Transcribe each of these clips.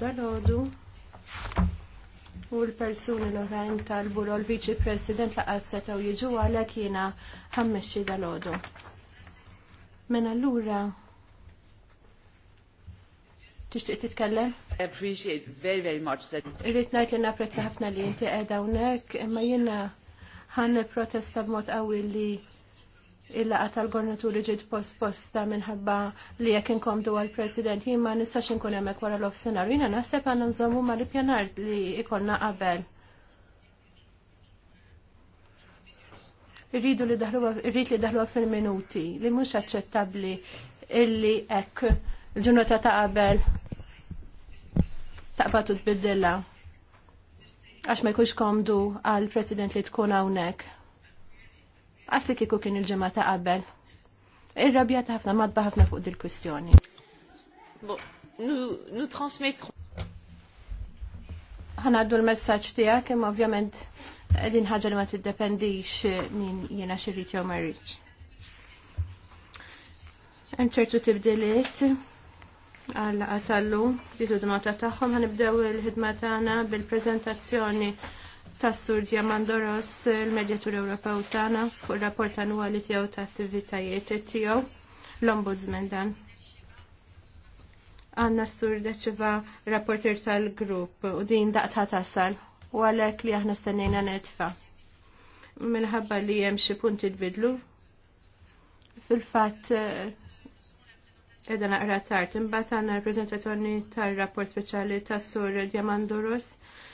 Dalodu u l-persuni l-oħrajn tal u l-Viċi President laqas setaw jiġu għalek jina ħammexxi dal-ħodu. Men allura tixtieq titkellem? Appreciate very very much that. Irrid ngħid li napprezza ħafna li jinti għedawnek, hawnhekk, imma jiena ħan protesta b'mod qawwi li il-laqa tal-gornaturi ġiet posta minħabba li jekk inkomdu għal-president jimma nistax inkun hemmhekk wara l-offsenar. Jiena naħseb għandna nżommu ma li pjanar li ikonna qabel. Irridu li daħlu rrid li daħluha fil-minuti li mhux aċċettabbli illi hekk il ġunota ta' qabel taqbad u tbiddilha għax ma jkunx komdu għal-president li tkun hawnhekk għasli kiku kien il-ġemma ta' qabel. ta ħafna, madba ħafna fuq dil-kwistjoni. Nu transmetru. ħanaddu l-messagġ tija, imma ovvjament din ħagġa li ma tiddependix minn jena xirrit jew marriċ. Hemm ċertu tibdiliet għal għatallu, li tudu nota taħħom, għanibdew il-ħidma tagħna bil-preżentazzjoni tas-Sur Diamandoros il-Medjatur Ewropew tagħna fuq rapport annwali tiegħu ta' attivitajiet tiegħu l-Ombudsman dan. Għanna s-sur deċiva rapporter tal-grupp u din daqta tasal u għalek li aħna stennejna netfa. Minħabba li jem xie punti tbidlu fil-fat edha naqra tard. Imbagħad għandna l-preżentazzjoni tar-rapport speċjali tas-sur Diamandouros,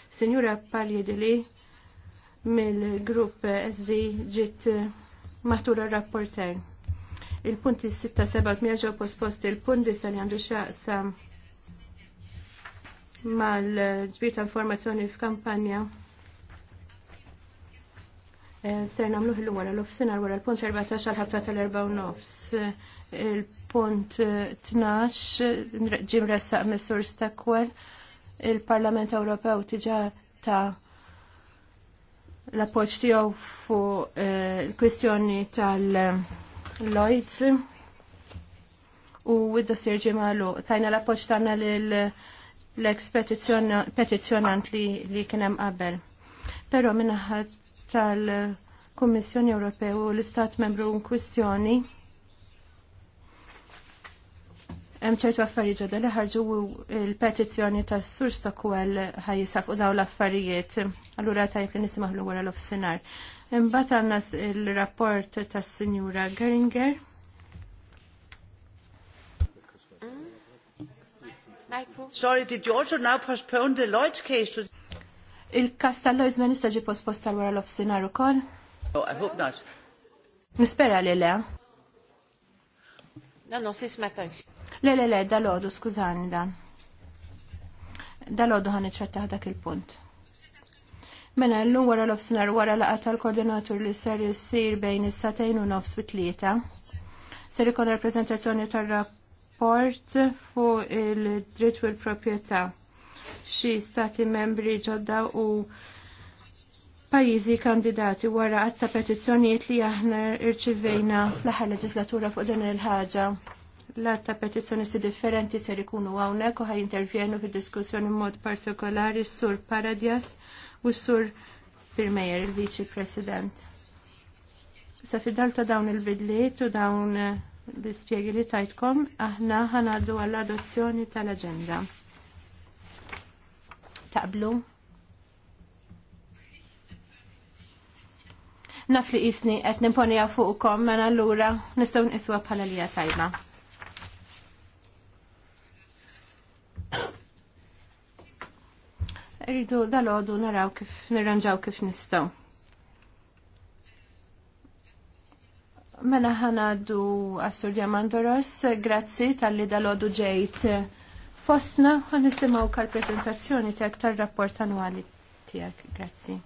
Sinjura Paljedili, mill-grupp SD ġiet maħtura rapporter. Il-punti 6-7 ġew posposti il-punt disa li għandu xaqsa mal-ġbir ta' informazzjoni f'kampanja. Eh, ser nagħmlu il wara l-ofsinar wara l-punt 14 għal-ħabta tal-4 nofs. Il-punt 12 eh, ġim ressaq mis-sur stakwel il-Parlament Ewropew tiġa ta' l-appoċ tiegħu fuq eh, il-kwistjoni tal-Lloyds u id sirġi ġimalu. Tajna l-appoċ tagħna l-ex petizjonant li, kienem kien hemm qabel. Però minnaħat tal-Kummissjoni Ewropew u l-Istat Membru kwistjoni Hemm ċertu affarijiet ġodda li ħarġu l-petizzjoni tas sur Stockwell ħaj jisafqu daw l-affarijiet. Allura tajb li nisimgħu wara l-offsinar. Imbagħad għandna il-rapport tas-Sinjura Geringer. Sorry, did you also now postpone the Lloyd's case to... Il-kas tal-Lloyd's ma nistaġi postpostar wara l-offsinar ukoll? Oh, I hope not. Nispera li le. No, no, si smetta. Le, le, le, dal-ħodu, skużani dan. Dal-ħodu ħan iċċetta dak il-punt. Mela, l-lum wara l-ofsinar wara laqat tal-koordinatur li ser jissir bejn is-satejn u nofs u tlieta. Ser ikun rappresentazzjoni tar-rapport fuq il-dritt u l-proprjetà. Xi stati membri ġodda u pajizi kandidati wara għatta petizzjonijiet li aħna irċivejna fl-aħħar leġislatura fuq din il-ħaġa. L-atta si differenti ser ikunu hawnhekk u ħaj intervjenu fid-diskussjoni mod partikolari s-sur Paradjas u s-sur Firmejer, il-Viċi President. Sa fid ta' dawn il-bidliet u dawn l-ispjegi li tajtkom, aħna ħanaddu għall-adozzjoni tal-aġenda. Taqblu? Naf li isni qed nimponija fuqkom mela allura nistgħu nqiswa bħala lija tajba. Irridu dal-għodu naraw kif nirranġaw kif nistgħu. Mela ħanaddu Assur Diamandoros, grazzi tal-li dal-ħodu ġejt fostna, għan nisimaw kal-prezentazzjoni tijak tal-rapport annuali tijak, grazzi.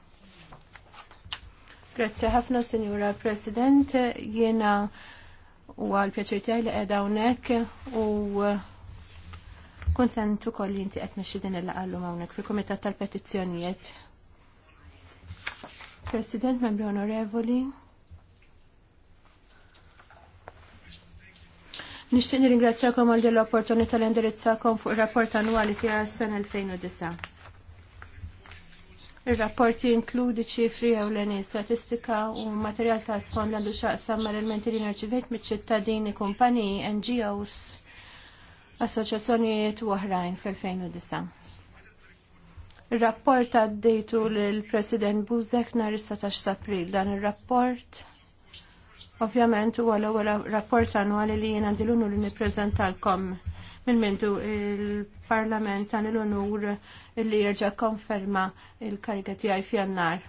Grazzi ħafna, Signora President. Jiena u għal-pjaċir tiegħi li għeda hawnhekk u uh, kontentu ukoll inti qed nixxi din il-laqgħa hawnhekk fil-Kumitat tal-Petizzjonijiet. President, membri onorevoli. Nixtieq nirringrazzjakom għal din l-opportunità li indirizzakom fuq ir-rapport annwali fi għas sena 2009. Il-rapport jinkludi ċifri l-eni statistika u materjal ta' sfond għandu xaqsam ma' l-elementi li nerċivejt mit-ċittadini, kumpaniji, NGOs, assoċjazzjonijiet u oħrajn fl-2009. Il-rapport għaddejtu l-President Buzek nar 16 april. Dan il-rapport ovvjament huwa l-ewwel rapport annwali li jien dilunu li nippreżentalkom minn mintu il-Parlament għan il onur li jirġa konferma il-kariga tiegħi f'jannar.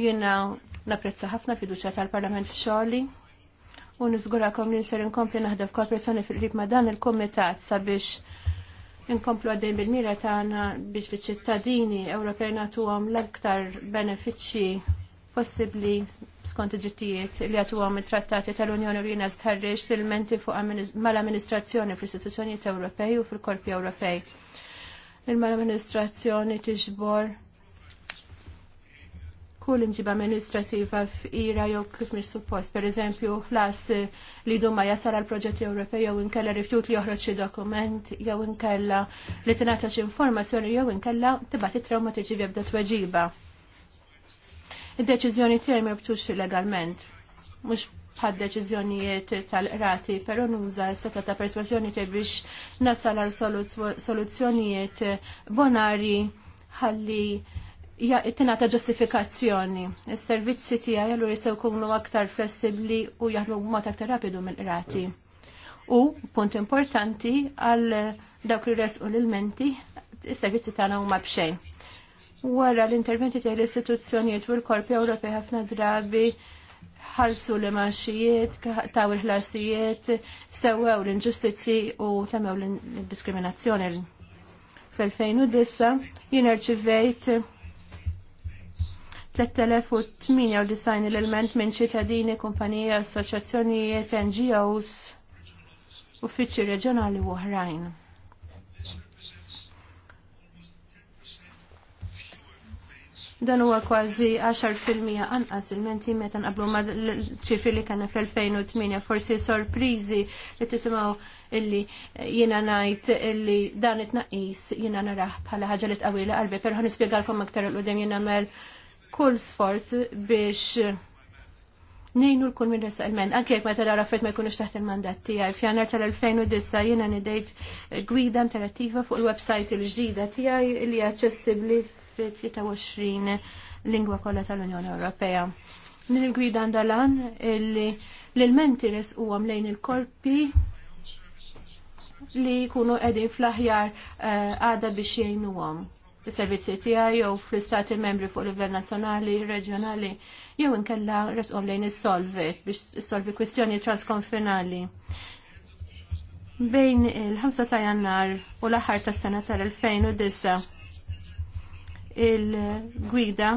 Jiena napprezza ħafna fiduċja tal-Parlament f'xogħli u niżgurakom li nser inkompli naħdem f'kooperazzjoni fil-qrib ma' dan il-Kumitat sabiex inkomplu għaddejn bil-mira tagħna biex li ċittadini Ewropej nagħtuhom l-aktar benefiċċji possibbli skont iġittijiet li għatu għam trattati tal-Unjoni Rina stħarriġ fil-menti fuq mal-amministrazzjoni fil-istituzzjonijiet Ewropej u fil-korpi Ewropej. Il-mal-amministrazzjoni tiġbor kull inġib amministrativa f'ira jew kif mis suppost, per eżempju, las li duma jasal għal proġetti Ewropej jew inkella rifjut li joħroġ xi dokument jew inkella li tingħata xi informazzjoni jew inkella tibgħat it-trauma tiġi jibda tweġiba. Id-deċiżjoni tiegħi merbtux legalment, mhux bħad deċiżjonijiet tal-rati, però nuża s-seta ta' persważjoni tiegħi biex nasal għal soluzzjonijiet bonari ħalli tingħata ġustifikazzjoni. Is-servizzi tiegħi allura jistgħu jkunu aktar flessibbli u jaħdmu mod aktar rapidu mill-rati. U punt importanti għal dawk li u l-ilmenti, is-servizzi tagħna huma b'xejn wara l-interventi tal istituzzjonijiet u l-korpi Ewropej ħafna drabi ħalsu l maxijiet taw il-ħlasijiet, sewwew l-inġustizzi u tamew l-diskriminazzjoni. Fl-2009 jien irċivejt 3098 l-element minn ċittadini, kumpanija, assoċjazzjonijiet, NGOs, uffiċċji reġjonali u oħrajn. Dan huwa kważi 10% anqas il-menti meta nqablu ma ċifri li kena fl-2008 forsi sorpriżi li tisimgħu illi jiena ngħid illi dan it-tnaqqis jiena naraħ bħala ħaġa li tqawwi qalbi, però nispjegalkom aktar l qudiem jiena nagħmel kull sforz biex nejnu l-kull minn resalment, anke jek ma tara raffet ma jkunux taħt il-mandat tijaj. Fjanar tal-2009 jena nidejt gwida interattiva fuq il-websajt il-ġdida tijaj li għaccessibli fil 23 lingwa kollha tal-Unjoni Ewropea. Din il-gwida għandalan l mentiris u lejn il-korpi li jkunu qegħdin fl-aħjar eh, għada biex jgħinuhom fis-servizzi tiegħi jew fl-istati membri fuq livell nazzjonali, reġjonali, jew inkella resqom lejn is-solvi biex solvi kwistjoni transkonfinali. Bejn il-5 ta' Jannar u l-aħħar tas-sena tal-2009 il-gwida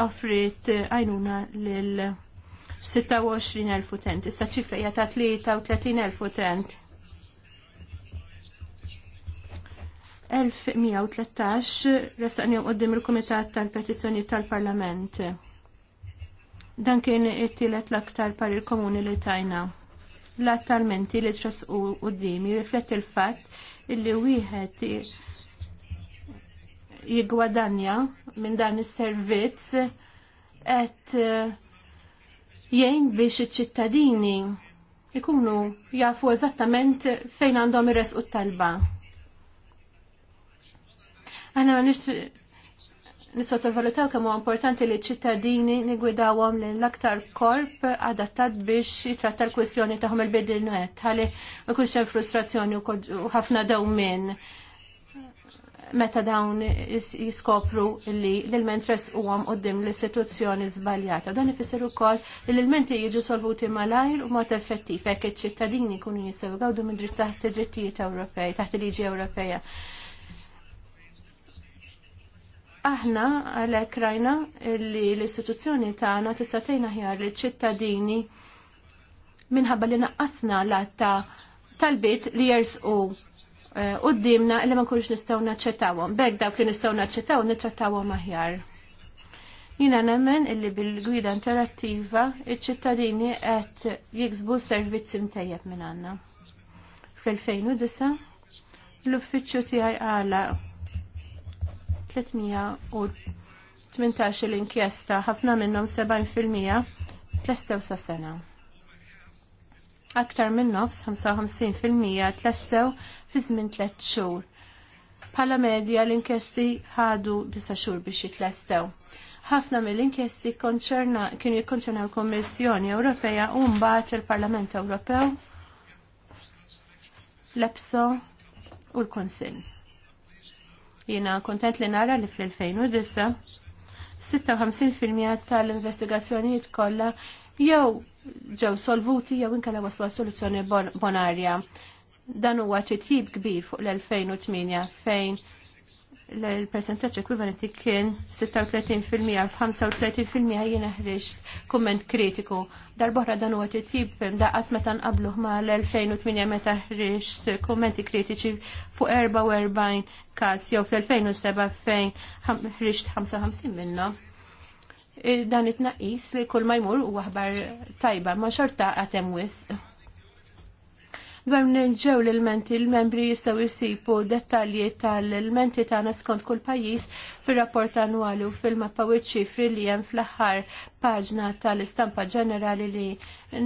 offrit għajnuna lil 26.000 utent. Issa ċifra hija ta' 33.000 utent. 1113 restaqni qoddim il-Kumitat tal petizjoni tal-Parlament. Dan kien it-tielet l-aktar par il-komuni li tajna. L-attalmenti li trasqu qoddimi rifletti il-fatt illi wieħed jigwadanja minn dan is-servizz qed eh, jgħin biex iċ-ċittadini ikunu jafu eżattament fejn għandhom ir u talba. Għana ma nisottovalutaw kemm huwa importanti li ċ-ċittadini nigwidawhom l aktar korp adattat biex jitratta l-kwistjoni tagħhom il-bidinet ħalli ma jkunx hemm frustrazzjoni u ħafna dewmien meta dawn jiskopru li l-mentres u għam dim l-istituzzjoni zbaljata. Dan ifisser ukoll li l-menti jiġu solvuti malajr u mod effettiv hekk iċ-ċittadini jkunu jistgħu għawdu minn dritt taħt drittijiet Ewropej, taħt il-liġi Ewropeja. Aħna għalhekk rajna li l-istituzzjoni tagħna tista' tgħinha ħjar li ċittadini minħabba li naqqasna l-atta tal-bit li jersqu Eh, qoddimna illi ma nkunux nistgħu naċċettawhom. Bek dawk li nistgħu naċċettaw nittrattawhom aħjar. Jina nemmen illi bil-gwida interattiva iċ-ċittadini qed jiksbu servizzi mtejjeb minn għandna. Fl-2009 l-uffiċċju tiegħi għala 318 l-inkjesta ħafna minnhom 70% tlestew sa sena. Aktar minn nofs 55% tlestew fi żmien tliet xhur. Bħala medja l-inkjesti ħadu disa xhur biex jitlestew. Ħafna mill-inkjesti kienu jikkonċerna l-Kommissjoni Ewropea u mbagħad il-Parlament Ewropew, l-EPSO u l-Konsil. Jiena kontent li nara li fl-2009 56% tal-investigazzjonijiet kollha jew ġew solvuti jew inkella waslu soluzzjoni bonarja. Dan huwa titjib kbir fuq l-2008 fejn l-percentaċ ekwivalenti kien 36% f-35% jien ħriġt kumment kritiku. Darbohra dan huwa titjib daqqas meta nqabluh ma l-2008 meta ħriġt kummenti kritiċi fuq 44 każ jew fl-2007 fejn ħriġt 55 minnhom Eh, dan it-naqis li kull ma jmur u aħbar tajba, ma xorta għatem wisq. Dwar ġew l-elementi, l-membri jistaw jisipu dettalji tal-elementi tagħna skont kull pajjiż fir-rapport annwali u fil-mappa u ċifri li hemm fl-aħħar paġna tal-istampa ġenerali li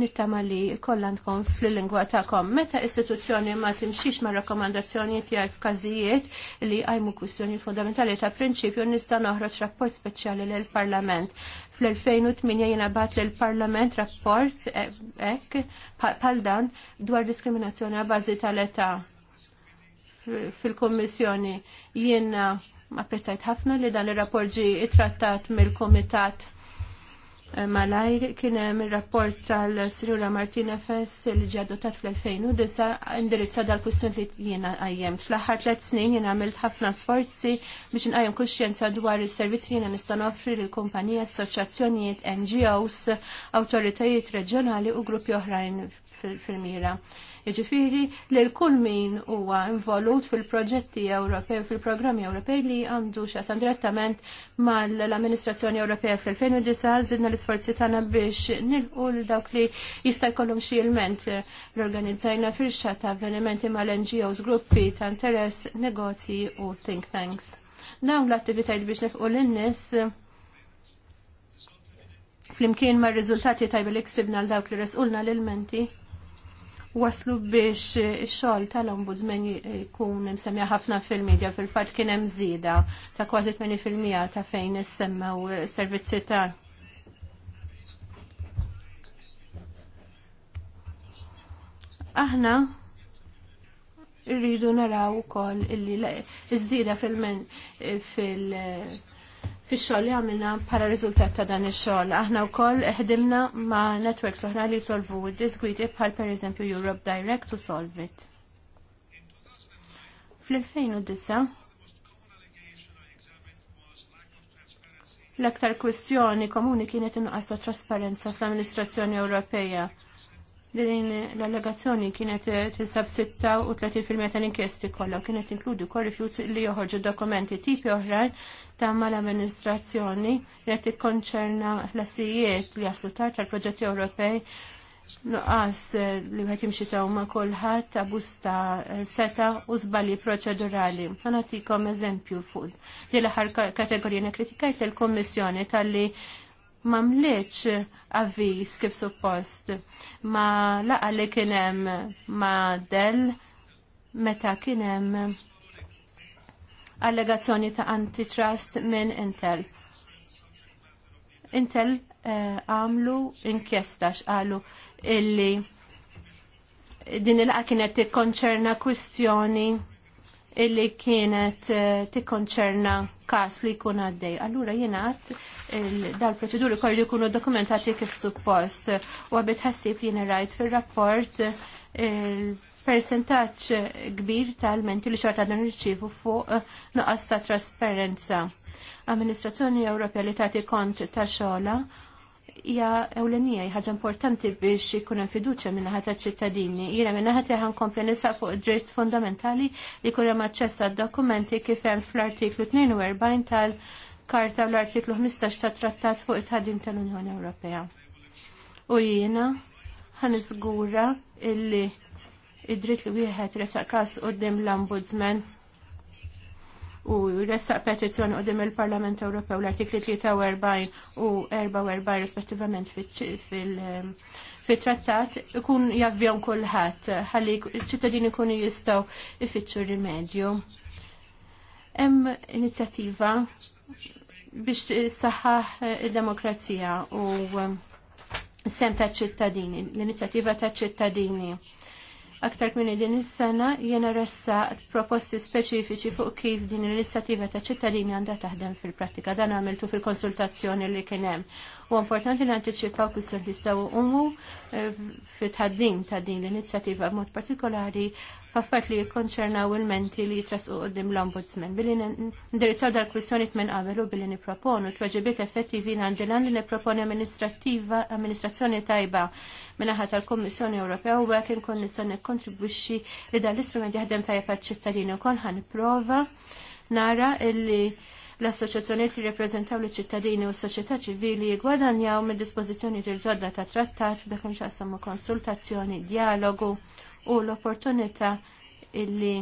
nittama li kollandkom fil-lingwa tagħkom. Meta istituzzjoni ma timxix ma' rakkomandazzjonijiet tijaj f'każijiet li għajmu kwistjoni fundamentali ta' prinċipju nista' noħroġ rapport speċjali lill-Parlament. Fl-2008 jena bat l-Parlament rapport e, ek pal dan dwar diskriminazzjoni għabazi tal-età fil-Kommissjoni. Jena apprezzajt ħafna li dan il-rapport ġi trattat mill-Komitat Eh, malajr kien hemm ir-rapport tal-Sinjura Martina Fess li ġie adottat fl-2009 indirizza dal kustjon li jiena għajjem. Fl-aħħar tliet snin jien għamilt ħafna sforzi biex inqajjem kuxjenza dwar is-servizzi li jiena nista' noffri lil kumpanija, assoċjazzjonijiet, NGOs, awtoritajiet reġjonali u gruppi oħrajn fil-mira. -fil Jiġifieri l kull min huwa involut fil-proġetti Ewropej fil-programmi Ewropej li għandu xasan direttament mal-amministrazzjoni Ewropea fl-2009 żidna l-isforzi tagħna biex nilqu l dawk li jista' jkollhom xi ilment l-organizzajna firxa ta' avvenimenti mal-NGOs, gruppi ta' interess, negozji u think tanks. Dawn l-attivitajiet biex nifqu lin-nies flimkien ma' rizultati tajba li ksibna l-dawk li resqulna l-elementi, waslu biex eh, xol tal-ombudsman eh, jkun msemmija ħafna fil-medja fil-fatt kien hemm żieda ta' kważi 80% ta' fejn issemmew eh, servizzi ta' Aħna rridu naraw ukoll illi iż-żieda fil-, fil fi xogħol li għamilna para riżultat ta' dan ix-xogħol. Aħna wkoll ħdimna ma' networks oħra li solvu disgwiti bħal bħal pereżempju Europe Direct u Solvit. Fl-2009 l-aktar kwistjoni komuni kienet inqas ta' trasparenza fl-amministrazzjoni Ewropeja. Din l-allegazzjoni kienet tisab 36% tal-inkjesti kollha kienet inkludi kol rifjuz li joħorġu dokumenti tipi oħrajn ta' mal-amministrazzjoni li qed ikkonċerna l-assijiet li jaslu tard tal-proġetti Ewropej nuqqas li għet jimxi sew ma' kolħat busta seta u zbali proċedurali. Għanatikom eżempju fuq li l-ħar kategorija kritikajt l komissjoni tal-li ma mliċ kif suppost. Ma laqa li kien hemm ma del meta kien hemm allegazzjoni ta' antitrust minn Intel. Intel eh, għamlu inkjesta x'qalu illi din il-laqa kienet tikkonċerna kwistjoni illi kienet eh, tikkonċerna kas li jkun għaddej. Allura jena dal-proċeduri kolli jkunu dokumentati kif suppost u għabit ħassib li rajt fil-rapport il-percentaċ kbir tal-menti li xorta dan riċivu fuq eh, nuqqas ta' trasparenza. Amministrazzjoni Ewropea li tagħti kont ta' xogħla hija ewlenija, ħaġa importanti biex ikun hemm fiduċja minn taċ ċittadini. Jiena minn naħa ħan kompli nisaq fuq id-dritt fundamentali li jkun hemm aċċess għad-dokumenti kif hemm fl-artiklu 42 tal-Karta l-artiklu 15 tat-Trattat fuq it-ħadim tal-Unjoni Ewropea. U jiena ħan iżgura illi id-dritt li wieħed resaq każ qudiem l-Ombudsman u ressaq petizzjoni qudiem il-Parlament Ewropew l-artikli 43 u 44 rispettivament fil-trattat ikun javbjon kulħadd ħalli ċ-ċittadini jkunu jistgħu ifittxu rimedju. Hemm inizjattiva biex saħħaħ id-demokrazija u sem ta' ċittadini, l-inizjattiva ta' ċittadini Aktar kmini din is-sena jiena ressaqt proposti speċifiċi fuq kif din l-inizjattiva ta' ċittadini għandha taħdem fil-prattika. Dan għamiltu fil-konsultazzjoni li kien hemm. U importanti nanticipaw li jistgħu umu eh, fit tħaddim ta' din l inizjativa b'mod partikolari f'affarijiet li jikkonċernaw il-menti li jitrasqu għoddim l-Ombudsman billi ndirizzaw dal kwistjonijiet t qabel u billi nipproponu wagġibiet effettivi għandilan li nipproponi amministrattiva amministrazzjoni tajba minnaħat tal-Kommissjoni Ewropea u għek nkun nista' nikkontribwixxi li dan l-istrument jaħdem tajjeb ċittadini wkoll konħan nipprova nara illi l-assoċjazzjonijiet li jirrappreżentaw liċ ċittadini u s-soċjetà ċivili jigwadanjaw mid-dispożizzjoni tir ġodda ta' trattat dak imxassam konsultazzjoni, dialogu u l-opportunità illi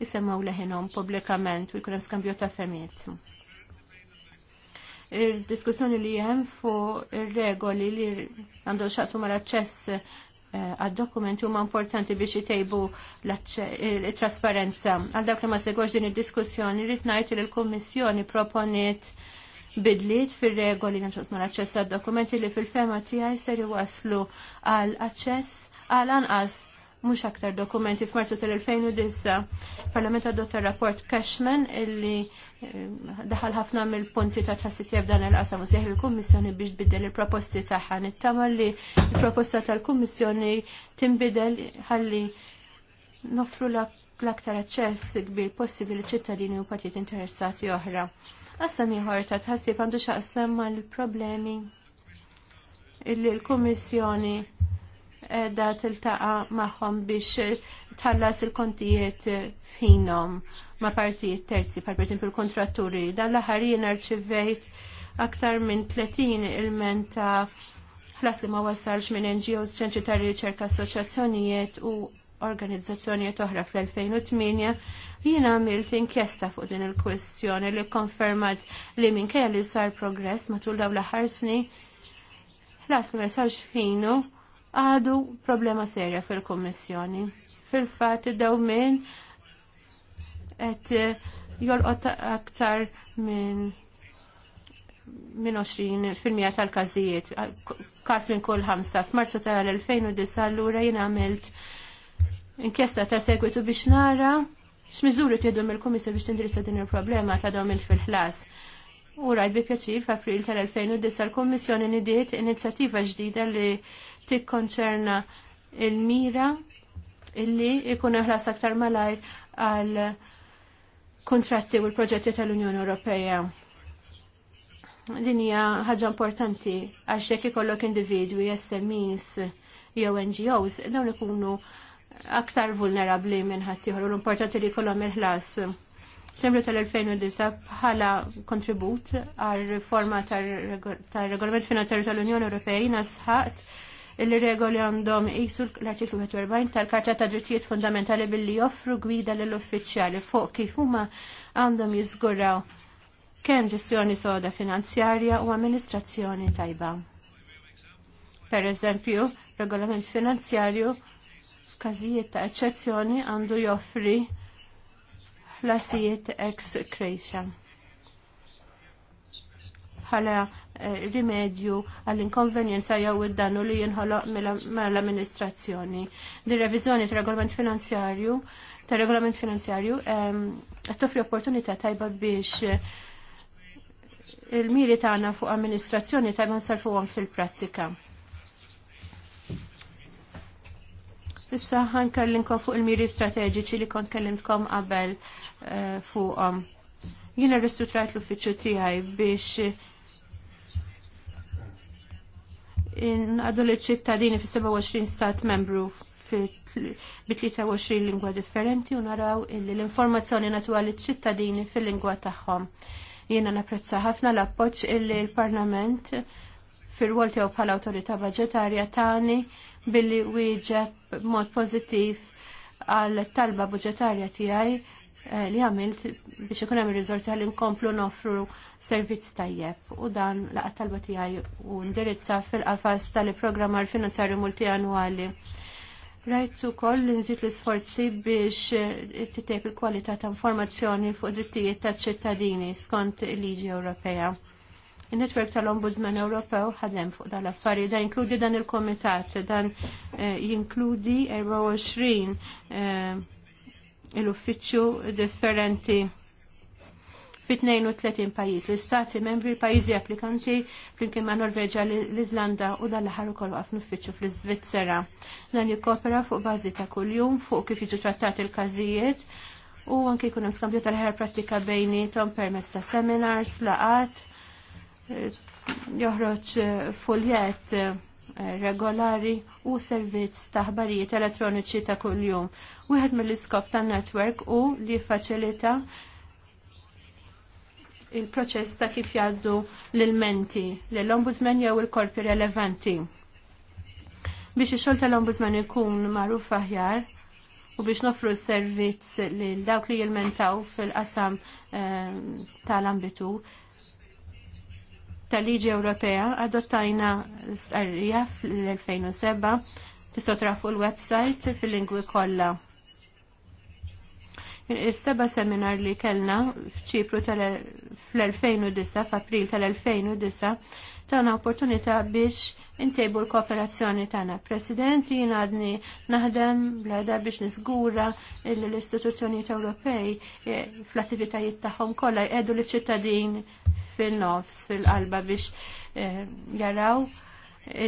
jisemmaw leħinhom pubblikament u jkun hemm skambju ta' femiet. Il-diskussjoni li hemm fuq ir-regoli li għandu xaqsu mal-aċċess Eh, għad-dokumenti huma importanti biex jitejbu l-trasparenza. Eh, għal dak li ma segwax din id-diskussjoni, rrid ngħid li l-Kummissjoni proponiet bidliet fir-regoli ma mal-aċċess għad-dokumenti li fil-fema tiegħi ser iwaslu għal aċċess għal anqas mhux aktar dokumenti f'Marzu tal-2009. Parlament adotta rapport Cashman illi daħal ħafna mill-punti ta' ċassitja f'dan il-qasam u seħ il-Kummissjoni biex tbiddel il-proposti tagħha. Nittama li il-proposta tal-Kummissjoni tinbidel ħalli nofru l-aktar aċċess kbir possibli ċittadini u partijiet interessati oħra. Qasam ieħor ta' tħassib għandu x'aqsam mal-problemi illi l-Kummissjoni qiegħda tiltaqa' magħhom biex tħallas il-kontijiet finom ma' partijiet terzi, par eżempju il kontratturi Dan l ħar jien arċivejt aktar minn 30 il menta ħlas li ma wasalx minn NGOs, ċentri ta' riċerka, assoċjazzjonijiet u organizzazzjonijiet oħra fl-2008 jien għamilt inkjesta fuq din il-kwestjoni li konfermat li kaj li sar progress matul dawn l-aħħar snin ħlas li ma wasalx finu għadu problema serja fil-Kommissjoni. Fil-fat, daw minn et eh, jolqot aktar minn minn 20% tal-kazijiet, kas minn kull ħamsa. F'Marzu tal-2009 allura jien għamilt inkjesta ta' segwitu biex nara x'miżuri tiedu mill-Kummissja biex tindirizza din il-problema ta' dawn il-fil-ħlas. U rajt bi pjaċir f'April tal-2009 l-Kummissjoni nidiet inizjattiva ġdida li tikkonċerna il-mira illi ikun ħlas aktar malajr għal kontratti u l-proġetti tal-Unjoni Ewropea. Din hija ħaġa importanti għax jekk ikollok individwi, SMEs jew NGOs, dawn ikunu aktar vulnerabli minn ħadd ieħor u l-importanti li jkollhom il-ħlas. Sembru tal-2009 bħala kontribut għal riforma tar-regolament finanzjarju tal-Unjoni Ewropea jina sħaqt il-regoli għandhom jisul l-artiklu 140 tal-Karta ta' Drittijiet Fundamentali billi joffru gwida lill-uffiċjali fuq kif huma għandhom jiżguraw kemm ġestjoni soda finanzjarja u amministrazzjoni tajba. Per eżempju, regolament finanzjarju f'każijiet ta' eċċezzjoni għandu joffri l-asijiet ex creation. Bħala rimedju għall-inkonvenjenza jew id-dannu li jinħoloq mal-amministrazzjoni. Di reviżjoni ta' regolament finanzjarju ta' regolament finanzjarju qed toffri opportunità tajba biex il-miri tagħna fuq amministrazzjoni tajba nsarfuhom fil-prattika. Issa ħankellimkom fuq il-miri strateġiċi li kont kellimtkom qabel eh, fuqhom. Jiena ristutrat l-uffiċċju tiegħi biex għadu l-ċittadini fi 27 stat membru bi 23 lingwa differenti u naraw illi l-informazzjoni natu għal ċittadini fil-lingwa tagħhom. Jiena napprezza ħafna l-appoġġ illi l-Parlament fir-rwol tiegħu bħala awtorità budġetarja tani billi wieġeb b'mod pożittiv għal talba budġetarja tiegħi Eh, li għamilt biex ikun hemm ir riżorsi għal inkomplu nofru servizz tajjeb u dan laqgħat talba tiegħi u ndirizza fil-qafas tal-programm għal finanzjarju multianwali. Rajt ukoll li nżid l-isforzi biex eh, titejb il-kwalità ta' informazzjoni fuq drittijiet taċ ċittadini skont il-liġi Ewropea. Il-netwerk tal-Ombudsman Ewropew ħadem fuq dal affarijiet da jinkludi dan il-komitat, dan eh, jinkludi 24 l-uffiċċju differenti fit-32 pajjiż. L-istati membri pajjiżi applikanti flimkien ma' Norveġa l-Iżlanda u dal-aħħar ukoll waqf nuffiċċju fl-Iżvizzera. Dan jikkopera fuq bażi ta' kuljum fuq kif jiġu trattati l-każijiet u anke jkun hemm skambju tal-ħer prattika bejnietom permezz ta' seminars, laqat, eh, joħroġ eh, fuljet eh, regolari u servizz ta' ħbarijiet elettroniċi ta' kuljum. Wieħed mill-iskop ta' netwerk u li faċilita il-proċess ta' kif jgħaddu l-menti l-ombudsman jew il-korpi relevanti. Biex ix-xogħol tal-ombudsman ikun magħruf aħjar u biex nofru s-servizz lil dawk li jilmentaw fil-qasam eh, tal-ambitu, tal-Liġi Ewropea adottajna l-istqarrija fl-2007 tistgħu fuq l-website fil-lingwi kollha. Is-seba' seminar li kellna f'Ċipru fl-2009 f'April tal-2009 tana opportunità biex intejbu l-kooperazzjoni tana. Presidenti, għadni naħdem blada biex nizgura l-istituzzjonijiet Ewropej eh, fl-attivitajiet tagħhom kollha jqedu l-ċittadin fil-nofs, fil-qalba biex eh, jaraw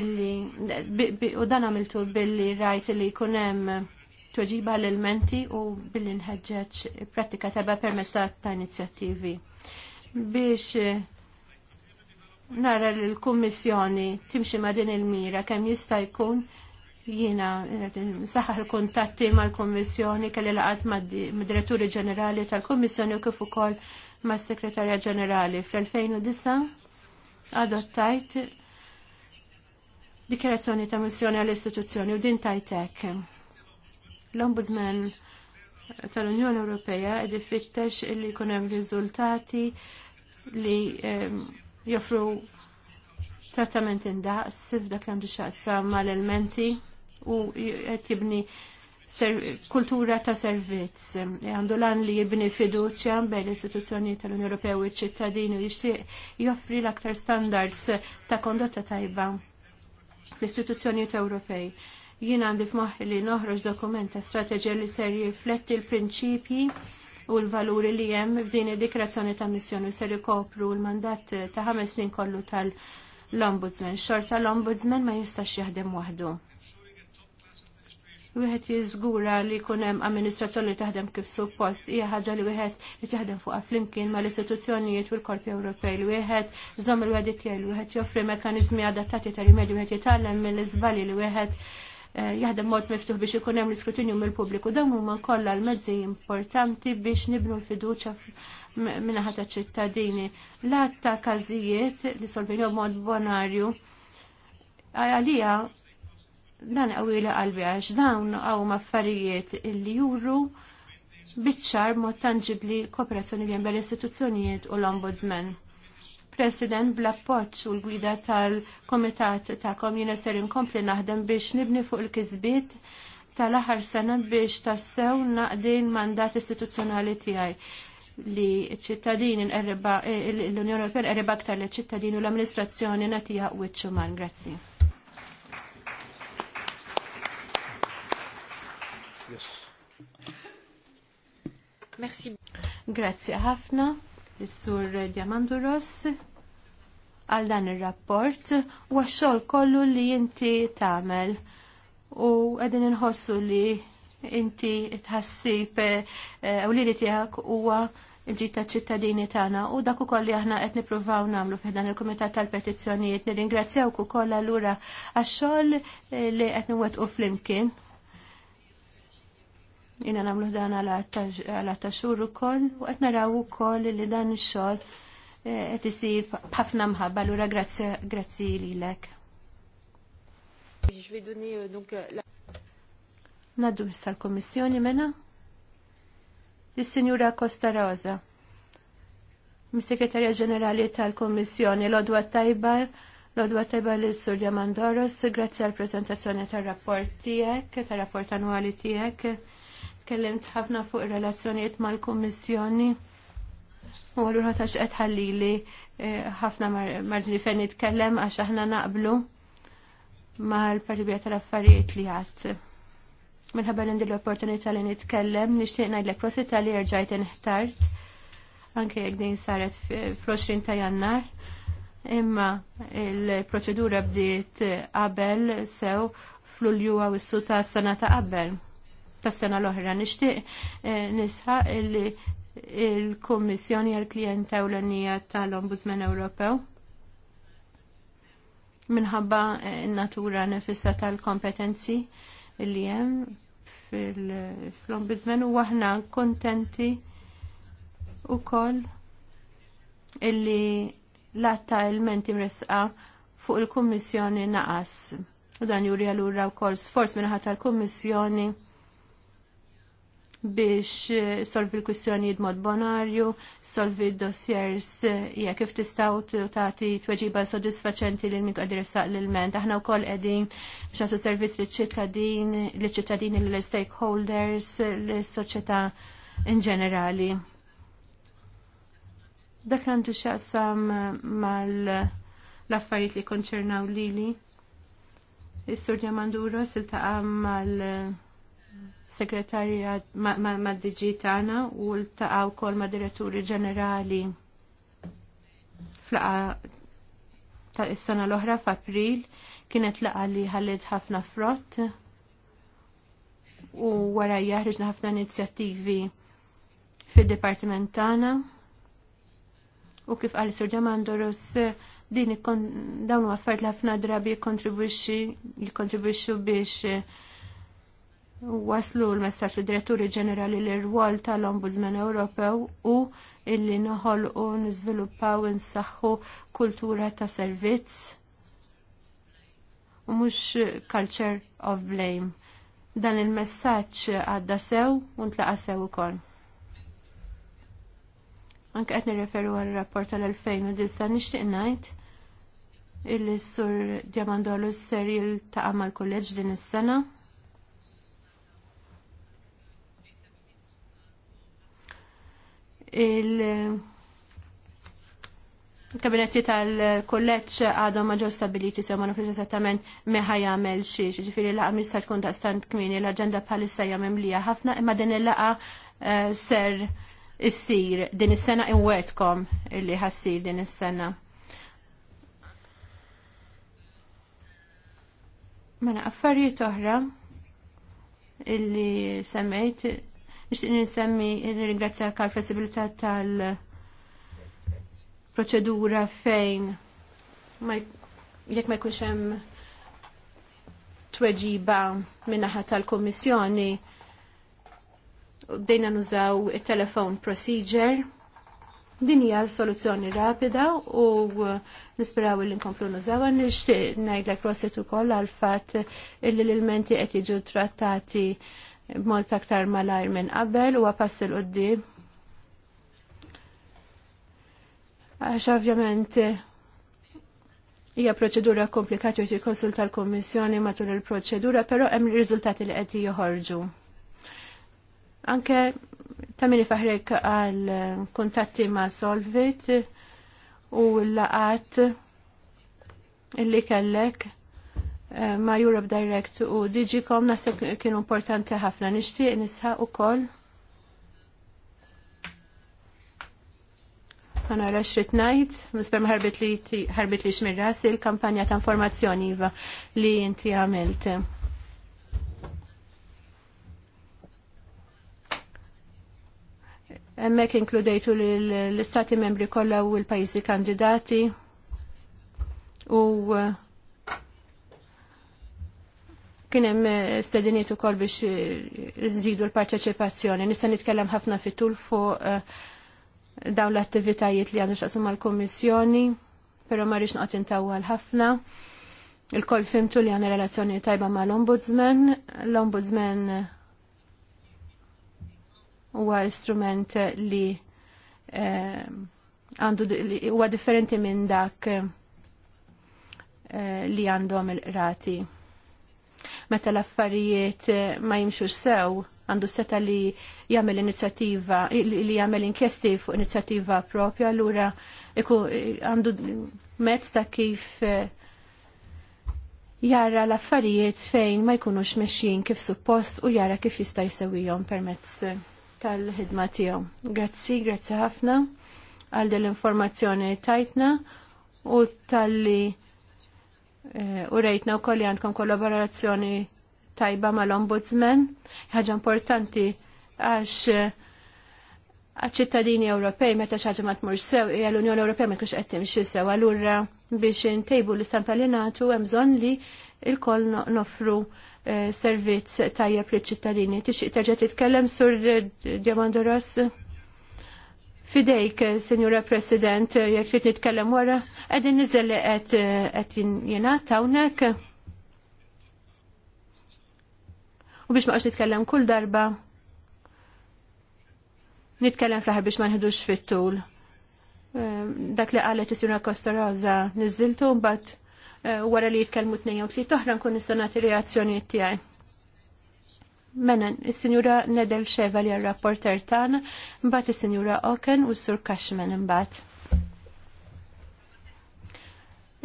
illi u dan għamiltu billi rajt li kunem toġiba l-elementi u billi nħedġeċ pratika taba permesta ta' inizjattivi biex eh, nara li l-Kummissjoni timxi ma' din il-mira kemm jista' jkun jiena saħħa l-kuntatti mal-Kummissjoni kelli laqat mad-Diretturi Ġenerali tal-Kummissjoni u kif ukoll mas-Sekretarja Ġenerali fl-2009 adottajt dikjerazzjoni ta' missjoni għall-istituzzjoni u din tajtek. L-Ombudsman tal-Unjoni Ewropea id fittex li jkun hemm riżultati li ehm, joffru trattament indaqs f'dak li għandu xaqsa mal-elementi u qed jibni kultura ta' servizz. Għandu lan li jibni fiduċja bejn l-istituzzjoni tal-Unjoni Ewropea u ċ-ċittadini u jixtieq joffri l-aktar standards ta' kondotta tajba fl-istituzzjonijiet Ewropej. Jien għandi f'moħħi li noħroġ dokumenta strateġija li ser jifletti l-prinċipji u l-valuri li hemm f'din id-dikrazzjoni ta' missjoni se ikopru l-mandat ta' ħames snin kollu tal-Ombudsman. Xorta l-Ombudsman ma jistax jaħdem waħdu. Wieħed jiżgura li jkun hemm amministrazzjoni li taħdem kif suppost hija ħaġa li wieħed li jaħdem fuqha flimkien mal-istituzzjonijiet u l-korpi Ewropej li wieħed żomm il-wedi tiegħi li wieħed joffri mekkaniżmi adattati ta' rimedju wieħed jitgħallem mill iżbalji li wieħed Eh, jaħdem mod miftuħ biex ikun hemm l-iskrutinju mill-pubbliku. Dawn huma kollha l-mezzi importanti biex nibnu l-fiduċja min-naħa ta' ċittadini. L-att ta' każijiet li solvinju mod bonarju għalija dan qawwila qalbi għax dawn hawn affarijiet illi juru biċċar mod tanġibli kooperazzjoni bejn l-istituzzjonijiet u l-ombudsman President bl u l-gwida tal-komitat ta' jina ser inkompli naħdem biex nibni fuq il-kizbit tal-aħar sena biex tassew naqdin l-mandat istituzzjonali tiegħi li ċittadini l-Unjoni Ewropea erba aktar li ċittadini u l-amministrazzjoni natija u ċuman. Grazzi. Merci. Grazzi ħafna l-Sur Diamanduros għal dan ir-rapport u għax-xogħol kollu li inti tagħmel u qegħdin inħossu li inti tħassib eh, u li tiegħek huwa il-ġit ċittadini tagħna u dak ukoll li aħna qed nippruvaw nagħmlu fih il-Kumitat tal-Petizzjonijiet nirringrazzjawk ukoll allura għax-xogħol eh, li qed u flimkien jina namlu dan għala ta' u koll u għetna naraw u koll li dan il-xol għet eh, jisir bħafna mħabba l grazzi li l-ek. Euh, euh, Naddu missa l-Komissjoni mena? Il-Sinjura Costa Rosa, mis-Sekretarja Ġenerali tal-Komissjoni, l-Odwa Tajba, L-odwa tajba l sur Diamandoros, grazzi għal prezentazzjoni tal-rapport tijek, tal-rapport annuali tijek. Kellimt ħafna fuq ir-relazzjonijiet mal-Kummissjoni. U għallura ta' xqed ħallili eh, ħafna marġni fejn nitkellem għax aħna naqblu mal-Partibija tal-Affarijiet li għadt. Minħabba l l-opportunità li nitkellem, nixtieq ngħidlek prosita li rġajt inħtart, anke jekk din saret fl-20 ta' Jannar imma il-proċedura bdiet qabel sew fl-ulju għaw s-suta s-sena ta' qabel tas-sena l-oħra. Nixtieq eh, nisħa li il-Kommissjoni għal klient ewlenija tal-Ombudsman Ewropew minħabba eh, natura nefissa tal-kompetenzi li hemm fil-Ombudsman u aħna kontenti wkoll illi l-atta il-menti mresqa fuq il-Kummissjoni naqas. U dan juri allura u kol sforz minnaħat tal-Kummissjoni biex eh, solvi l-kwistjonijiet mod bonarju, solvi d-dossiers eh, jekk kif tistaw tagħti tweġiba soddisfaċenti li min qadir saq l-ment. Aħna wkoll qegħdin biex nagħtu servizz liċ-ċittadin, liċ-ċittadini lill-stakeholders, lis-soċjetà in ġenerali. Dak għandu xaqsam eh, mal-affarijiet li konċernaw lili. Is-Sur Diamanduro siltaqa mal- segretarja mad diġi tagħna u ltaqgħu wkoll mad ma' diretturi ġenerali flaqa ta' is-sena l-oħra f'April kienet laqa li ħallet ħafna frott u wara ħriġna ħafna inizjattivi fid-dipartiment tagħna u kif qal Sur Ġamandorus din dawn affarijiet li ħafna drabi jikkontribwixxi jikkontribwixxu biex waslu l-messaċ id-diretturi ġenerali l rwol tal-Ombudsman Ewropew u illi noħol u nizviluppaw insaxħu kultura ta' servizz u mux culture of blame. Dan il-messaċ għadda sew u ntlaqa sew ukoll. Anke qed nirreferu għal rapport tal-2009 nixtieq ngħid illi s-sur Diamandolus ser jiltaqa' mal kolleġ din is-sena il-kabinetti tal-kolleċ għadhom ma ġew stabiliti sew ma nafx esattament meħa jagħmel xi, ġifieri laqa mista tkun ta' stand kmini l-aġenda bħalissa hija lija ħafna imma din il-laqa eh, ser issir din is-sena inwetkom illi ħassir din is-sena. Mela affarijiet oħra illi semmejt Nixtieq ninsemmi nirringrazzja għall-flessibilità tal-proċedura fejn jekk ma jkunx hemm tweġiba minnaħa tal-Kummissjoni bdejna nużaw il-telephone procedure. Din hija soluzzjoni rapida u nisperaw li nkomplu nużaw nixtieq ngħidlek prosit ukoll għal fatt li l-elementi qed jiġu trattati b'mod aktar malajr minn qabel u għapass il-qoddim. Għax ovvjament hija proċedura komplikata u tikkonsulta l-Kommissjoni matul il-proċedura, però hemm riżultati li qed joħorġu. Anke ta' min faħrek għal kuntatti ma' Solvit u l-laqat illi kellek Eh, ma' Europe Direct u Digicom nasib kienu importanti ħafna. Nixtieq u koll ħana raxrit najt, nisper ħarbit li ħarbit li il-kampanja ta' informazzjoni iva li inti għamilt. Emmek inkludejtu l-istati membri kollha u l-pajjiżi kandidati u uh, Kien hemm eh, stediniet ukoll biex eh, żidu l-parteċipazzjoni. Nista' nitkellem ħafna fit-tul fuq eh, dawn l-attivitajiet li għandu xaqsu mal-Kummissjoni, però ma rix noqgħod intawwal ħafna. Il-koll fimtu li għandna relazzjoni tajba mal-Ombudsman. L-Ombudsman huwa istrument li għandu huwa differenti minn dak li għandhom il rati Meta l-affarijiet eh, ma jimxux sew, għandu seta li jagħmel inizjattiva li jagħmel inkjesti fuq inizjattiva propja allura għandu mezz ta' kif eh, jara l-affarijiet fejn ma jkunux mexjin kif suppost u jara kif jista' jsewwihom permezz tal-ħidma tiegħu. Grazzi, grazzi ħafna għal dell-informazzjoni tajtna u tal-li Eh, u rejtna u kolli għandkom kollaborazzjoni tajba mal-ombudsman, ħaġa importanti għax eh, għal-ċittadini Ewropej meta xaġa ma tmur sew, eh, l-Unjoni Ewropej ma kienx qed timxi sew, allura biex intejbu l-istan tal-inatu hemm bżonn li il koll nofru servizz tajjeb liċ ċittadini Tixtieq terġa' titkellem sur Diamandoros? Fidejk, Senjura President, jek trid nitkellem wara, qegħdin niżel li qed jingħata hawnhekk. U biex ma nitkellem kull darba, nitkellem fl-aħħar biex ma nħidux fit-tul. Ehm, dak li qalet is-Sinjura Costa Rosa niżiltu mbagħad eh, wara li jitkellmu tnejn u tliet oħra nkun nista' nagħti reazzjonijiet tiegħi. Mena, il-Sinjura Nedel Xeva li rapporter tagħna, mbagħad il-Sinjura Oken u s-Sur Cashman Nihdu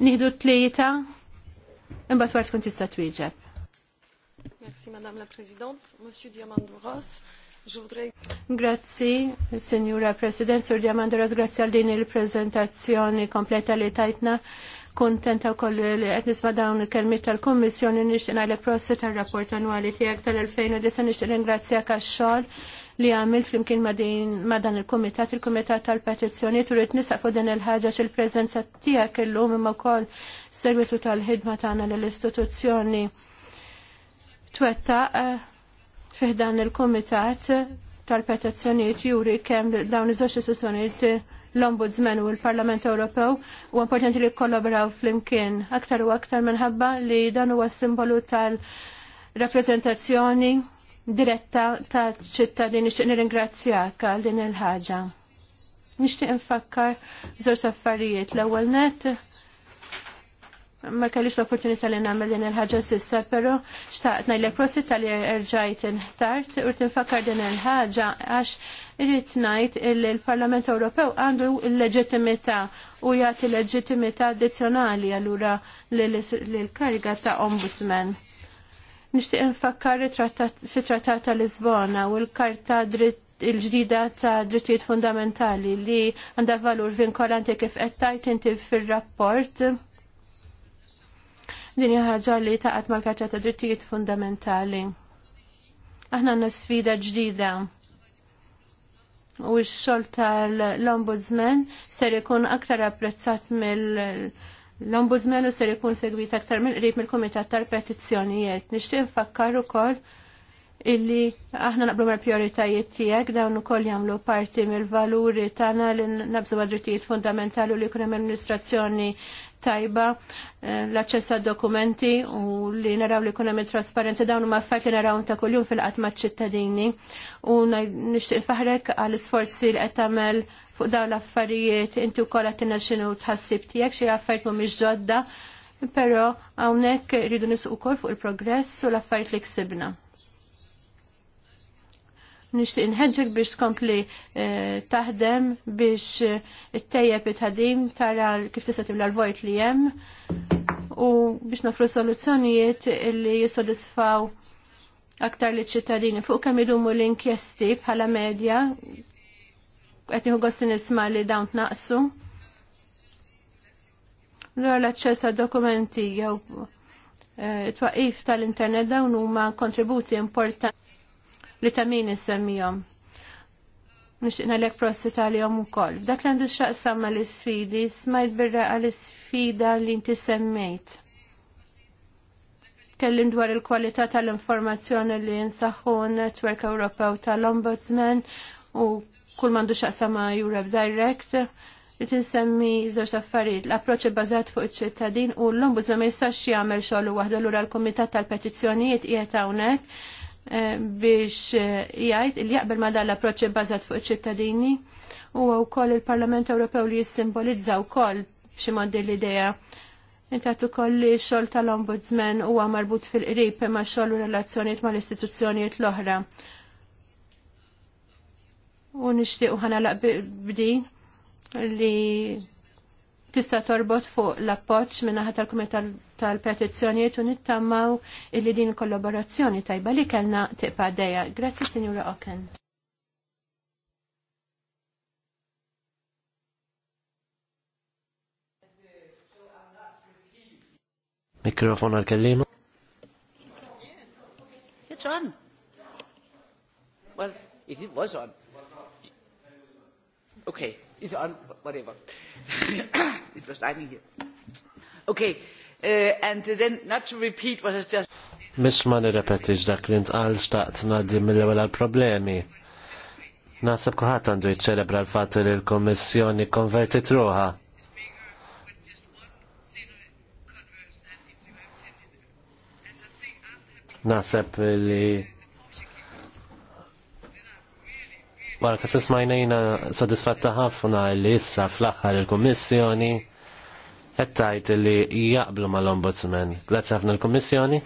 Nieħdu tlieta, imbagħad wara tkun tista' twieġeb. Merci Madame la Présidente, Monsieur Diamandouros. Grazzi, Signora President, Sur Diamandoras, grazzi għal din il-prezentazzjoni kompleta li tajtna kontenta wkoll li qed nisma' dawn il-kelmiet tal-Kummissjoni nixtieq ngħidlek prossi tal rapport annwali tiegħek tal-2009 nixtieq ringrazzjak għax-xogħol li għamil flimkien ma dan il-komitat, il-komitat tal petizjoni turit nisaq fuq din il-ħagġa xil-prezenza tijak il-lum imma kol segwitu tal-ħidma tagħna l-istituzzjoni twetta eh, fiħdan il-komitat tal petizjoni juri kemm dawn iż sessjoni l-Ombudsman u l-Parlament Ewropew u importanti li kollaboraw flimkien aktar u aktar minħabba li dan huwa simbolu tal-rappresentazzjoni diretta taċ ċittadini nixtieq nirringrazzjak għal din il-ħaġa. Nixtieq infakkar żewġ affarijiet l-ewwel net ma kellix l-opportunità li nagħmel din il-ħaġa sissa, però xtaqt ngħidlek prosit tal-li il intart u nfakkar din il-ħaġa għax irrid ngħid li l-Parlament Ewropew għandu l-leġittimità u jagħti leġittimità addizzjonali allura lill-kariga ta' ombudsman. Nixtieq infakkar fit-Trattat ta' Lisbona u l-Karta dritt il-ġdida ta' drittijiet fundamentali li għandha valur vinkolanti kif qed tajt inti fir-rapport Din hija ħaġa li taqgħet mal-Karta ta' Drittijiet Fundamentali. Aħna għanna sfida ġdida u x-xogħol tal-Ombudsman ser ikun aktar apprezzat mill- ombudsman u ser ikun segwit aktar mill-qrib mill-Kumitat tal-Petizzjonijiet. Nixtieq nfakkar ukoll illi aħna naqblu mal prioritajiet tiegħek dawn ukoll jagħmlu parti mill-valuri tagħna li nabżu drittijiet fundamentali u li jkun hemm amministrazzjoni tajba eh, l-aċċess dokumenti u li naraw li kunem il-trasparenza dawn huma affarijiet li naraw ta' kuljum fil qat maċ-ċittadini u nixtieq faħrek għal isforzi li qed tagħmel fuq dawn l-affarijiet inti wkoll għattina xinu tħassib tiegħek xi affarijiet mhumiex ġodda, però hawnhekk rridu nisqu wkoll fuq il-progress u l-affarijiet li ksibna nishtiq nħedġek biex skompli eh, taħdem biex it-tejjeb eh, it-ħadim tara kif tista' tibla l-vojt li hemm u biex nofru soluzzjonijiet li jissodisfaw aktar li ċittadini fuq kemm idumu l-inkjesti bħala medja qed nieħu gosti nisma' li dawn tnaqsu. Lura l-aċċess għad dokumenti jew it-twaqif eh, tal-internet dawn huma kontributi importanti li ta' min nsemmihom. Nixtieqna lek prosti tal-jom ukoll. Dak li għandu x'aqsam mal-isfidi, smajt birra għal-isfida li inti semmejt. Kellim dwar il-kwalità tal-informazzjoni li nsaħħu n-Netwerk Ewropew tal-Ombudsman u kull mandu xaqsam ma' Europe Direct li tinsemmi żewġ affarijiet l-approċċ bbażat fuq iċ-ċittadin u l-ombudsman ma jistax jagħmel xogħol waħda lura l-Kumitat tal-Petizzjonijiet qiegħed hawnhekk biex eh, jgħid il jaqbel ma dan l-approċċ bbażat fuq iċ-ċittadini u wkoll il-Parlament Ewropew li jissimbolizza wkoll b'xi modi l-idea. Intat ukoll li xogħol tal-Ombudsman huwa marbut fil-qrib ma' xogħol u relazzjonijiet mal-istituzzjonijiet l-oħra. U ħana laqbi bdi li tista' torbot fuq l-appoġġ minnaħa tal-Kumitat tal-Petizzjonijiet u nittamaw illi din kollaborazzjoni tajba li kellna tibqa' dejja. Grazzi Sinjura Oken. Mikrofon għal-kellima. It's on. Well, it was on. Okay is on, whatever. it was lightning here. Okay, uh, and then not to repeat what has just... Miss ma nirrepetix dak li ntqal xtaqt ngħaddi mill-ewwel għall-problemi. Naħseb kulħadd għandu jċċelebra l-fatt li l-Kommissjoni konvertit ruħha. Naħseb li Wara kas smajnejna sodisfatta ħafna li issa fl-aħħar il-Kummissjoni qed tgħid li jaqblu mal-Ombudsman. Grazzi ħafna l-Kummissjoni.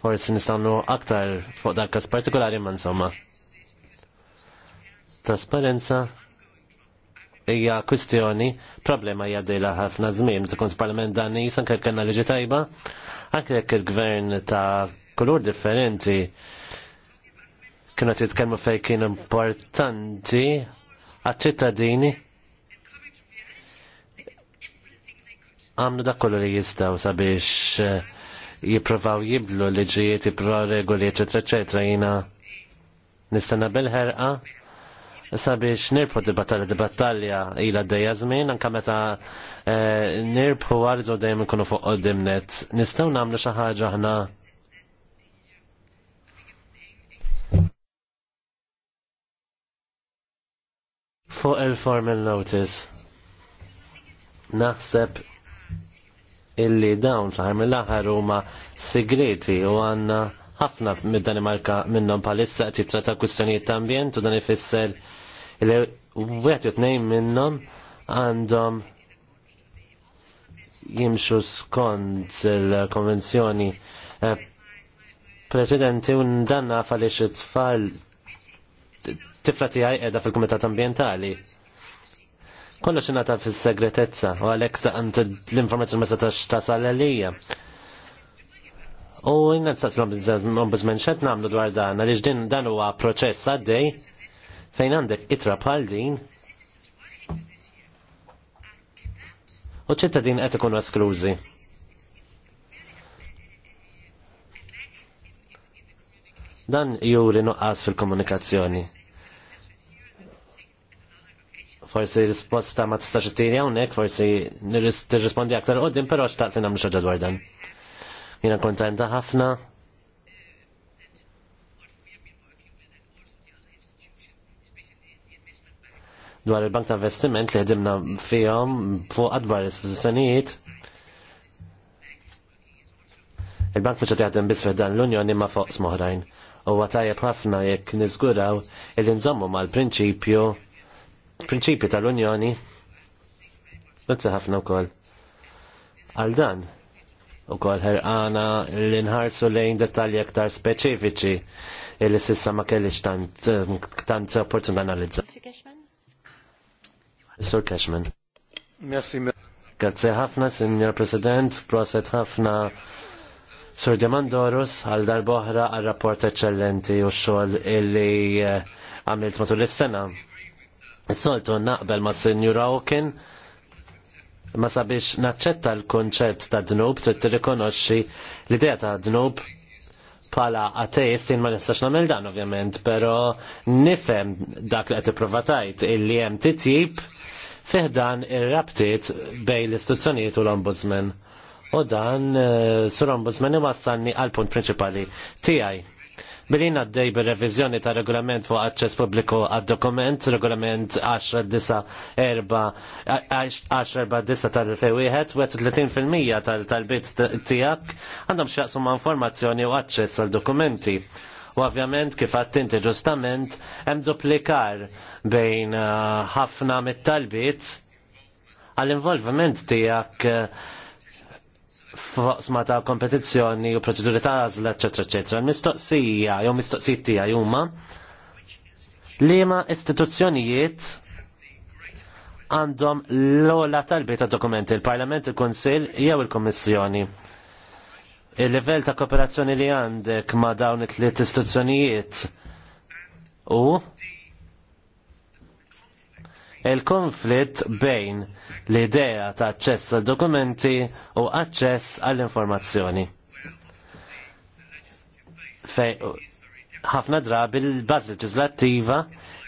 Forsi nistannu aktar fuq dak każ partikolari ma insomma. Trasparenza hija kwistjoni, problema hija dejla ħafna żmien, meta kont parlament dani anke kellna liġi tajba, anke jekk il-gvern ta' kulur differenti kienu titkellmu fej kien importanti għat-ċittadini għamlu da kollu li jistaw sabiex eh, jipprovaw jiblu liġijiet, jiprofaw regoli, eccetera, eccetera, jina nistana bil-ħerqa sabiex nirbħu di battalja, di battalja ila d-dajja zmin, anka meta eh, nirbħu għarġu dajem ikunu fuq qoddimnet. Nistaw namlu xaħġa ħna Fuq il-formal notice. Naħseb illi dawn fl-ħar mill-aħħar huma segreti u għandna ħafna mid-Danimarka minnhom bħalissa qed jitrata kwistjonijiet ta' ambjent u dan ifisser li wieħed jew tnejn minnhom għandhom jimxu skont il-konvenzjoni eh, preċedenti un danna għaliex it-tfal tifla tiegħi qiegħda fil-Kumitat Ambjentali. Kollox ingħata fis-segretezza u għalhekk saqant l-informazzjoni ma setax tasal għalija. U jina t-saslam ombudsman xed namlu dwar dan, għalix din dan huwa proċess għaddej fejn għandek itra bħal din. U ċittadin qed ikunu esklużi. Dan juri nuqqas fil-komunikazzjoni. Forsi risposta ma tistax tini hawnhekk, forsi nirrispondi aktar qoddim, però xtaqt li nagħmlu xogħol dwar dan. Jiena kontenta ħafna. Dwar il-bank ta' investiment li ħdimna fihom fuq adbar sanijiet Il-bank mhux qed jaħdem dan l-Unjoni ma fuq smoħrajn. U għatajab ħafna jekk nizguraw il-inżommu mal-prinċipju prinċipji tal-Unjoni. Grazzi ħafna wkoll. Għal dan, u kol ħerqana l-inħarsu lejn dettalji aktar speċifiċi illi sissa ma kellix tant, tant opportunità analizza. Sur Cashman. Merci. Grazie ħafna, Signor President, proset ħafna Sur Demandorus għal darboħra għal rapport eccellenti u xol illi eh, għamilt matul is-sena. Soltu naqbel ma' Senjura Hawken ma sabiex naċċetta l-konċett ta' dnub, trid tirrikonoxxi l-idea ta' dnub pala ateist ma nistax nagħmel dan ovvjament, però nifhem dak li qed tipprova tgħid illi hemm titjib fih dan ir-rabtiet bejn l-istituzzjonijiet u l-ombudsman. U dan eh, sur ombudsman iwassalni għal punt prinċipali tiegħi billi għaddej bir revizjoni ta' regolament fuq aċċess pubbliku għad-dokument, regolament 10-9 tal-2001, u 30% tal-talbit tiegħek għandhom xaqsu ma' informazzjoni u aċċess għal dokumenti U ovvjament kif għattinti ġustament hemm duplikar bejn uh, ħafna mit-talbiet għall-involviment tiegħek ma ta' kompetizzjoni u proċeduri ta' għażla, eċetera, eccetera. Il-mistoqsija, jew mistoqsijiet tiegħi huma liema istituzzjonijiet għandhom l-ola talbi ta' dokumenti il-Parlament, il-Konsil jew il-Kommissjoni. Il-livell ta' kooperazzjoni li għandek ma' dawn it-tliet istituzzjonijiet u il-konflitt bejn l-idea ta' aċċess għal dokumenti u aċċess għall informazzjoni Fej, ħafna drabi l-baż leġislattiva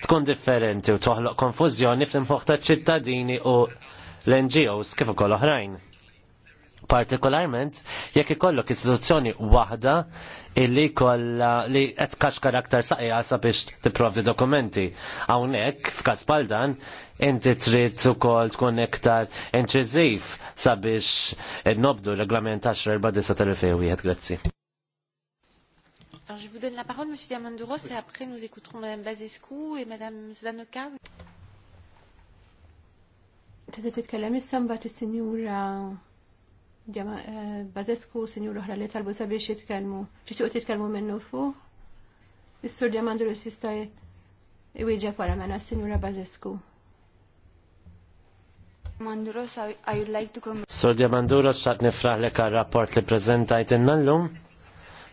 tkun differenti u toħloq konfużjoni fl taċ ċittadini u l-NGOs kif ukoll oħrajn partikolarment jekk ikollok istituzzjoni waħda illi kollha li qed kaxkar aktar saqija sabiex tipprovdi dokumenti. Hawnhekk f'każ bħal dan inti trid ukoll tkun iktar inċiżiv sabiex nobdu reglament 10 wieħed grazzi. Alors je vous donne la parole, Monsieur Diamandouros, et après nous écouterons Madame Bazescu et Madame Zdanoka. Tista' titkellem issa mbagħad is-Sinjura Eh, Bazesku, sinjur uħra li talbu sabiex jitkelmu, ċisuq jitkelmu minnu fu? Is-sur Diamandu jista' iwieġeb wara mena sinjura Bazesku. Manduros, I would like to come. Manduros, xat nifraħlek għal rapport li prezentajt innallum.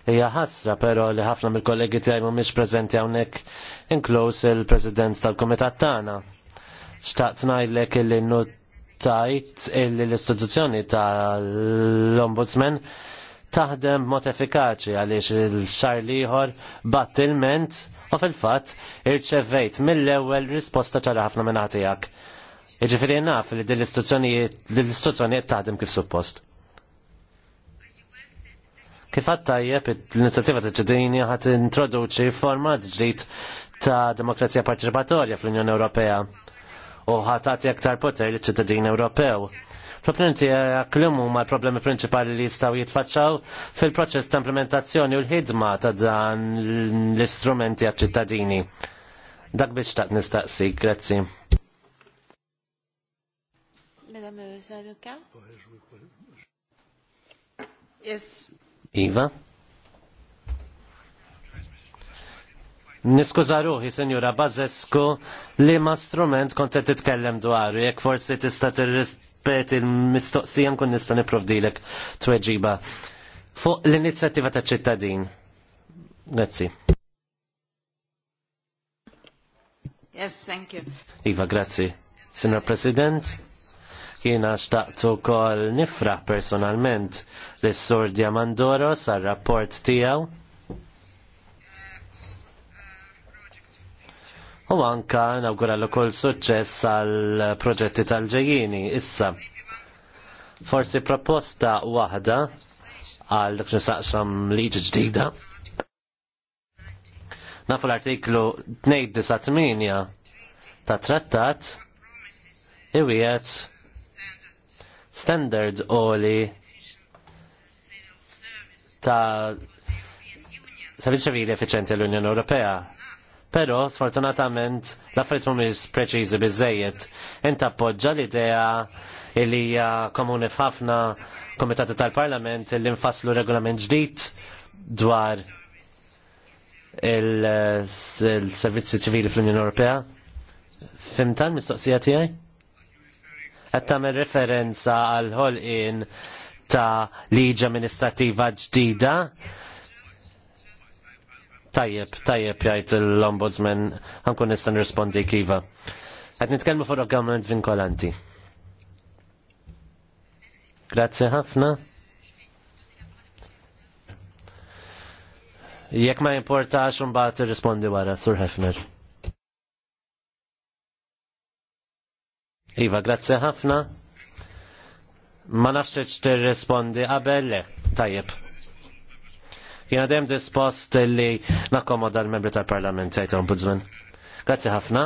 Hija ħasra, pero li ħafna mill-kollegi tiegħi mhumiex preżenti hawnhekk inkluż il prezident tal-Kumitat tagħna. Xtaqt ngħidlek illi nut tajt l-istituzzjoni tal-Ombudsman taħdem mod effikaċi għaliex il-xar liħor battilment u fil-fatt irċevejt mill-ewwel risposta ċara ħafna minn tiegħek. Jiġifieri naf li dil l taħdem kif suppost. Kif tajjeb l-inizjattiva ta' ċedini għat introduċi format ġdid ta' demokrazija parteċipatorja fl-Unjoni Ewropea u ħatati aktar poter li ċittadin Ewropew. Propnenti tiegħek ma huma l-problemi prinċipali li jistgħu jitfaċċaw fil-proċess ta' implementazzjoni u l-ħidma ta' dan l-istrumenti għaċ-ċittadini. Dak biex taqt nistaqsi, grazzi. Madame Zaruka. Yes. Iva? Niskuża ruħi, Senjura Bazesku, li ma strument kont qed titkellem dwaru, jekk forsi tista' tirrispet il-mistoqsija kun nista' nipprovdilek weġiba Fuq l-inizjattiva ta' ċittadin. Grazzi. Yes, thank you. Iva, grazzi. Signor President, jiena xtaqtu kol nifra personalment l-Sur Diamandoro sar rapport tijaw u anka l-kol suċċess għal proġetti tal-ġejjini issa. Forsi proposta waħda għal dak saqsam liġi ġdida. Nafu l-artiklu 298 ta' trattat iwiet standard oli ta' servizzi ċivili effiċenti l-Unjoni Ewropea Pero, sfortunatament, l-affarijiet mhumiex preċiżi bizzejiet. Enta appoġġa l-idea li hija komuni f'ħafna komitati tal-Parlament li nfasslu regolament ġdid dwar il-servizzi ċivili fl-Unjoni Ewropea. Fimtan mistoqsija tiegħi? Qed tagħmel referenza għal ħolqien ta' liġi amministrativa ġdida Tajjeb, tajjeb jgħid l-Ombudsman ħankun nistan rispondi kiva. Qed nitkellmu fuq government vinkolanti. Grazie ħafna. Jekk ma importax bat rispondi wara, Sur Hefner. Iva, grazzi ħafna. Ma nafx tirrispondi rispondi le, tajjeb. Jena dem dispost li nakkomoda l-membri tal-parlament tajt ombudsman. Grazzi ħafna.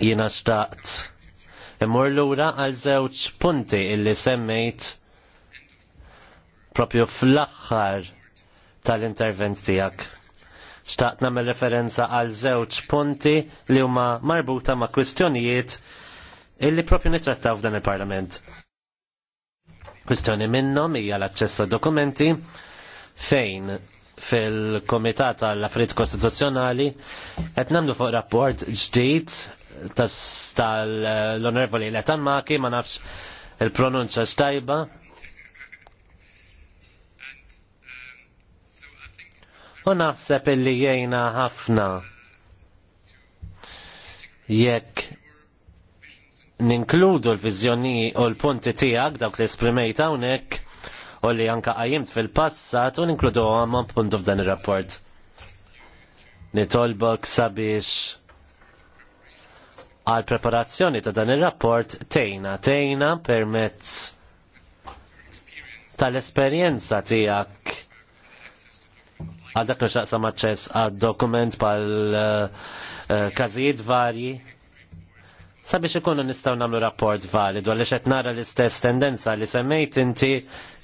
Jiena xtaqt. Immur lura għal żewġ punti illi semmejt propju fl-axħar tal-intervent tijak. Xtaqt namel referenza għal żewġ punti li huma marbuta ma' kwistjonijiet illi propju nitrattaw f'dan il-Parlament. Kwistjoni minnhom hija l-aċċess dokumenti fejn fil-Komitat għall-Affarijiet Kostituzzjonali qed nagħmlu fuq rapport ġdid tal-Onorevoli Letan Maki ma nafx il-pronunċa xtajba. U naħseb illi jgħina ħafna jekk ninkludu l-vizjoni u l-punti tiegħek dawk li esprimejt hawnhekk u li anka għajimt fil-passat u ninkludu għam puntu f'dan il-rapport. Nitolbok sabiex għal preparazzjoni ta' dan il-rapport tejna, tejna permezz tal-esperienza tijak għal dak nuxaqsa maċċess għad dokument pal eh, eh, kazijiet varji sabiex ikunu nistgħu nagħmlu rapport valid għaliex qed nara l-istess tendenza li semmejt inti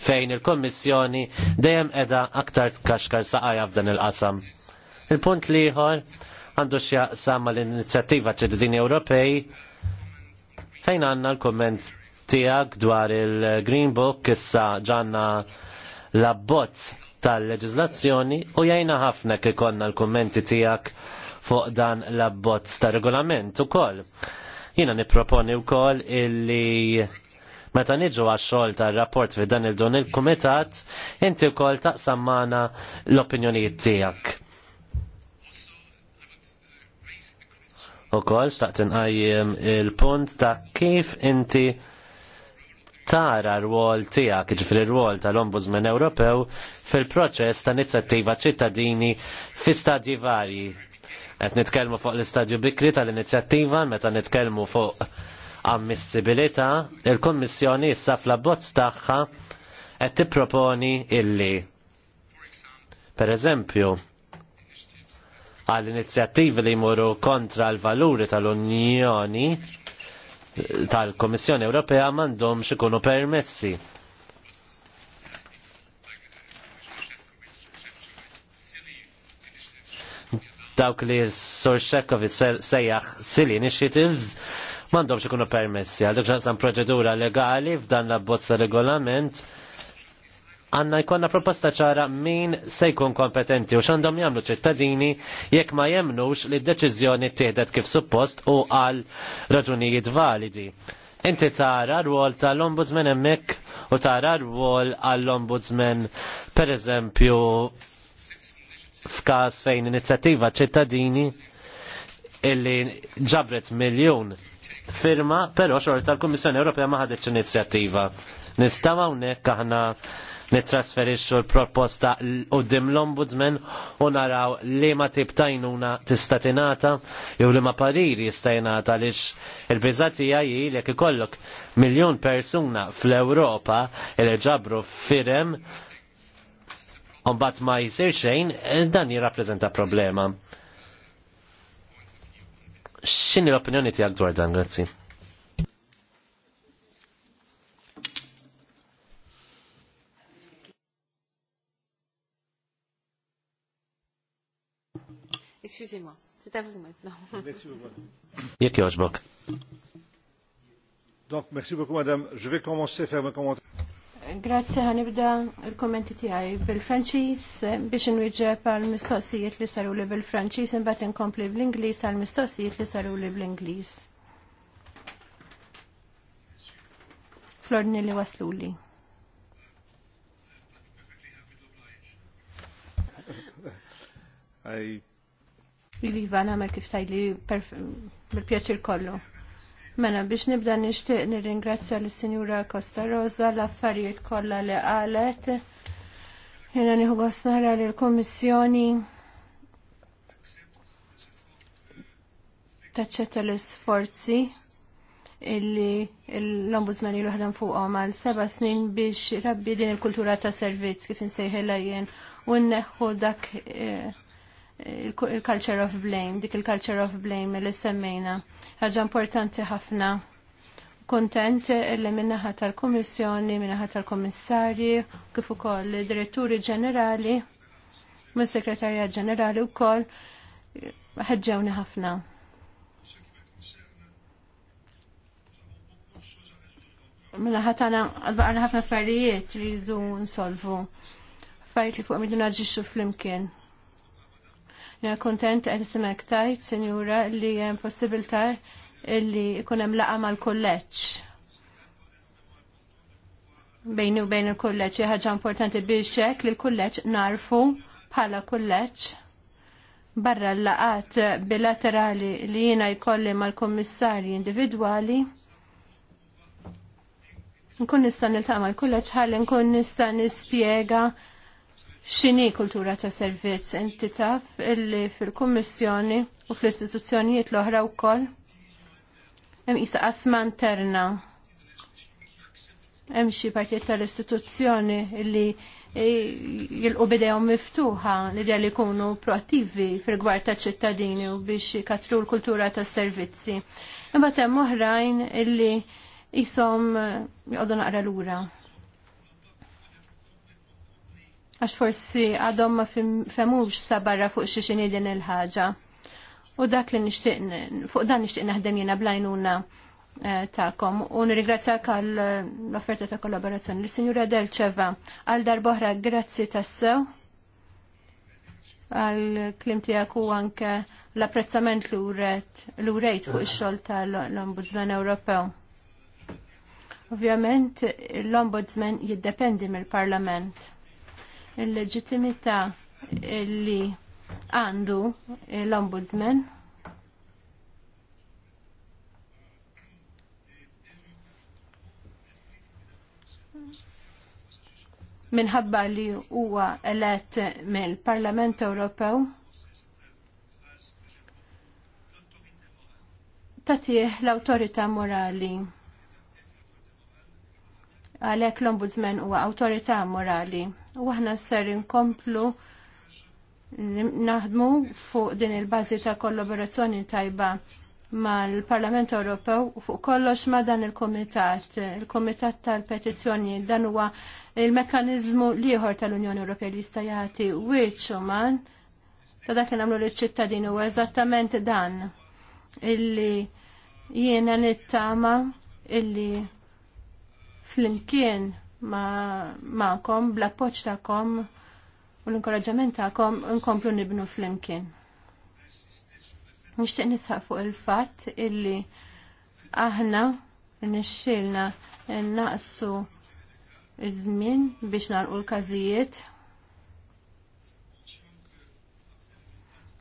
fejn il-Kommissjoni dejjem qiegħda aktar kaxkar saqajja f'dan il-qasam. Il-punt liħor għandu x'jaqsam l inizjattiva ċittadini Ewropej fejn għandna l-komment tiegħek dwar il-Green Book issa ġanna l-abbozz tal-leġizlazzjoni u jajna ħafna kikonna l-kommenti tijak fuq dan l-abbozz tal regolament u koll. Jina niproponi wkoll illi meta niġu għax-xogħol tar-rapport fi dan il-dun il-kumitat, inti wkoll ta' sammana l-opinjonijiet tiegħek. u kol staqt inqajjem il-punt ta' kif inti tara r-wol tijak, ġifri r-wol tal-Ombudsman Ewropew fil-proċess ta' nizzattiva ċittadini fi stadji varji Et nitkellmu fuq l-istadju bikri tal-inizjattiva meta nitkellmu fuq ammissibilità, il-Kummissjoni issa fl-abbozz tagħha qed tipproponi illi pereżempju għall inizjattivi li jmorru kontra l-valuri tal-Unjoni tal-Komissjoni Ewropea m'għandhomx ikunu permessi dawk li s-sur Shekovic sejjaħ silly initiatives mandom ikunu permessi għal ġansan proċedura legali f'dan la bozza regolament għanna jkonna proposta ċara min se jkun kompetenti u xandom jamlu ċittadini jekk ma jemnux li d-deċizjoni tieħdet kif suppost u għal raġunijiet validi. Inti tara rwol tal-ombudsman emmek u tara rwol għall-ombudsman per eżempju f'każ fejn inizjattiva ċittadini illi ġabret miljon firma, però xorta tal kummissjoni Ewropea ma ħadetx inizjattiva. Nistgħu hawnhekk aħna nitrasferixxu l-proposta qudiem l-Ombudsman u naraw li ma tib tajnuna tista' tingħata jew li ma pariri jista' jingħata għaliex il-biżatija hi jekk ikollok miljun persuna fl-Ewropa li ġabru firem bat ma jisir xejn, eh, dan jirrapprezenta problema. X'inhi l-opinjoni ti tiegħek dwar dan, grazzi? Excusez-moi, c'est à vous maintenant. Jekk joġbok. Donc, merci beaucoup, madame. Je vais commencer à faire mes commentaires. Grazzi ħanibda il-kommenti tiegħi bil-Franċiż biex inwieġeb għal mistoqsijiet li saru li bil-Franċiż imbagħad inkompli bl-Ingliż għal mistoqsijiet li saru li bl-Ingliż. Florni li wasluli. li. Iva, namel kif tajli bil-pjaċir kollu. Mela biex nibda nixtieq nirringrazzja lis sinjura Costa Rosa l-affarijiet kollha li qalet. Jiena nieħu gost nara li l-Kummissjoni taċċetta l-isforzi illi l-ombudsman ilu ħdem fuqhom għal seba' snin biex rabbi din il-kultura ta' servizz kif insejħilha jien u nneħħu dak eh, il-culture of blame, dik il-culture of blame li semmejna. ħaġa importanti ħafna. Kontent li minnaħa tal-Komissjoni, minnaħa tal-Komissarji, kif ukoll diretturi ġenerali, mis sekretarja ġenerali wkoll ħeġġewni ħafna. Mela ħatana, għadbaqna ħafna affarijiet li jridu nsolvu. Affarijiet li fuq middu naġġixxu flimkien. Jena kontent għed semek tajt, senjura, li jem possibilta li ikunem laqa mal-kolleċ. Bejni u bejn il-kolleċ, ħaġa importanti biex xek li l-kolleċ narfu bħala kolleċ barra l-laqat bilaterali li jina jkolli mal-kommissari individuali, nkun nista niltaq mal-kulleċ ħalli nkun nista nispiega xini kultura ta' servizz inti taf illi fil-Kummissjoni u fl-istituzzjonijiet l-oħra wkoll hemm qisha qasma interna. Hemm xi partijiet tal-istituzzjoni illi eh, jilqu bidejhom miftuħa li li jkunu proattivi fil-gwar ta' ċittadini u biex katru l-kultura ta' servizzi. Imma hemm oħrajn illi jisom eh, jgħodu naqra lura għax forsi għadhom ma femux sabarra fuq xi xini din il-ħaġa. U dak li nixtieq fuq dan nixtieq naħdem jena blajnuna eh, ta'kom u nirringrazzjak għal eh, l-offerta ta' kollaborazzjoni. L-Sinjura Delċeva, għal darboħra grazzi tassew għal klim tijak u anke l-apprezzament l-urejt fuq ix-xogħol tal-Ombudsman Ewropew. Ovvjament, l-Ombudsman jiddependi mill-Parlament il-leġittimità li għandu l-ombudsman minħabba li huwa elett mill-Parlament Ewropew tatih l awtorità morali. Għalhekk l-Ombudsman huwa awtorità morali u aħna ser inkomplu naħdmu fuq din il-bażi ta' kollaborazzjoni tajba mal-Parlament Ewropew u fuq kollox ma' dan il-Komitat, il-Komitat tal-Petizzjoni, dan huwa il-mekkanizmu liħor tal-Unjoni Ewropea li jista' jagħti wiċċ man ta' dak li nagħmlu liċ-ċittadini u eżattament dan illi jiena nittama illi flimkien ma'kom, ma bl-appoċ ta'kom u l-inkoraġġament ta'kom nkomplu nibnu fl-imkien. Nishtiq nisħaq fuq il-fatt illi aħna nixxilna naqsu iż-żmien biex narqu l-każijiet.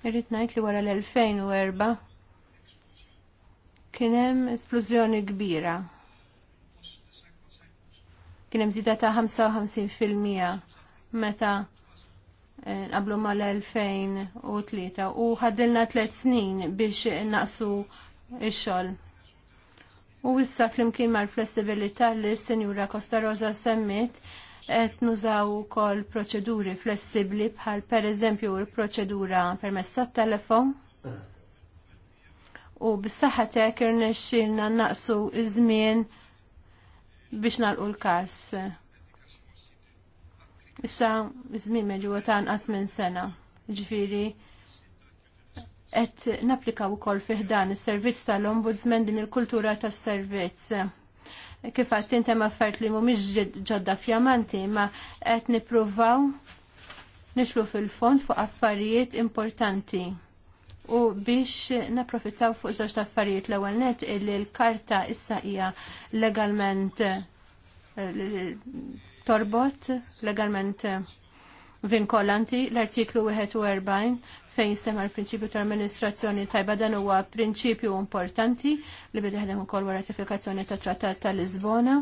Irrid ngħid li wara l-2004 kien hemm esplużjoni kbira kien hemm ta' 55% meta nqablu eh, mal-2003 u ħaddilna tliet snin biex naqsu ix-xogħol. U issa flimkien mal-flessibilità li s senjura Costa Rosa semmit qed nużaw ukoll proċeduri flessibbli bħal pereżempju l-proċedura permezz tat-telefon u bis-saħħa tek irnexxielna naqsu iż-żmien biex nalqu l-kas. Issa, żmien meġu ta' nqas minn sena, ġifiri, qed naplika u fih dan is-servizz tal-Ombudsman din il-kultura tas-servizz. Kif għad ma affert li mhumiex ġodda fjamanti, ma qed nippruvaw nixlu fil-fond fuq affarijiet importanti u biex naprofittaw fuq żewġ taffarijiet l-ewwel net illi l-karta issa hija legalment eh, torbot, legalment eh, vinkolanti l-artiklu 41 fejn sema l-prinċipju tal-amministrazzjoni tajba dan huwa prinċipju importanti li bideħdem ukoll wara ratifikazzjoni tat trattat ta' Lisbona.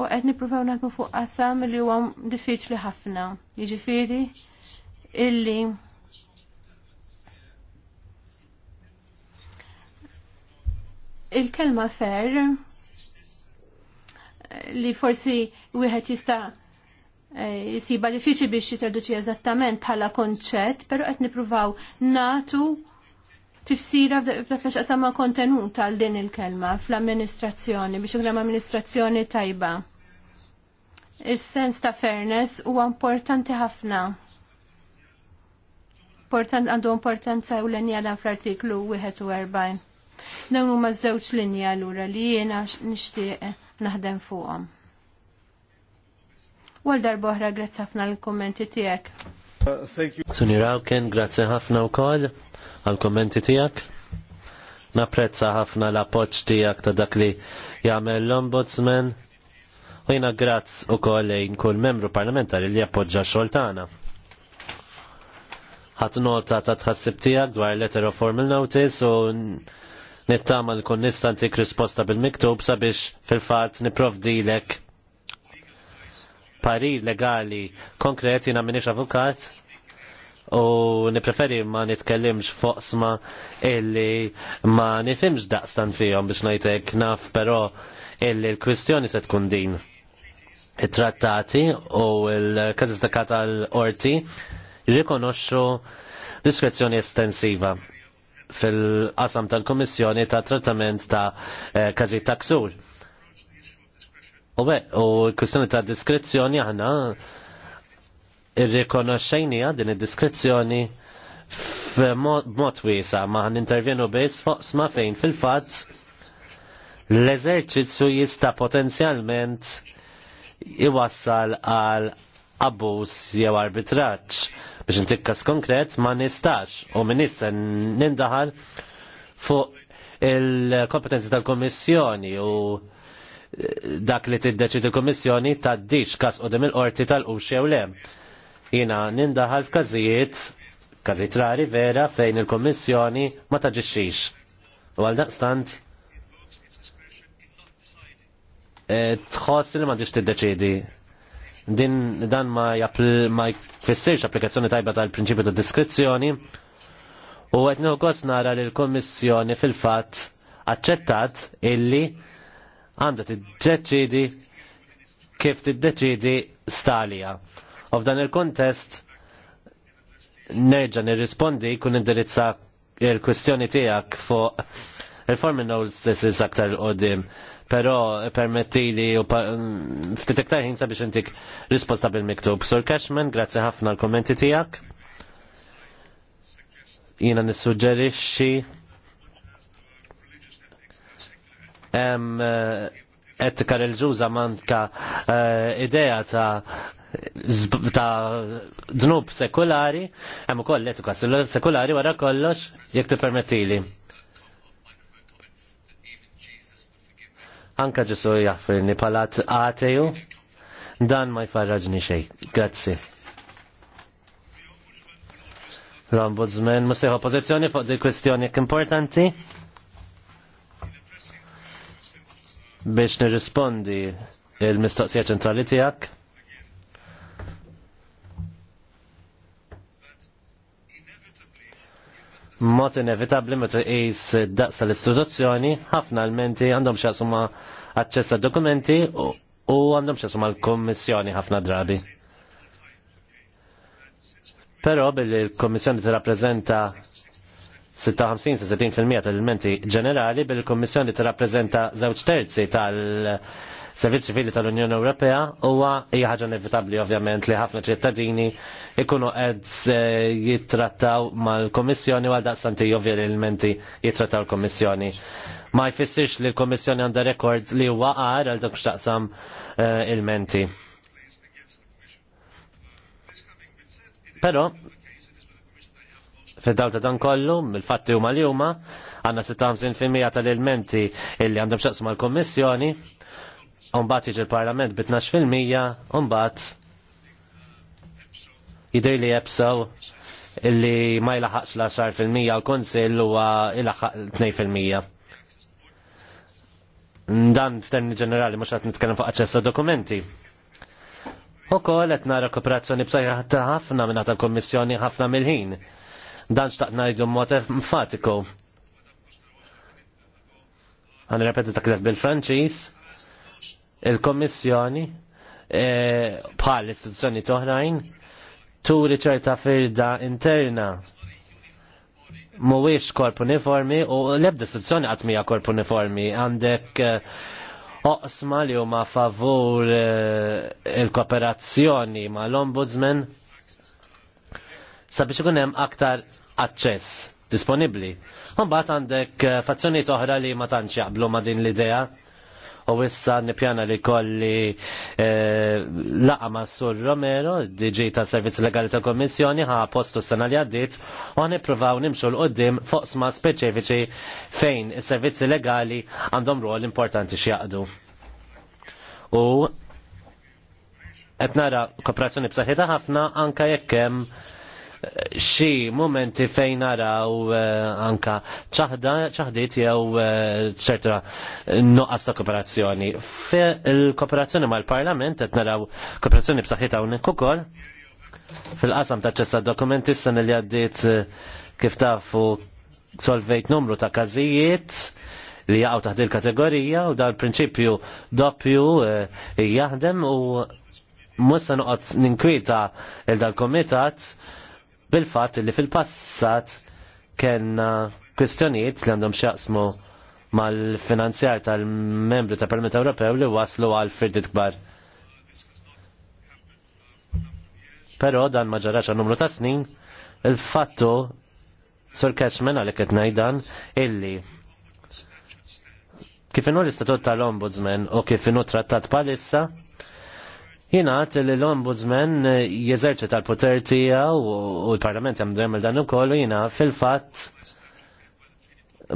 U qed nippruvaw nagħmlu fuq qasam li huwa diffiċli ħafna. Jiġifieri illi il-kelma fair li forsi wieħed jista' jisiba li fiċi biex jitraduċi eżattament bħala konċett, pero qed nipruvaw natu tifsira f'dak li xaqsama kontenut għal din il-kelma fl-amministrazzjoni biex ikun amministrazzjoni tajba. Is-sens ta' fairness huwa importanti ħafna. Important għandu importanza u l-enjada fl-artiklu 41. Dawn huma żewġ linja lura li jiena nixtieq naħdem fuqhom. Wal darba oħra grazzi ħafna l-kummenti tiegħek. Suni Rawken, grazzi ħafna wkoll għall-kummenti tiegħek. Napprezza ħafna l-appoġġ tiegħek ta' dak li jagħmel l-Ombudsman u jiena grazz ukoll lejn kull membru parlamentari li appoġġa xogħol tagħna ħat nota ta' tħassib tijak dwar letter of formal notice u nittama li kun nista' tik risposta bil-miktub sabiex fil-fatt niprovdilek parir legali konkret jina minix avukat u nipreferi ma nitkellimx foqsma illi ma nifimx daqstan fihom biex najtek naf però illi l-kwistjoni se tkun din. It-trattati u l kazistakata tal-orti rikonoxxu diskrezzjoni estensiva fil-qasam tal-Komissjoni ta' trattament ta' eh, każijiet ta' ksur. U be, u kwistjoni ta' diskrezzjoni aħna irrikonoxxejni din id-diskrezzjoni f'mod wiesa ma ħan intervjenu biss fuq sma fejn fil-fatt l-eżerċizzju jista' potenzjalment iwassal għal abbuż jew arbitraġġ biex intikkas konkret ma nistax u minissa issa fuq il-kompetenzi tal-Komissjoni u eh, dak li tiddeċidi l-Komissjoni taddix kas u il-qorti tal uxie jew le. Jina nindahar f'każijiet, kazijiet rari vera fejn il-Komissjoni ma taġixxix. U għal daqstant eh, tħoss li ma ġiex tiddeċidi din dan ma, japl, ma jfessirx applikazzjoni tajba tal-prinċipju ta' diskrezzjoni u qed nogos nara li l-Kommissjoni fil-fatt aċċettat illi għandha tiddeċidi kif tiddeċidi stalija. U f'dan il-kontest nerġa' nirrispondi kun indirizza il-kwestjoni tiegħek fuq il-formin knows aktar l-qoddim Pero permetti li mm, ftit iktar ħin sabiex intik risposta bil-miktub. Sur Cashman, grazzi ħafna l-kommenti tijak. Jina nissuġġerixxi hemm eh, etika reliġjuża manka eh, idea ta' ta' dnub sekulari, hemm ukoll etika sekulari wara kollox jekk tippermettili. anka ġesu jaffirni palat għateju, dan ma jfarraġni xej. Grazzi. L-Ombudsman, ma seħu pozizjoni fuq di kwestjoni importanti biex nirrispondi il-mistoqsija ċentrali tijak. mod inevitabli meta tqis daqs tal-istituzzjoni, ħafna l-menti għandhom xasuma aċċess dokumenti u għandhom xasuma l-kommissjoni ħafna drabi. Però billi l-kommissjoni tirrappreżenta 56-60% tal-elementi ġenerali, billi l-kommissjoni tirrappreżenta żewġ terzi tal- Servizzi ċivili tal-Unjoni Ewropea huwa hija ħaġa inevitabbli ovvjament li ħafna ċittadini ikunu qed eh, jittrattaw mal kummissjoni u għal daqstanti ovvjamenti jittrattaw l kummissjoni Ma jfissirx li l kummissjoni għandha rekord li huwa għar għal dak xtaqsam eh, il-menti. Pero, fid-daw dan kollu, mill fatti huma li huma, għanna 56% tal-elementi illi għandhom xaqsma mal kommissjoni Umbat jiġi l-parlament bit fil-mija, umbat jidir li jepsaw illi ma jilaħaqx l-10% l-konsil u jilaħaq l-2%. Dan f'termini ġenerali mhux qed nitkellem fuq aċċess dokumenti. U kol qed nara kooperazzjoni b'sajħa ħafna minna ta' kommissjoni ħafna mill-ħin. Dan xtaqt ngħidu mod mfatiku. Għan repeti ta' bil-Franċiż, il-Kommissjoni eh, bħal istituzzjoni toħrajn turi ċerta firda interna mhuwiex korp uniformi u l-ebda istituzzjoni qatt mija korp uniformi għandek eh, oqsma li huma favur eh, il-kooperazzjoni ma l-ombudsman sabiex ikun hemm aktar aċċess disponibbli. Mbagħad għandek fazzjonijiet oħra li ma tantx jaqblu ma din l-idea u issa nipjana li kolli eh, laqma Sur Romero, DJ ta' Servizz Legali ta' Kommissjoni, ha' postu sena li għaddit, u nipruvaw nimxu l-qoddim fuq sma speċifiċi fejn is-servizzi legali għandhom rol importanti x'jaqdu. U qed nara kooperazzjoni b'saħħitha ħafna anke jekk hemm xi momenti fejn naraw eh, anka ċaħdiet jew eh, ċertra noqqas ta' kooperazzjoni. Il-kooperazzjoni mal-Parlament qed naraw kooperazzjoni b'saħħitha hawnhekk ukoll fil-qasam ta' ċessa dokumenti s li għaddiet eh, kif tafu solvejt numru ta' każijiet li jaqgħu taħt il-kategorija u dal prinċipju doppju jaħdem u se noqgħod ninkwieta il-dal-komitat bil-fatt li fil-passat kien kwistjonijiet li għandhom xaqsmu mal-finanzjar tal-membri ta' Parlament Ewropew li waslu għal firdit kbar. Pero dan ma ġarax numru ta' snin, il-fattu sur Cashman għalek qed ngħidan illi kif inhu l-istatut tal-Ombudsman u kif inhu trattat palissa, Jinaħt li l-ombudsman jeżerċi tal-poter tijaw u l-parlament jamdrem il-dan u kollu jina fil-fat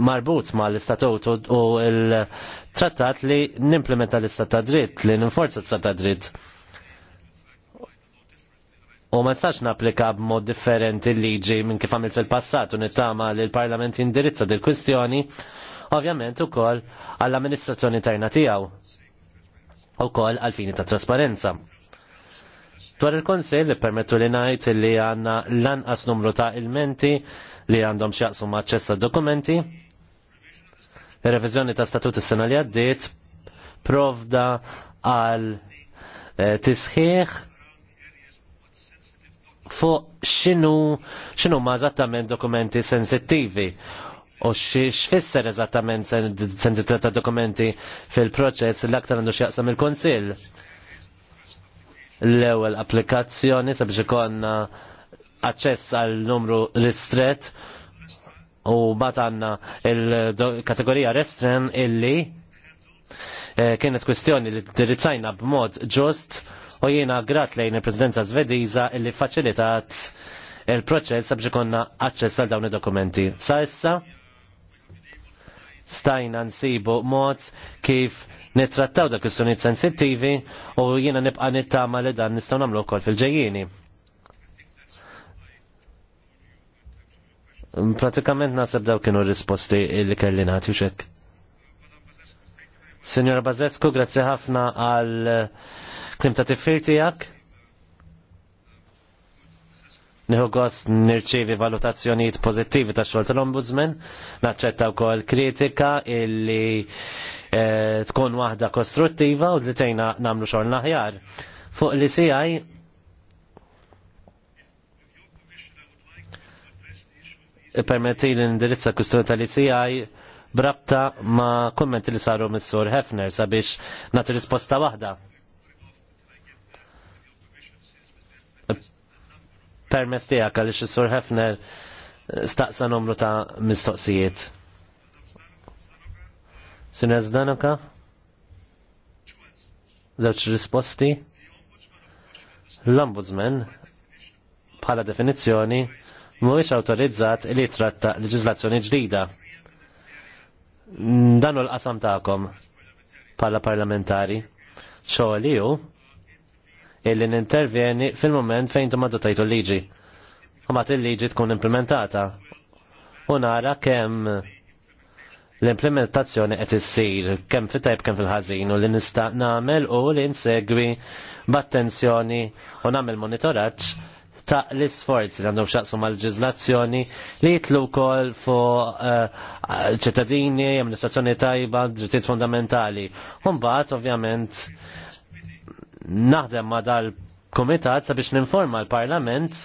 marbut ma l-istatut u l-trattat li nimplementa l-istat ta' dritt, li ninforza l-istat ta' dritt. U ma stax naplika b'mod differenti l-liġi minn kif għamilt fil-passat u nittama li l-parlament jindirizza dil-kwistjoni, ovvjament u koll għall-amministrazzjoni tajna tijaw u kol għalfini ta' trasparenza. Dwar il-konsil permettu li najt li għanna lanqas numru ta' ilmenti li għandhom xaqsu maċċessa dokumenti. revizjoni ta' statut is-sena li għaddiet provda għal eh, tisħiħ fuq xinu, xinu ma' dokumenti sensittivi u x'fisser eżattament sentità ta' dokumenti fil-proċess l-aktar għandu x'jaqsam il konsil L-ewwel applikazzjoni sabiex ikonna aċċess għal numru ristret u bat għandna il-kategorija restren illi eh, kienet kwestjoni li dirizzajna b'mod ġust u jiena grat lejn il-Presidenza Svediża illi faċilitat il-proċess sabiex ikonna aċċess għal dawn id-dokumenti. Sa issa, stajna nsibu mod kif nitrattaw da kwistjonijiet sensittivi u jiena nibqa' nittama li dan nistgħu nagħmlu wkoll fil-ġejjieni. Pratikament nasab daw kienu risposti li kelli nagħti xek. Signora Bazescu, grazzi ħafna għal klim ta' tiffir tiegħek. Nħu gost nirċivi valutazzjonijiet pozittivi ta' xogħol tal-Ombudsman, naċċetta wkoll kritika illi e, tkun waħda kostruttiva u li tejna nagħmlu xogħol naħjar. Fuq li CI permetti l-indirizza kustuni tal-ICI brabta ma kommenti li saru mis-sur Hefner sabiex nati risposta waħda permess tiegħek għaliex is-Sur Hefner eh, staqsa numru ta' mistoqsijiet. Sinez Danoka? Żewġ risposti? L-Ombudsman bħala definizzjoni mhuwiex awtorizzat li tratta leġislazzjoni ġdida. Dan hu l-qasam tagħkom bħala parlamentari. Xogħol hu illi nintervjeni fil-moment fejn tu maddu tajtu liġi. U mat il-liġi tkun implementata. U nara kemm l-implementazzjoni qed issir kemm fit-tajb kemm fil-ħażin u li nista' nagħmel u li nsegwi b'attenzjoni u nagħmel monitoraġġ ta' l-isforzi li għandhom xaqsu mal ġizlazzjoni li jitlu kol fu eh, ċittadini, amministrazzjoni tajba, drittijiet fundamentali. bat, ovvjament, naħdem ma dal-komitat sabiex ninforma l-parlament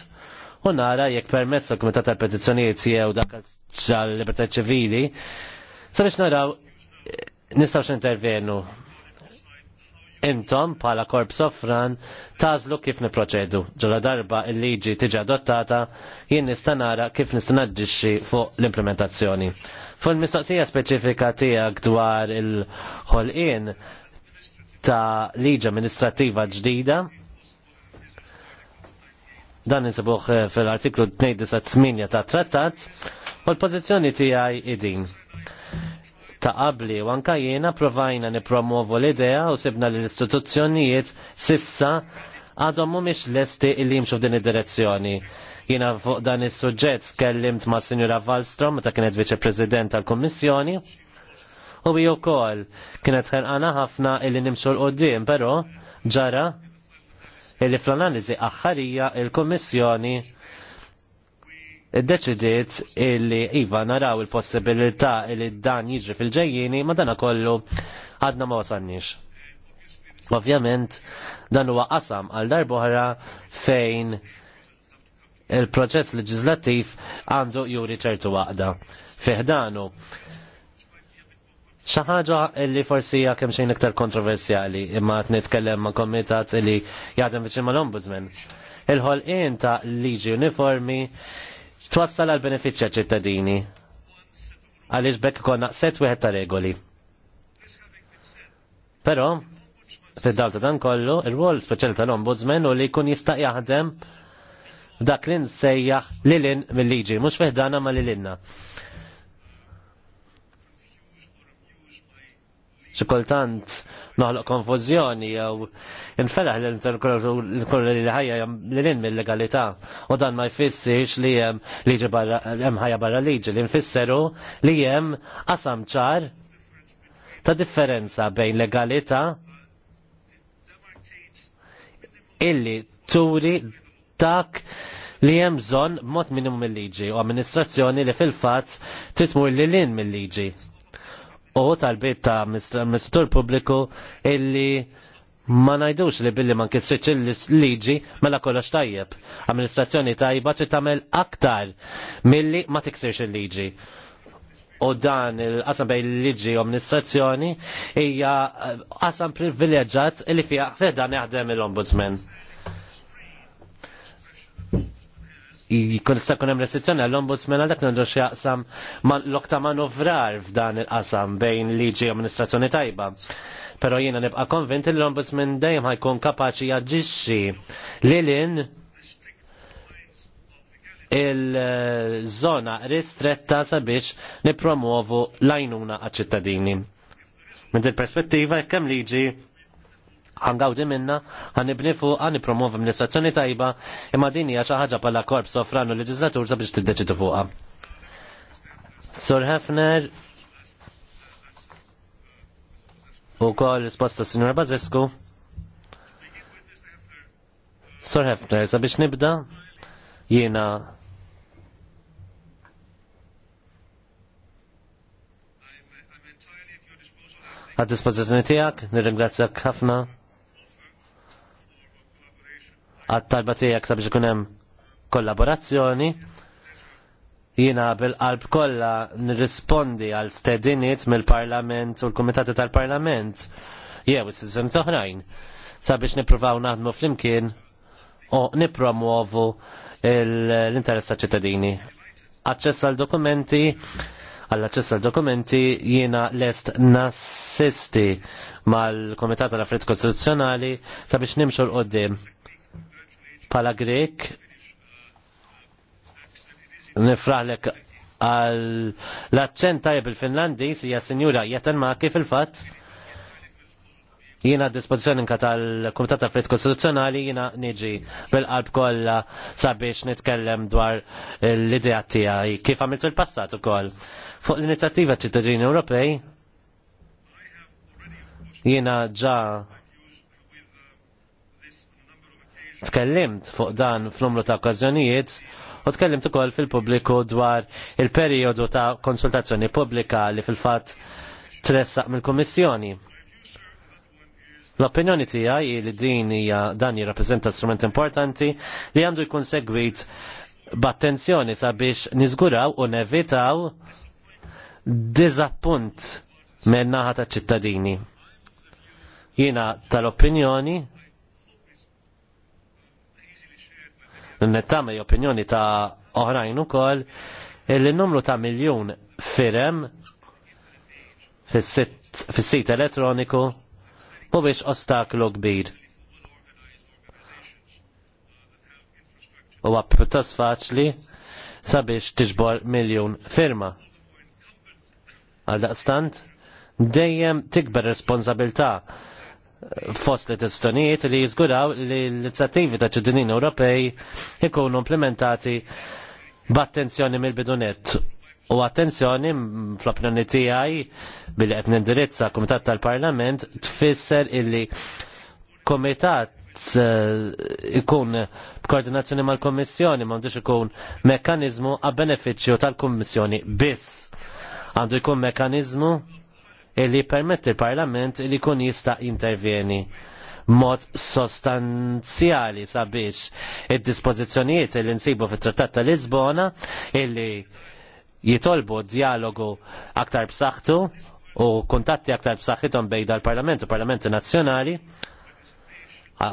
u nara jekk permezz tal-komitat tal-petizzjonijiet jew dak tal-libertà ċivili sabiex naraw eh, nistax intervenu. Intom bħala korp sofran tażlu kif niproċedu. Ġola darba il-liġi tiġi adottata jien nista' nara kif nista' naġġixxi fuq l-implementazzjoni. Fuq il-mistoqsija speċifika tiegħek dwar il-ħolqien ta' liġi amministrativa ġdida. Dan insibuħ eh, fil-artiklu 298 ta' trattat u l-pozizjoni tiegħi idin. Ta' qabli u anka jiena provajna nipromuovu l-idea u sibna l-istituzzjonijiet sissa għadhom mhumiex lesti illi jimxu f'din id-direzzjoni. Jiena fuq dan is-suġġett kellimt ma' Sinjura Valstrom meta kienet viċe-president tal-Kummissjoni u bi wkoll kienet ħerqana ħafna illi nimxu l-qoddim, però ġara illi fl analizi aħħarija il-Kummissjoni id-deċidiet illi iva naraw il-possibilità illi dan jiġri fil-ġejjini ma dana kollu għadna ma wasanniex. Ovvjament, dan huwa qasam għal darbohra fejn il-proċess leġislattiv għandu juri ċertu waqda. Fiħdanu, Xa ħaġa li forsi hija kemm xejn iktar kontroversjali imma qed nitkellem ma' komitat li jaħdem viċin mal-ombudsman. Il-ħolqien ta' liġi uniformi twassal għal benefiċċja ċittadini għaliex bekk konna set wieħed ta' regoli. Però, fid-dal ta' dan kollu, il-wol speċjali tal-ombudsman u li jkun jista' jaħdem dak li nsejjaħ lilin mill-liġi, mhux fiħdana ma lilinna. xikultant noħloq konfuzjoni jew infelaħ l-kullu li ħajja l-in mill-legalità u dan ma jfissirx li jem liġi barra, jem ħajja barra liġi li nfisseru li jem qasam ċar ta' differenza bejn legalità illi turi dak li hemm bżonn mod minimum mill-liġi u amministrazzjoni li fil-fatt titmur lil lin mill-liġi u tal-bit ta' mistur pubbliku illi ma najdux li billi ma kisriċ il-liġi mela kollox tajjeb. Amministrazzjoni tajba trid tagħmel aktar milli ma tiksirx il-liġi. U dan il-qasam bejn il-liġi u amministrazzjoni hija qasam privileġġat li fiha fedan jaħdem il-ombudsman. jkun sta' kunem restrizzjoni għall-ombudsman għal dak nandu xjaqsam l-okta manovrar f'dan il-qasam bejn liġi u amministrazzjoni tajba. Pero jiena nibqa' konvint li l-ombudsman dejjem ħajkun kapaċi jaġġixxi lilin il-żona ristretta sabiex nipromuovu l-għajnuna għal-ċittadini. Minn il-perspettiva hemm liġi ħangawdi minna, ħanibni fuq, ħani promuvi amministrazzjoni tajba, imma dini għaxa ħagġa pala bħala korp sofranu l-leġislatur sabiex t tiddeċidu fuqha. Sur Hefner, u kol risposta Sinjora Bazesku. Sur Hefner, sabiex nibda, jiena għad tijak, nir nirringrazzjak ħafna għattalba talba tiegħek sabiex ikun hemm kollaborazzjoni. Jiena bil-qalb kollha nirrispondi għal stedinit mill-Parlament u l-Kumitati tal-Parlament jew s-sizzjoni oħrajn sabiex nippruvaw naħdmu flimkien u nipromuovu l-interess ta' ċittadini. Aċċess għal dokumenti għall aċċess għal dokumenti jiena lest nassisti mal-Komitat tal-Affarijiet Kostituzzjonali sabiex nimxu l-qoddim Pala Grek, nifraħlek għal l-accent tajb il-Finlandis, hija sinjura jeten ma kif il-fat, jina dispozizjoni nka tal komitata Fritt Kostituzzjonali jina niġi bil-qalb kollha sabiex nitkellem dwar l-idea tiegħi kif għamiltu il passat ukoll. Fuq l-Inizjattiva Ċittadini Ewropej jiena ġa Tkellimt fuq dan f'numru ta' okkażjonijiet u tkellimt ukoll fil-pubbliku dwar il-perjodu ta' konsultazzjoni pubblika li fil-fatt tressaq mill-Kummissjoni. L-opinjoni tiegħi li din hija dan jirrappreżenta strument importanti li għandu jkun segwit b'attenzjoni sabiex niżguraw u nevitaw diżappunt minn naħa ta' ċittadini. Jiena tal-opinjoni nettame opinjoni ta' oħrajn ukoll il numru ta' miljun firem fis-sit elettroniku mhuwiex ostaklu kbir. Huwa pjuttost faċli sabiex tiġbor miljun firma. Għal daqstant, dejjem tikber responsabilta' fost li t-istoniet li jizguraw li l-inizjattivi ta' ċittadini Ewropej ikunu implementati b'attenzjoni mill-bidunet. U attenzjoni fl-opinjoni tiegħi billi qed nindirizza Kumitat tal-Parlament tfisser illi Kumitat eh, ikun b'koordinazzjoni mal-Kommissjoni m'għandux ikun mekkaniżmu għab benefiċċju tal-Kummissjoni biss. Għandu jkun mekkaniżmu li permetti il-Parlament li kun jista' intervjeni mod sostanzjali sabiex id-dispożizzjonijiet li nsibu fit-Trattat ta' Lisbona illi jitolbu dialogu aktar b'saħħtu u kuntatti aktar b'saħħithom bejn dal-Parlament u Parlamenti Nazzjonali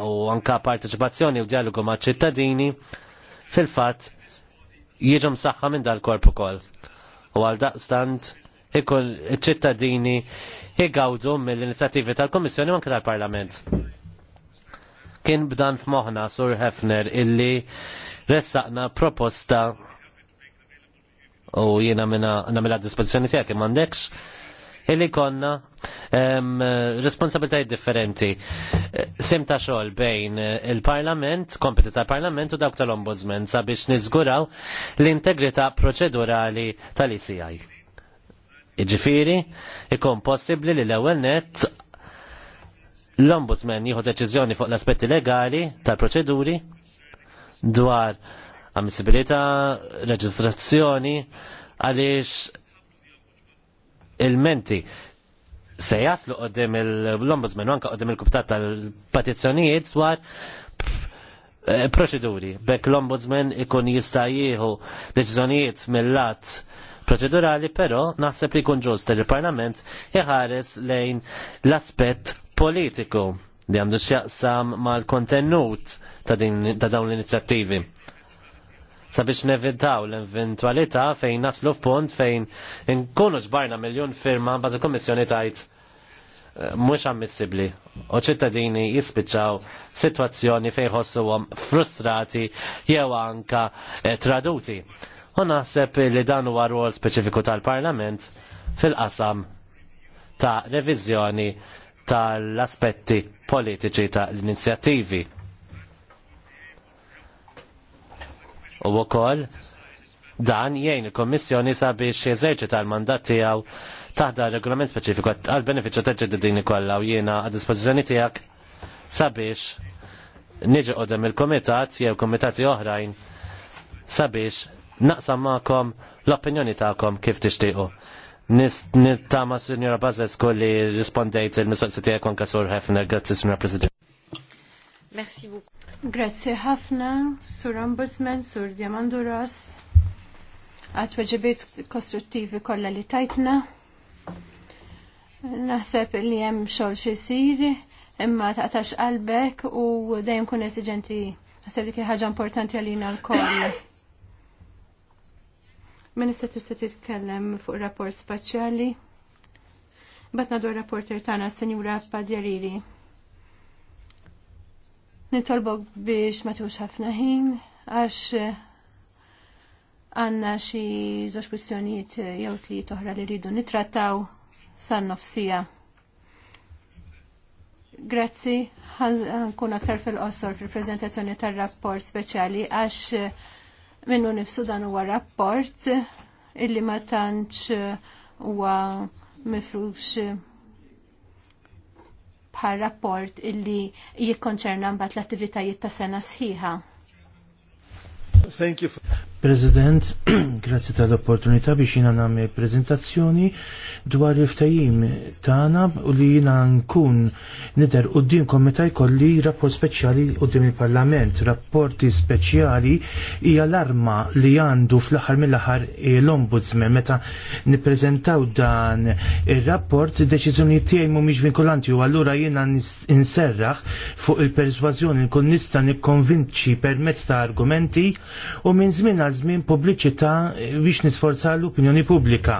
u anka parteċipazzjoni u dialogu ma' ċittadini fil-fatt jiġu msaħħa minn dal-korp ukoll. U għal daqstant iċ ċittadini jgawdu mill-inizjattivi tal-Komissjoni anke tal-Parlament. Kien b'dan f'moħna Sur Hefner illi ressaqna proposta u jiena namela dispożizzjoni tiegħek imma għandekx illi konna um, responsabiltajiet differenti. simta' ta' xogħol bejn il-Parlament, kompeti tal-Parlament u dawk tal-Ombudsman sabiex niżguraw l-integrità proċedurali tal-ICI. Iġifiri, ikun possibli li l-ewel net l-ombudsman jieħu deċiżjoni fuq l-aspetti legali tal-proċeduri dwar ammissibilità, reġistrazzjoni, għaliex il-menti se jaslu qoddim l-ombudsman u anka qoddim il-kuptat tal-petizzjonijiet dwar eh, proċeduri. Bekk l-ombudsman ikun jista' jieħu deċiżjonijiet mill-lat proċedurali, però naħseb li jkun ġust li l-Parlament iħares lejn l-aspett politiku li għandu x'jaqsam mal-kontenut ta' dawn l-inizjattivi. Sabiex nevitaw l-eventualità fejn naslu f'punt fejn nkunu ġbarna miljon firma baż il-Kommissjoni tajt eh, mhux ammissibbli u ċittadini jispiċċaw situazzjoni fejn ħossuhom frustrati jew anka eh, traduti. U naħseb li dan huwa rwol speċifiku tal-Parlament fil-qasam ta' reviżjoni tal-aspetti politiċi ta' l-inizjattivi. U wkoll dan jgħin il-Kommissjoni sabiex jeżerċita l-mandat tiegħu taħda regolament speċifiku għal benefiċċju ta' ġedidini kollha u jiena għad dispożizzjoni tiegħek sabiex niġi qodem il-komitat jew komitati oħrajn sabiex naqsam ma'kom l-opinjoni ta'kom kif tixtiequ. s Signora Bazesko li rispondejt il-mistoqsi tiegħek kasur Sur Hefner, grazie Signora President. Merci beaucoup. Grazzi ħafna, Sur Ombudsman, Sur Ross, għat weġibiet kostruttivi kollha li tajtna. Naħseb li hemm xogħol xi jsir, imma taqtax qalbek u dejjem kun esigenti. Naħseb li ħaġa importanti għalina l-koll Minister tista' titkellem fuq rapport spaċjali. Batna dur rapporter tagħna Sinjura Padjarili. Nitolbok biex ma tux ħafna ħin għax eh, għanna xi żewġ kwistjonijiet eh, jew tliet oħra li rridu nitrattaw san nofsija. Grazzi, ħankun aktar fil-qosor fil-prezentazzjoni tar-rapport speċjali għax eh, minnu nifsu dan huwa rapport illi ma tantx huwa mifrux bħal rapport illi jikkonċerna mbagħad l-attivitajiet ta' sena sħiħa. Thank you. President, grazzi tal-opportunità biex jina nagħmel prezentazzjoni dwar il-ftajim tagħna u li jina nkun u qudiemkom meta jkolli rapport speċjali qudiem il-Parlament. Rapporti speċjali hija l-arma li għandu fl-aħħar mill-aħħar l-Ombudsman meta nippreżentaw dan ir-rapport deċiżjoni tiegħi mhumiex vinkulanti u allura jiena nserraħ fuq il-persważjoni nkun nista' nikkonvinċi permezz ta' argumenti u minn żmien żmien pubbliċità biex nisforza l-opinjoni pubblika.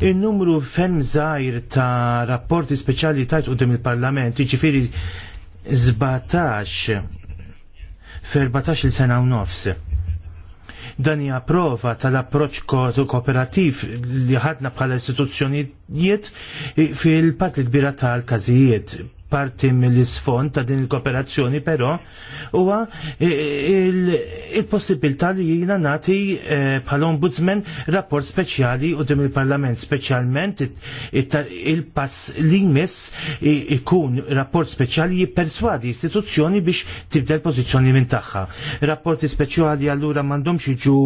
Il-numru fem żgħir ta' rapporti speċjali tajt dem il-Parlament, jiġifieri 17 14 il sena u nofs. Dan hija prova tal-approċċ kooperattiv li ħadna bħala istituzzjonijiet fil-parti kbira tal-każijiet parti mill-isfond ta' din il-kooperazzjoni, però huwa il-possibilità li jina nagħti pal eh, ombudsman rapport speċjali u dim il-parlament, speċjalment il-pass li jmiss ikun rapport speċjali jipperswadi istituzzjoni biex tibdel pożizzjoni minn tagħha. Rapporti speċjali allura m'għandhomx jiġu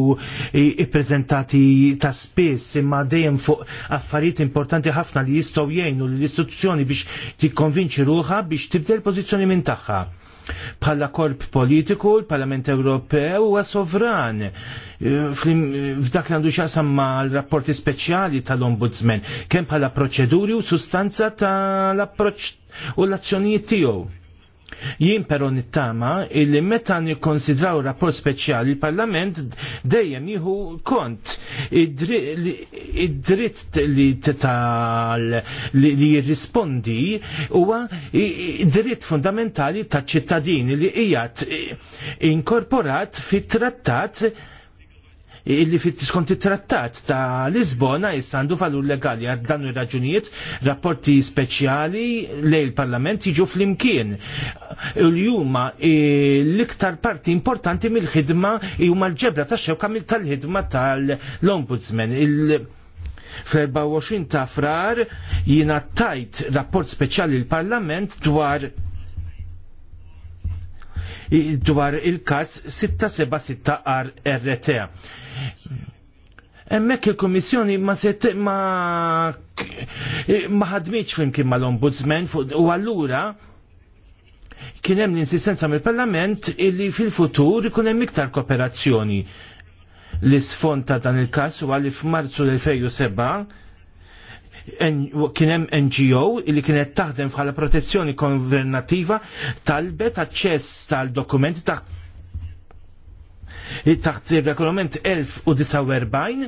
ippreżentati ta' spiss imma dejjem fuq affarijiet importanti ħafna li jistgħu jgħinu l-istituzzjoni biex tikkonvinċi ruħa biex tibdel pożizzjoni minn tagħha bħala korp politiku l-Parlament Ewropew huwa sovran eh, f'dak li għandu xaqsam ma' l-rapporti speċjali tal-Ombudsman kemm bħala proċeduri u sustanza tal-approċċ u l-azzjonijiet tiegħu. Jien però nittama illi meta nikkonsidraw rapport speċjali il-Parlament dejjem jieħu kont id-dritt li tal li jirrispondi huwa dritt fundamentali taċ ċittadini li qiegħed inkorporat fit-trattat illi fit skont it-trattat ta' Lisbona jissandu valur legali għal dan ir-raġunijiet rapporti speċjali lejn il-Parlament jiġu fl-imkien. il jumma l-iktar parti importanti mill-ħidma huma l-ġebra ta' xewka mill-tal-ħidma tal-Ombudsman. Il- fl-24 ta' frar jina tajt rapport speċjali l-Parlament dwar dwar il-kas 676 RT. Emmek il-Komissjoni ma set ma ma ħadmitx flimkien mal-Ombudsman u allura kien hemm l-insistenza mill-Parlament illi fil-futur ikun hemm iktar kooperazzjoni. L-isfond ta' dan il-każ huwa li f'Marzu l-2007 kien hemm NGO li kienet taħdem bħala protezzjoni konvernativa talbet aċċess tal-dokumenti ta' taħt il-regolament 1049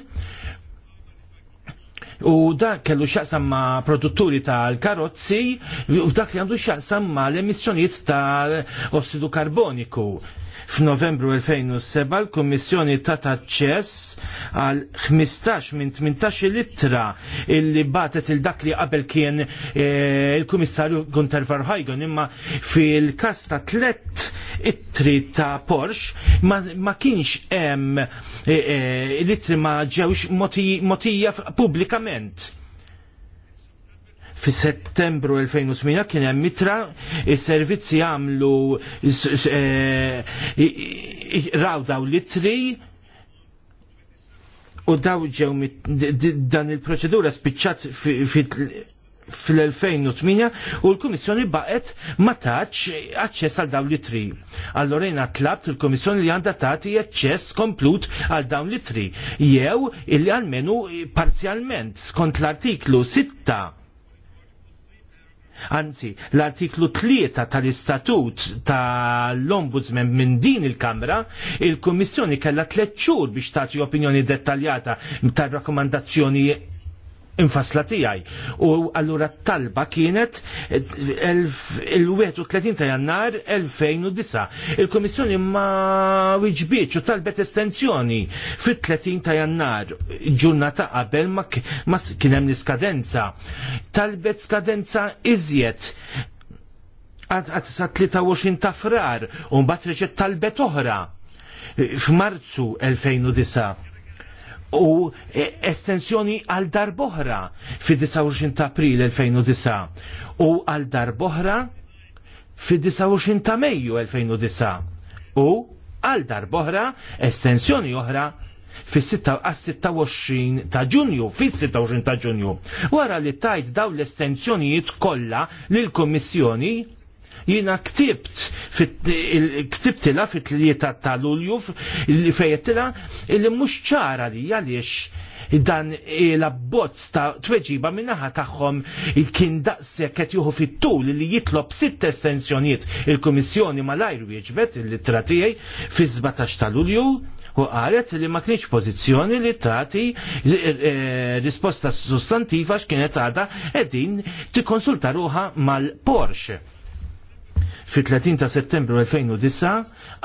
u dak kellu xaqsam ma' produtturi tal-karozzi u dak li għandu xaqsam ma' l-emissjonijiet tal-ossidu karboniku. F'Novembru 2007 l-Kommissjoni ta' aċċess għal 15 minn 18 litra illi batet il-dak li qabel kien eh, il-Kummissarju Gunter Verheugen imma fil-kas ta' tlett ittri ta' Porsche ma, ma kienx hemm eh, eh, litri ma ġewx motija pubblikament Parlament. Fi settembru 2008 kien hemm mitra is-servizzi għamlu e, raw daw litri u daw ġew dan il-proċedura spiċċat fit fl-2008 u l-Komissjoni baqet ma taċ aċċess għal dawn li tri. Allora jena tlabt il-Komissjoni li għanda tagħti aċċess komplut għal dawn li tri. Jew illi għalmenu parzjalment skont l-artiklu 6 Anzi, l-artiklu 3 tal-istatut tal-Ombudsman minn din il-Kamra, il-Kommissjoni kellha tliet xhur biex tagħti opinjoni dettaljata tar-rakkomandazzjoni infasla tijaj. U allura talba kienet il-31 ta' jannar 2009. Il-Komissjoni ma wieġbiċ u talbet estensjoni fit-30 ta' jannar ġurnata qabel ma kienem niskadenza. skadenza Talbet skadenza iżjed għad sa' 23 ta' frar un bat talbet oħra f'Marzu 2009 u e, estensjoni għal darboħra fi 29 ta' april 2009 u għal darboħra fi 29 ta' Mejju 2009 u għal darboħra estensjoni oħra fis-26 ta' ġunju, fis-26 ta' ġunju. Wara li tajt daw l-estensjonijiet kollha lill-Kummissjoni Jina ktibt, ktibtila fit-tlieta ta' Lulju fejettila illi mhux ċara li għaliex dan l-abbozz ta' tweġiba minnaħa tagħhom kien daqshekk qed juhu fit-tul li jitlob sitt estensjonijiet il-Kummissjoni malajr jieġbet il-litra tiegħi fi 17 ta' Lulju u qalet li ma kienx pożizzjoni li trati eh, risposta sustantiva x'kienet għadha qegħdin tikkonsulta ruha mal-Porsche Fi 30 ta' settembru 2009,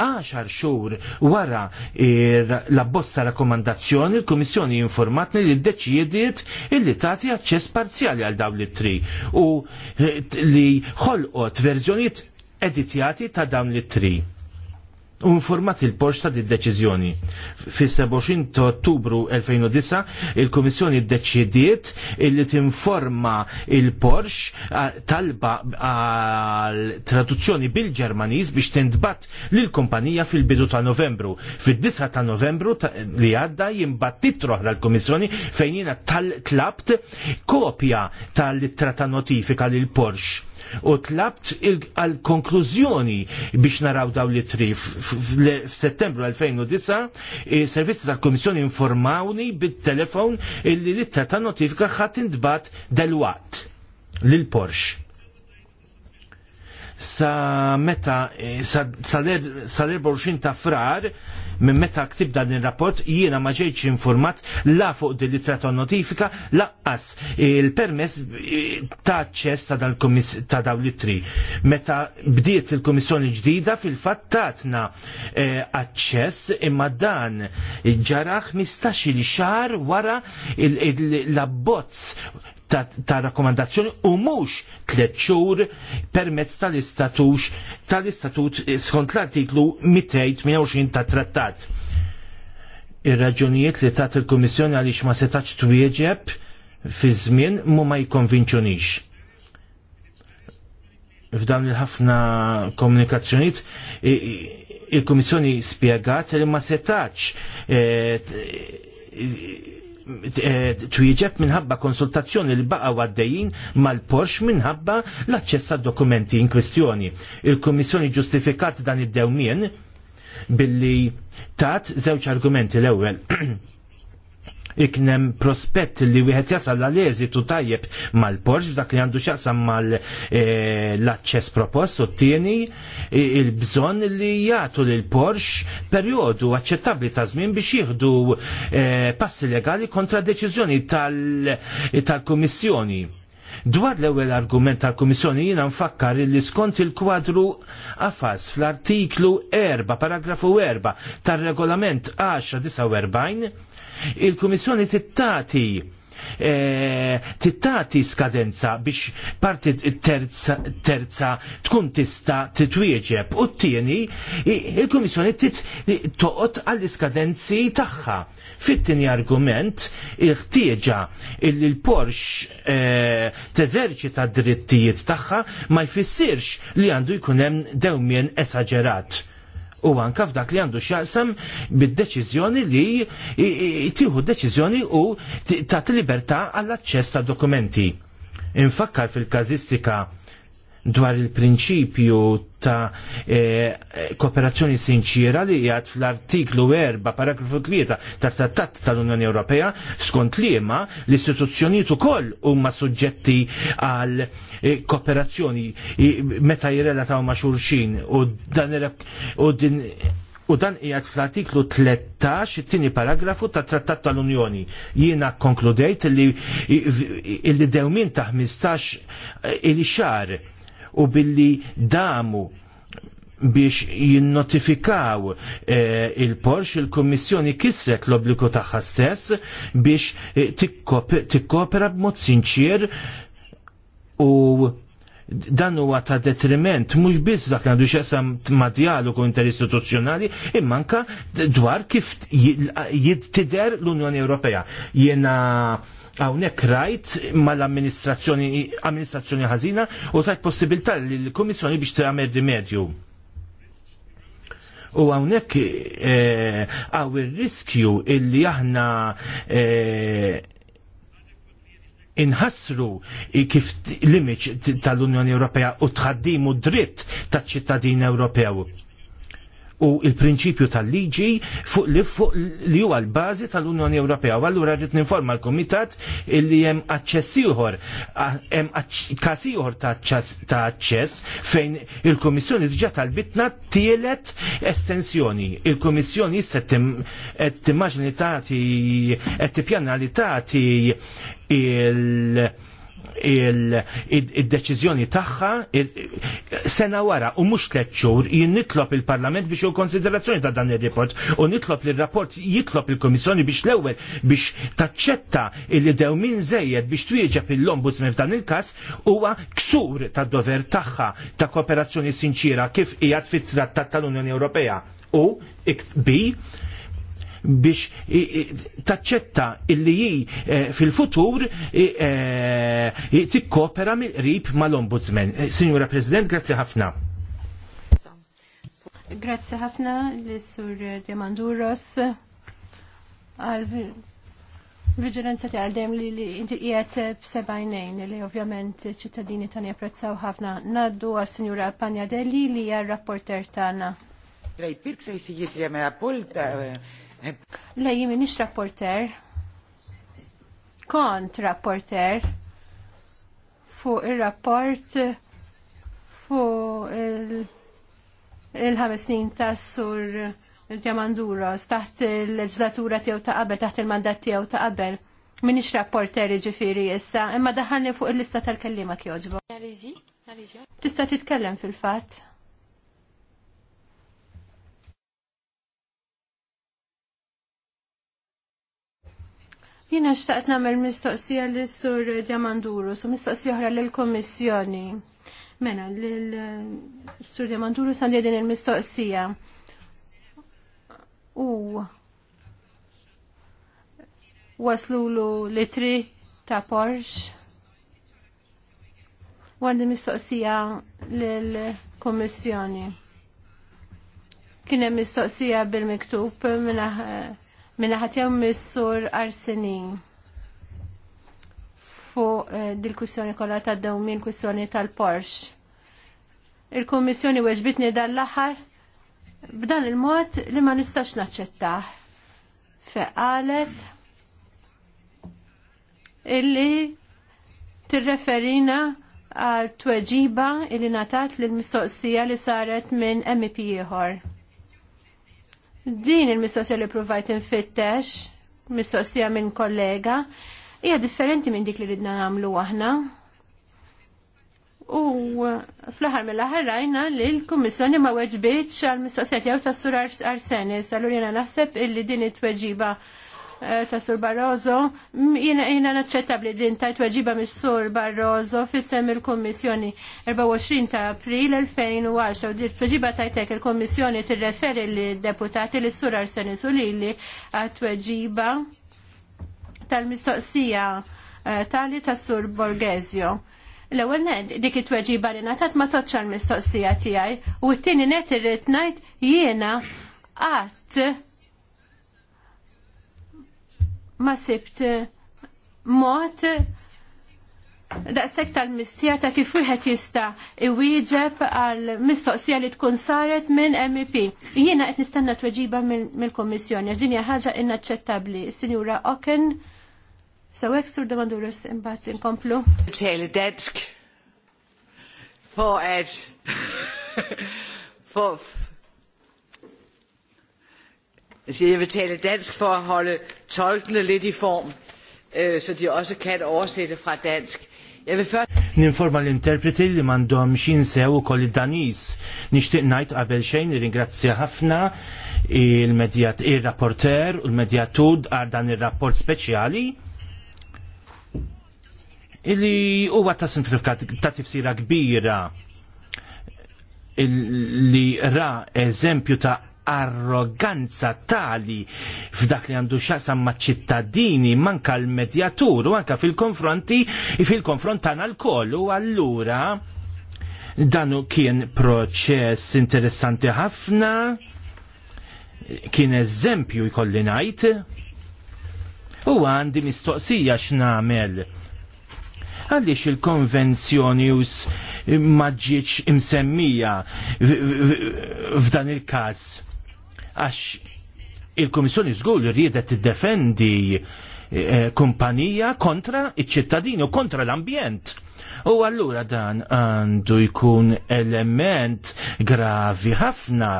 għaxar xhur wara l-abbozza rakkomandazzjoni, il-Kummissjoni informatni li ddeċiediet illi tagħti aċċess parzjali għal dawn it-tri u eh, li ħolqot verżjonijiet editjati ta' dawn it-tri u informat il poċta ta' id-deċiżjoni. Fis-27 ta' Ottubru 2009 il-Kummissjoni ddeċidiet illi tinforma il-Porsche talba għal traduzzjoni bil-Ġermaniż biex tintbat lill-kumpanija fil-bidu ta' Novembru. Fid-9 ta' Novembru li għadda jimbat titroħ l-Kummissjoni fejn jiena tal-tlabt kopja tal-ittra ta' notifika lil Porsche u tlabt għal konklużjoni biex naraw daw li trif. F'Settembru 2009, servizzi tal-Komissjoni informawni bit-telefon illi l-itta ta' notifika ħadd intbat dal-waqt lil Porsche sa meta e, sa, l ler, ta' frar minn meta ktib dan il-rapport jiena ma ġejtx informat la fuq din li ta' notifika laqqas il-permess e, ta' ċess ta' dan ta' dawn li tri. Meta bdiet il-Komissjoni ġdida fil-fatt tatna e, aċċess imma dan ġara 15 xar wara l-abbozz ta', ta rakkomandazzjoni u mhux tliet xhur permezz tal-istatux tal-istatut skont l-artiklu 228 ta' trattat. Ir-raġunijiet li tat il-Kummissjoni għaliex ma setax twieġeb fi żmien mu ma jikkonvinċunix. F'dawn il-ħafna komunikazzjonijiet il-Kummissjoni spjegat li ma setax eh, twieġeb minħabba konsultazzjoni li baqa' għaddejjin mal-Porx minħabba l-aċċess dokumenti in kwestjoni. Il-Kummissjoni ġustifikat dan id-dewmien billi tat żewġ argumenti l-ewwel. iknem prospett li wieħed jasal għal tu tajjeb mal-porġ dak li għandu xaqsam mal-aċċess eh, propost u t-tieni il-bżonn li jagħtu l porġ perjodu aċċettabbli ta' żmien biex jieħdu eh, passi legali kontra deċiżjoni tal-Kummissjoni. Dwar l-ewwel argument tal-Kummissjoni jiena nfakkar li skont il-kwadru afas fl-artiklu 4 paragrafu 4 tar-regolament 1049 il-Kummissjoni tittati eh, tittati skadenza biex parti terza, terza tkun tista titwieġeb u t-tieni il-Kummissjoni toqgħod għall-iskadenzi tagħha. Fit-tieni argument il-ħtieġa l porx e, teżerċita d-drittijiet tagħha ma jfissirx li għandu jkun hemm dewmien esaġerat u anka f'dak li għandu xaqsam bid-deċizjoni li tiħu deċizjoni u tat libertà għall-aċċess ta' dokumenti. Infakkar fil-kazistika dwar il-prinċipju ta' eh, kooperazzjoni sinċira li jgħat fl-artiklu 4 paragrafu 3 tat trattat tal-Unjoni Ewropea skont li ma l-istituzzjonijiet ukoll huma suġġetti għal eh, kooperazzjoni meta jirrelataw ma' xulxin u dan u din U dan fl-artiklu 13 it-tieni paragrafu tat Trattat tal-Unjoni. Jiena konkludejt li il-dewmin ta' 15 eh, il-xar u billi damu biex jinnotifikaw eh, il-Porsche il-Kommissjoni kisret l obliku tagħha stess biex eh, tikkopera b'mod sinċir u dan huwa ta' detriment mhux biss dak għandu x'esam ma' dialogu interistituzzjonali imma anka dwar kif tidher l-Unjoni Ewropea. Jiena Hawnhekk rajt mal-amministrazzjoni amministrazzjoni ħażina u tajt possibilità li l-Kummissjoni biex tagħmel rimedju. U hawnhekk eh, għaw il riskju illi aħna eh, inħassru kif limiċ tal-Unjoni Ewropea u tħaddimu dritt taċ ċittadin Ewropew u il-prinċipju tal-liġi fuq li fuq li huwa l-bażi tal-Unjoni Ewropea. U allura rrid ninforma l-Kumitat li hemm aċċess ieħor hemm każ ieħor ta' aċċess fejn il-Kummissjoni diġà talbitna tielet estensjoni. Il-Kummissjoni issa qed timmaġni tagħti qed tippjana li tagħti il- il-deċizjoni tagħha sena wara u mhux tliet xhur jien nitlob il-Parlament biex u konsiderazzjoni ta' dan ir report u nitlob il rapport jitlob il-Komissjoni biex l-ewwel biex taċċetta li dew min żejjed biex twieġeb il-Ombudsman f'dan il-każ huwa ksur tad-dover tagħha ta' kooperazzjoni sinċira kif qiegħed fit-Trattat tal-Unjoni Ewropea u bi biex taċċetta illi jij eh, fil-futur eh, tikkopera mill-qrib mal-Ombudsman. Eh, signora President, grazie ħafna. Grazzi ħafna l-Sur Diamanduros għal Vigilanza ta' għaldem li li inti jiet b'sebajnejn li ovvjament ċittadini ta' apprezzaw ħafna. Naddu għas signora Panjadelli li hija rapporter tagħna. Traj pirk se jsir jitri għamela pulta Le jimmi nix rapporter, kont rapporter fuq il-rapport fuq il-ħames snin ta' sur Jamanduros, taħt il-leġlatura tiegħu ta' qabel, taħt il-mandat tiegħu ta' qabel. Minix rapporter ġifiri issa, imma daħalni fuq il-lista tal-kellima kjoġbo. Tista' titkellem fil-fatt. Jina xtaqt namel mistoqsija l-sur Diamanduru, su mistoqsija ħra l-Komissjoni. Mena, l-sur Diamanduru san din il-mistoqsija. U waslulu litri ta' Porsche. Għandi mistoqsija l-Komissjoni. Kienem mistoqsija bil-miktub minna minna mela ħatjaw mis-sur Arseni fuq eh, dil-kwissjoni kollha tad-dawmin kwissjoni tal-Porsche. Il-Kummissjoni weġbitni dal-aħħar b'dan il-mod li ma nistax naċċettaħ. Feqalet illi tirreferina għal tweġiba illi natat l-mistoqsija li saret minn MEP ieħor Din il-mistoqsija li provajt infittex, mistoqsija minn kollega, hija differenti minn dik li ridna nagħmlu aħna. U fl-aħħar mill-aħħar rajna li l-Kummissjoni ma weġbitx għall mistoqsija tiegħu tas-Sur Arsenis, allura jiena naħseb illi din it-tweġiba Eh, ta' Sur Barroso. Jina naċċettabli din ta' tweġiba mis Sur Barroso fissem il-Kommissjoni 24 ta' april 2010 u dir tweġiba tajtek il-Kommissjoni tirreferi li deputati li Sur Arseni Sulili għat tweġiba tal-mistoqsija eh, tali ta' Sur Borgesio. L-ewwel ned dik it-tweġiba li ngħatat ma toċċa l-mistoqsija tiegħi u t-tieni net irrid ngħid jiena qatt ma mot mod daqshekk tal-mistija ta' kif wieħed jista' iwieġeb għal mistoqsija li tkun saret minn MEP. Jiena qed nistenna tweġiba mill-Kummissjoni għax din hija ħaġa inaċċettabbli. Sinjura Oken sewek sur demandurus imbagħad inkomplu. Ċejli Fuq Jeg siger, jeg vil tale dansk for at holde tolkene lidt i form, øh, så de også kan oversætte fra dansk. Jeg vil først... Ninformal interpreti li mandom xin sew u koll danis. Nishtiq najt għabel xejn ringrazzja ħafna il-medjat il-rapporter u l-medjatud għal dan il-rapport speċjali illi huwa ta' simplifikat ta' tifsira kbira illi ra eżempju ta' arroganza tali f'dak li għandu xasam ma' ċittadini, manka l-medjatur u anka fil-konfronti, fil-konfront tagħna l-koll u allura dan kien proċess interessanti ħafna, kien eżempju jkolli ngħid. U għandi mistoqsija x'namel għaliex il-konvenzjoni ma ġietx imsemmija f'dan il-każ. Għax il-Komissjoni żgur li riedet tiddefendi eh, kumpanija kontra iċ-ċittadini u kontra l-ambjent. U allura dan għandu jkun element gravi ħafna.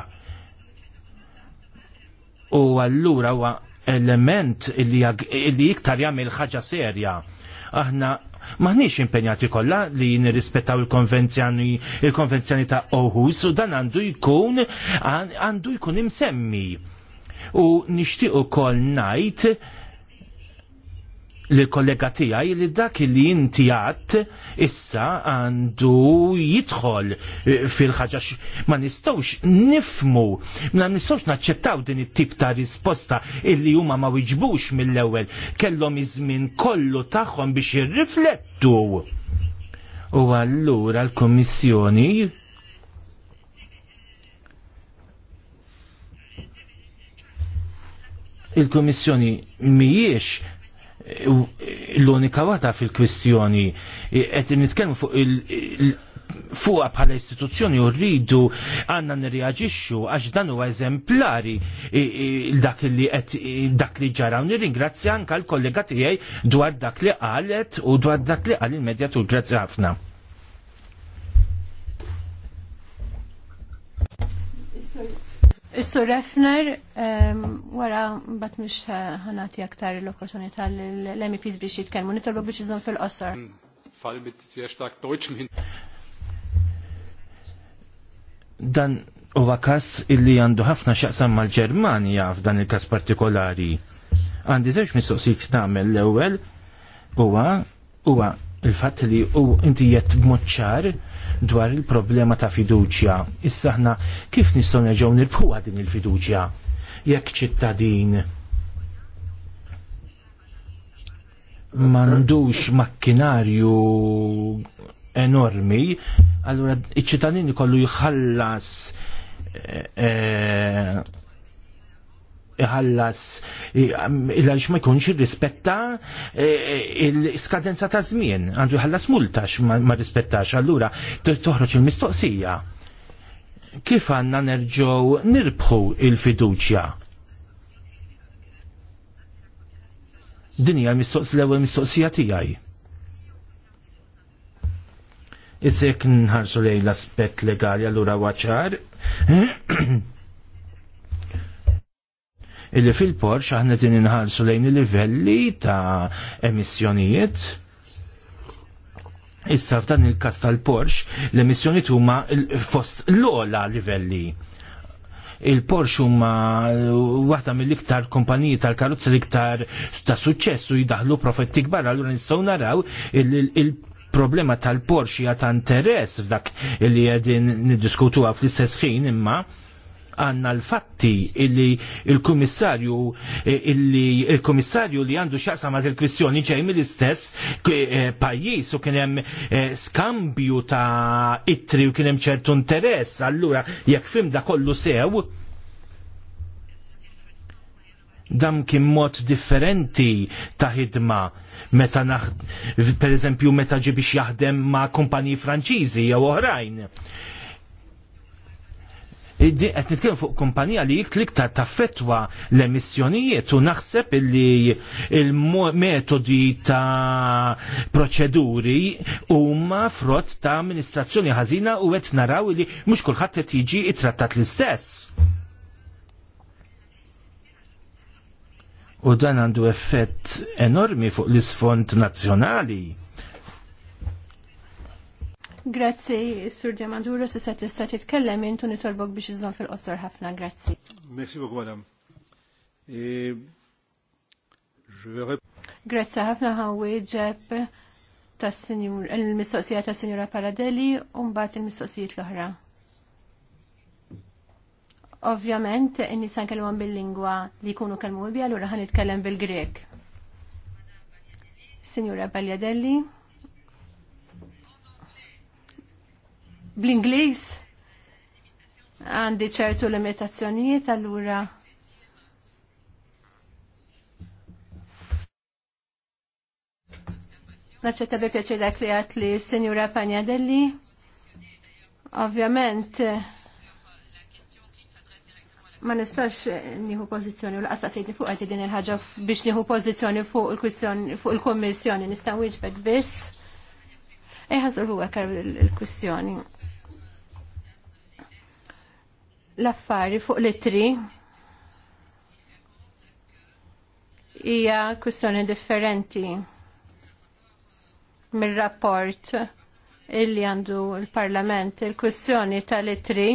U allura huwa element li iktar jagħmel ħaġa serja. Aħna maħniex impenjati kollha li nirrispettaw il-konvenzjoni il konvenzjani ta' Ohus u dan għandu jkun għandu jkun imsemmi. U nixtieq ukoll ngħid l-kollega tijaj li dak li inti għat issa għandu jidħol eh, fil-ħagġax ma nistawx nifmu, ma nistawx naċċettaw din it-tip ta' risposta illi huma ma wiġbux mill-ewwel kellhom iż-żmien kollu tagħhom biex jirriflettu. U allura l-Kommissjoni il-Komissjoni mhijiex l-unika wata fil-kwistjoni qed nitkellmu fuq il fuqa bħala istituzzjoni u rridu għanna nirreagixxu għax dan huwa eżemplari dak li qed dak li ġaraw nirringrazzja anke l-kollega tiegħi dwar dak li qalet u dwar dak li qal il-medjatur grazzi ħafna. Issu Refner, ehm, wara bat mux ħanati aktar l-opportunità l mps biex jitkellmu, nitolbu biex jizom fil-qosor. Fall mit hin. Dan huwa kas illi għandu ħafna xaqsam mal-Ġermanja f'dan il-kas partikolari. Għandi żewġ mistoqsijiet nagħmel l-ewwel huwa huwa il-fatt li u inti jett b'mod ċar dwar il-problema ta' fiduċja. Issa aħna kif nistgħu nerġgħu nirbħuha din il-fiduċja jekk ċittadin m'għandux makkinarju enormi, allura iċ-ċittadin ikollu jħallas eh, eh, iħallas il-għalix ma jkunx rispetta e, e, il-skadenza ta' żmien, għandu jħallas multax ma rispettax, allura toħroġ il-mistoqsija. Kif għanna nerġgħu nirbħu il-fiduċja? Dinja l-ewwel mistoqsija tiegħi. Isek nħarsu lejn l-aspett legali allura waċar. illi fil porċ aħna din inħarsu lejn il-livelli ta' emissjonijiet. Issa f'dan il-kas tal porċ l-emissjoni huma fost l-ola livelli il porċ huma waħda mill-iktar kompaniji tal-karozzi l-iktar ta' suċċessu jidaħlu profetti kbar, għallura nistgħu naraw il- problema tal-Porsche hija ta' interess f'dak li qegħdin niddiskutuha fl-istess ħin imma għanna l-fatti illi il-komissarju eh, illi il-komissarju li għandu xaqsa ma' il-kwistjoni ġej mill-istess eh, eh, pajjiż u kien hemm skambju ta' ittri u kien hemm ċertu interess allura jekk fim da kollu sew dam kien mod differenti ta' ħidma meta naħ per eżempju meta ġi biex jaħdem ma' kumpaniji Franċiżi jew oħrajn qed nitkellem fuq kumpanija li iktar taffetwa l-emissjonijiet u naħseb illi il-metodi ta' proċeduri huma frott ta' amministrazzjoni ħażina u qed naraw li mhux kulħadd qed jiġi ittrattat l-istess. U dan għandu effett enormi fuq l-isfond nazzjonali Grazzi, Sur Diamanduro, se sa tista titkellem intu nitolbok biex iżżon fil-qosor ħafna, grazzi. Merci beaucoup, madame. Grazzi ħafna ħawi ġeb il-mistoqsija ta' signora Paradelli u mbagħad il-mistoqsijiet l-oħra. Ovvjament, inni sa nkellmhom bil-lingwa li jkunu kellmu bi, allura ħan nitkellem bil-Grek. Signora Paradelli. bl inglis għandi ċertu limitazzjonijiet allura Naċċetta bi pjaċir dak li għat li s-Senjura Panjadelli. Ovvjament, ma nistax nieħu pożizzjoni u laqsa sejtni fuq għati din il-ħagġa biex nieħu pożizzjoni fuq il-kwistjoni fuq il-kommissjoni nista' wieġbek biss. Eħas u l-għakar il-kwistjoni l-affari fuq litri hija kwistjoni differenti mir-rapport illi għandu l parlament Il-kwistjoni tal ittri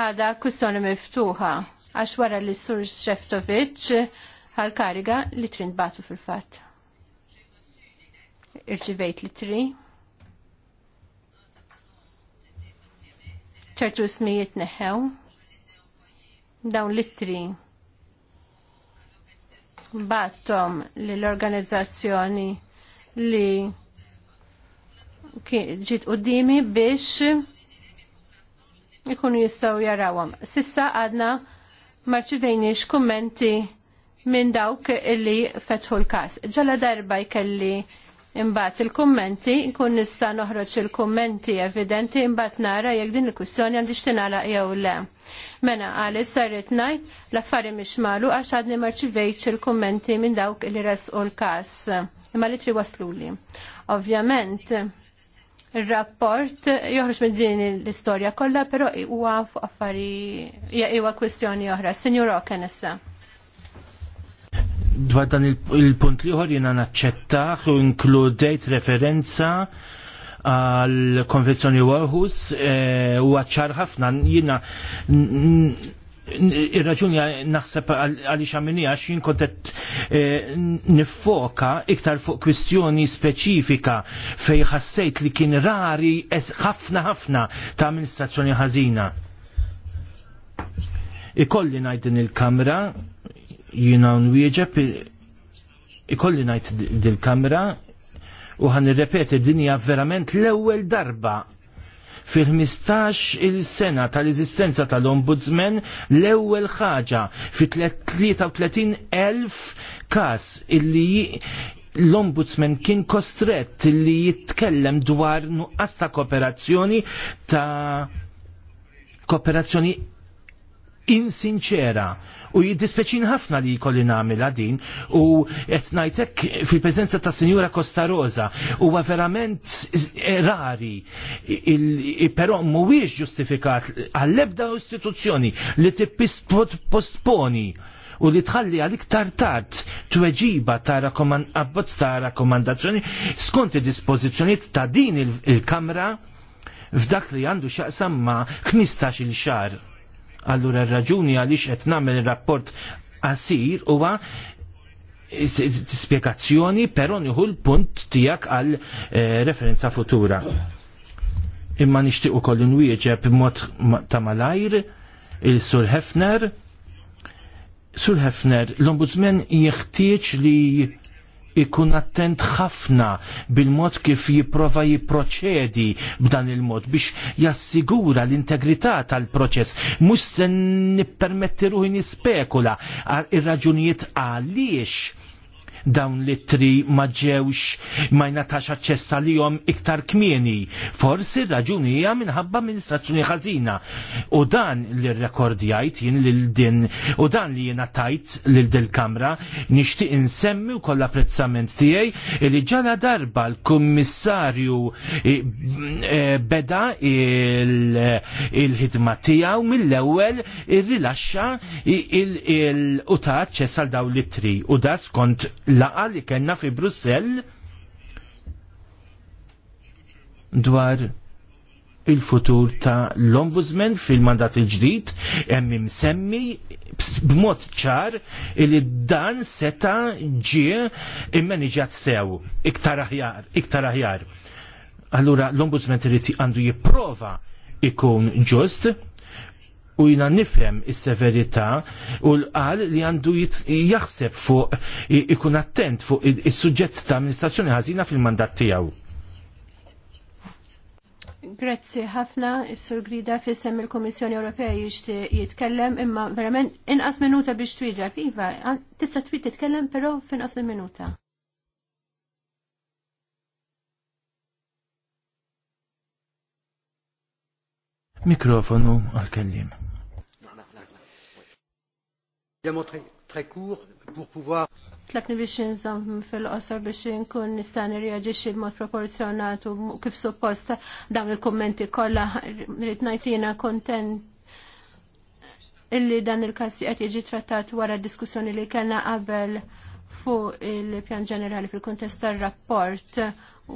għada kwistjoni miftuħa għax wara li sur Sheftovic għal-kariga li trin batu fil-fat. Irċivejt li tri. ċertu smijiet neħew, dawn litri battom li l-organizzazzjoni li ġiet dimi biex ikunu jistgħu jarawhom. Sissa għadna marċivejniex kummenti minn dawk illi fetħu l-kas. Ġala darba jkelli Imbagħad il-kummenti nkun nista' noħroġ il-kummenti evidenti imbagħad nara jekk din il-kwistjoni għandi tingħalaq jew le. Mena għali sarret ngħid l-affari mhix magħluq għax għadni marċivejċ il-kummenti minn dawk li resqu l-każ. Imma li tri wasluli. Ovvjament, ir-rapport joħroġ minn din l-istorja kollha, però huwa fuq affari huwa kwistjoni oħra. Sinjur Oken issa dwar dan il-punt liħor jena naċċettaħ u inkludejt referenza għal konvenzjoni Warhus e, u għacċar ħafna jina ir-raġuni naħseb għaliex għamini għax jien kontet e, nifoka iktar fuq kwistjoni speċifika fej ħassejt li kien rari ħafna ħafna ta' amministrazzjoni ħażina. Ikolli najd din il-kamra jina nwieġeb ikolli najt dil-kamra u għan repeti dinja verament l-ewwel darba fil-15 il-sena tal-eżistenza tal-ombudsman l-ewwel ħaġa fi 33,000 kas illi l-ombudsman kien kostret illi jitkellem dwar nuqqas ta' kooperazzjoni ta' kooperazzjoni insinċera u jiddispeċin ħafna li jkolli namela din u qed ngħidlek fil-preżenza ta' Sinjura Costa Rosa huwa verament eh, rari però mhuwiex ġustifikat għall-ebda istituzzjoni li postponi u li tħalli għal iktar tard tweġiba ta' abbozz ta' rakkomandazzjoni skont id-dispożizzjonijiet ta' din il-Kamra f'dak li għandu xaqsam ma' 15 il xar Allura r-raġuni għaliex qed nagħmel rapport qasir huwa spiegazzjoni però nieħu l-punt tiegħek għal eh, referenza futura. Imma nixtieq ukoll inwieġeb b'mod ta' malajr il-Sur Hefner. Sur Hefner, l-Ombudsman jeħtieġ li ikun attent ħafna bil-mod kif jipprova jipproċedi b'dan il-mod biex jassigura l-integrità tal-proċess. Mhux se nippermetti ruħi nispekula ir-raġunijiet għaliex dawn l-ittri ma ġewx ma jnatax li jom iktar kmieni. Forsi raġuni hija minħabba amministrazzjoni ħażina. U dan li rekordjajt jien lil din u dan li jiena tajt lil del kamra nixtieq insemmi wkoll apprezzament tiegħi li ġala darba l-kummissarju eh, eh, beda il-ħidma tiegħu mill-ewwel irrilaxxa il-uta ċessal dawn l tri. u da skont laqa li kellna fi Brussell dwar il-futur ta' l-Ombudsman fil-mandat il-ġdid hemm imsemmi b'mod ċar li dan seta ġie immaniġat sew iktar aħjar, iktar aħjar. Allura l-Ombudsman trid għandu jipprova ikun ġust u jina nifhem is-severità u l-qal li għandu jaħseb fuq ikun attent fuq is-suġġett ta' amministrazzjoni ħażina fil-mandat tiegħu. Grazzi ħafna, is-Sur Grida fissem il-Komissjoni Ewropea jixtieq jitkellem imma verament inqas minuta biex twieġeb. Iva, tista' twid titkellem però f'inqas minuta. Mikrofonu għal-kellim évidemment très, très court pour pouvoir. Tlakni biex nżom fil-qosor biex nkun nistani reagġiċi mod proporzjonat u kif suppost dawn il-kommenti kolla rrit najtina jena kontent illi dan il-kas qed jiġi trattat wara diskussjoni li kellna qabel fuq il-pjan ġenerali fil-kontest tar-rapport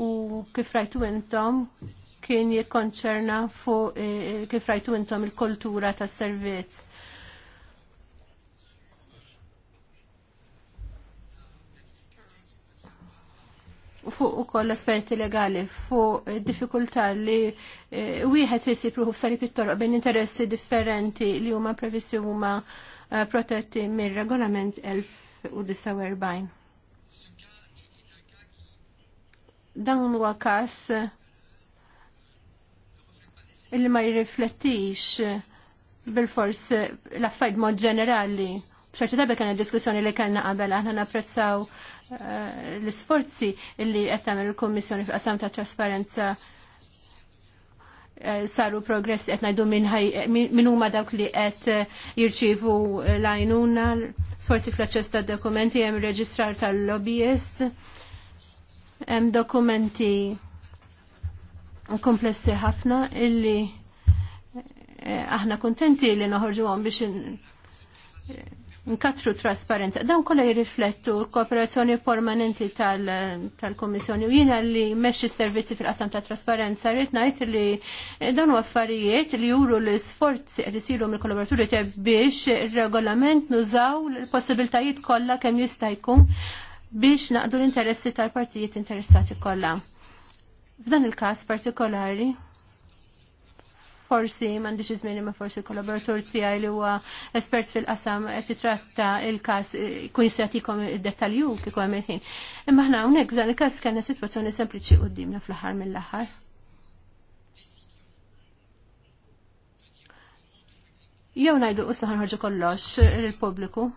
u kif rajtu intom kien jikkonċerna fuq eh, kif rajtu intom il-kultura tas-servizz fuq u koll esperti legali fuq diffikultà li eh, wieħed isib ruħu f-sari pittorq bejn interessi differenti li huma previsti huma eh, protetti mir-regolament 1049. Dan huwa każ eh, li ma jirriflettix bil-fors l-affarijiet mod ġenerali b'xorta darba kena diskussjoni li kellna qabel aħna napprezzaw eh, l-isforzi li qed tagħmel il-Kummissjoni fil-qasam ta' trasparenza eh, saru progress qed ngħidu minn huma dawk li qed eh, jirċievu l-għajnuna sforzi fl-aċċess ta' dokumenti hemm reġistrar tal-lobbyist hemm dokumenti komplessi ħafna illi aħna kontenti li noħorġu għom biex nkatru trasparenza. Dawn kollha jirriflettu kooperazzjoni permanenti tal-Komissjoni u jiena li meċi servizzi fil-qasam ta' trasparenza rrid ngħid li dawn affarijiet li juru l-sforzi qed isiru mill-kollaboraturi tiegħek biex ir-regolament nużaw l-possibiltajiet kollha kemm jista' jkun biex naqdu l-interessi tal-partijiet interessati kollha. F'dan il-każ partikolari, forsi m'għandix iż-żmien imma forsi kollaboratur tiegħi li huwa espert fil-qasam qed titratta il-każ kun jista' jagħtikom id-dettalju kieku hemm il-ħin. Imma aħna hawnhekk f'dan il-każ kellna sitwazzjoni sempliċi qudiemna fl-aħħar mill-aħħar. Jew ngħidu qus ħanħorġu kollox lill-pubbliku.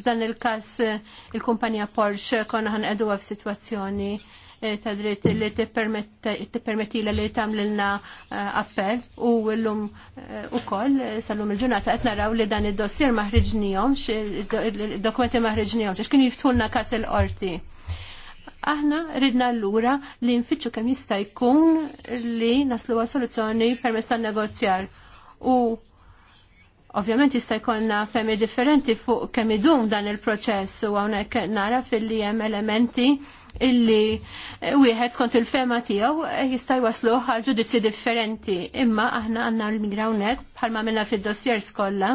F'dan il-każ il-kumpanija Porsche konna ħanqeduha f'sitwazzjoni Eh, ta' dritt li tippermettila li tamlilna eh, appell u llum eh, ukoll sal-lum il-ġurnata qed naraw li dan id-dossier ma ħriġnihomx, id-dokumenti ma ħriġnihomx, għax kien kas każ il-qorti. Aħna ridna allura li nfittxu kemm jista' jkun li naslu soluzzjoni permezz tan-negozjar u Ovvjament jista' jkollna femi differenti fuq kemm idum dan il-proċess u hawnhekk nara fil-li hemm elementi illi wieħed skont il-fema tiegħu jista' jwaslu ħal ġudizzji differenti. Imma aħna għandna l hawnhekk bħalma minna fid-dossiers kollha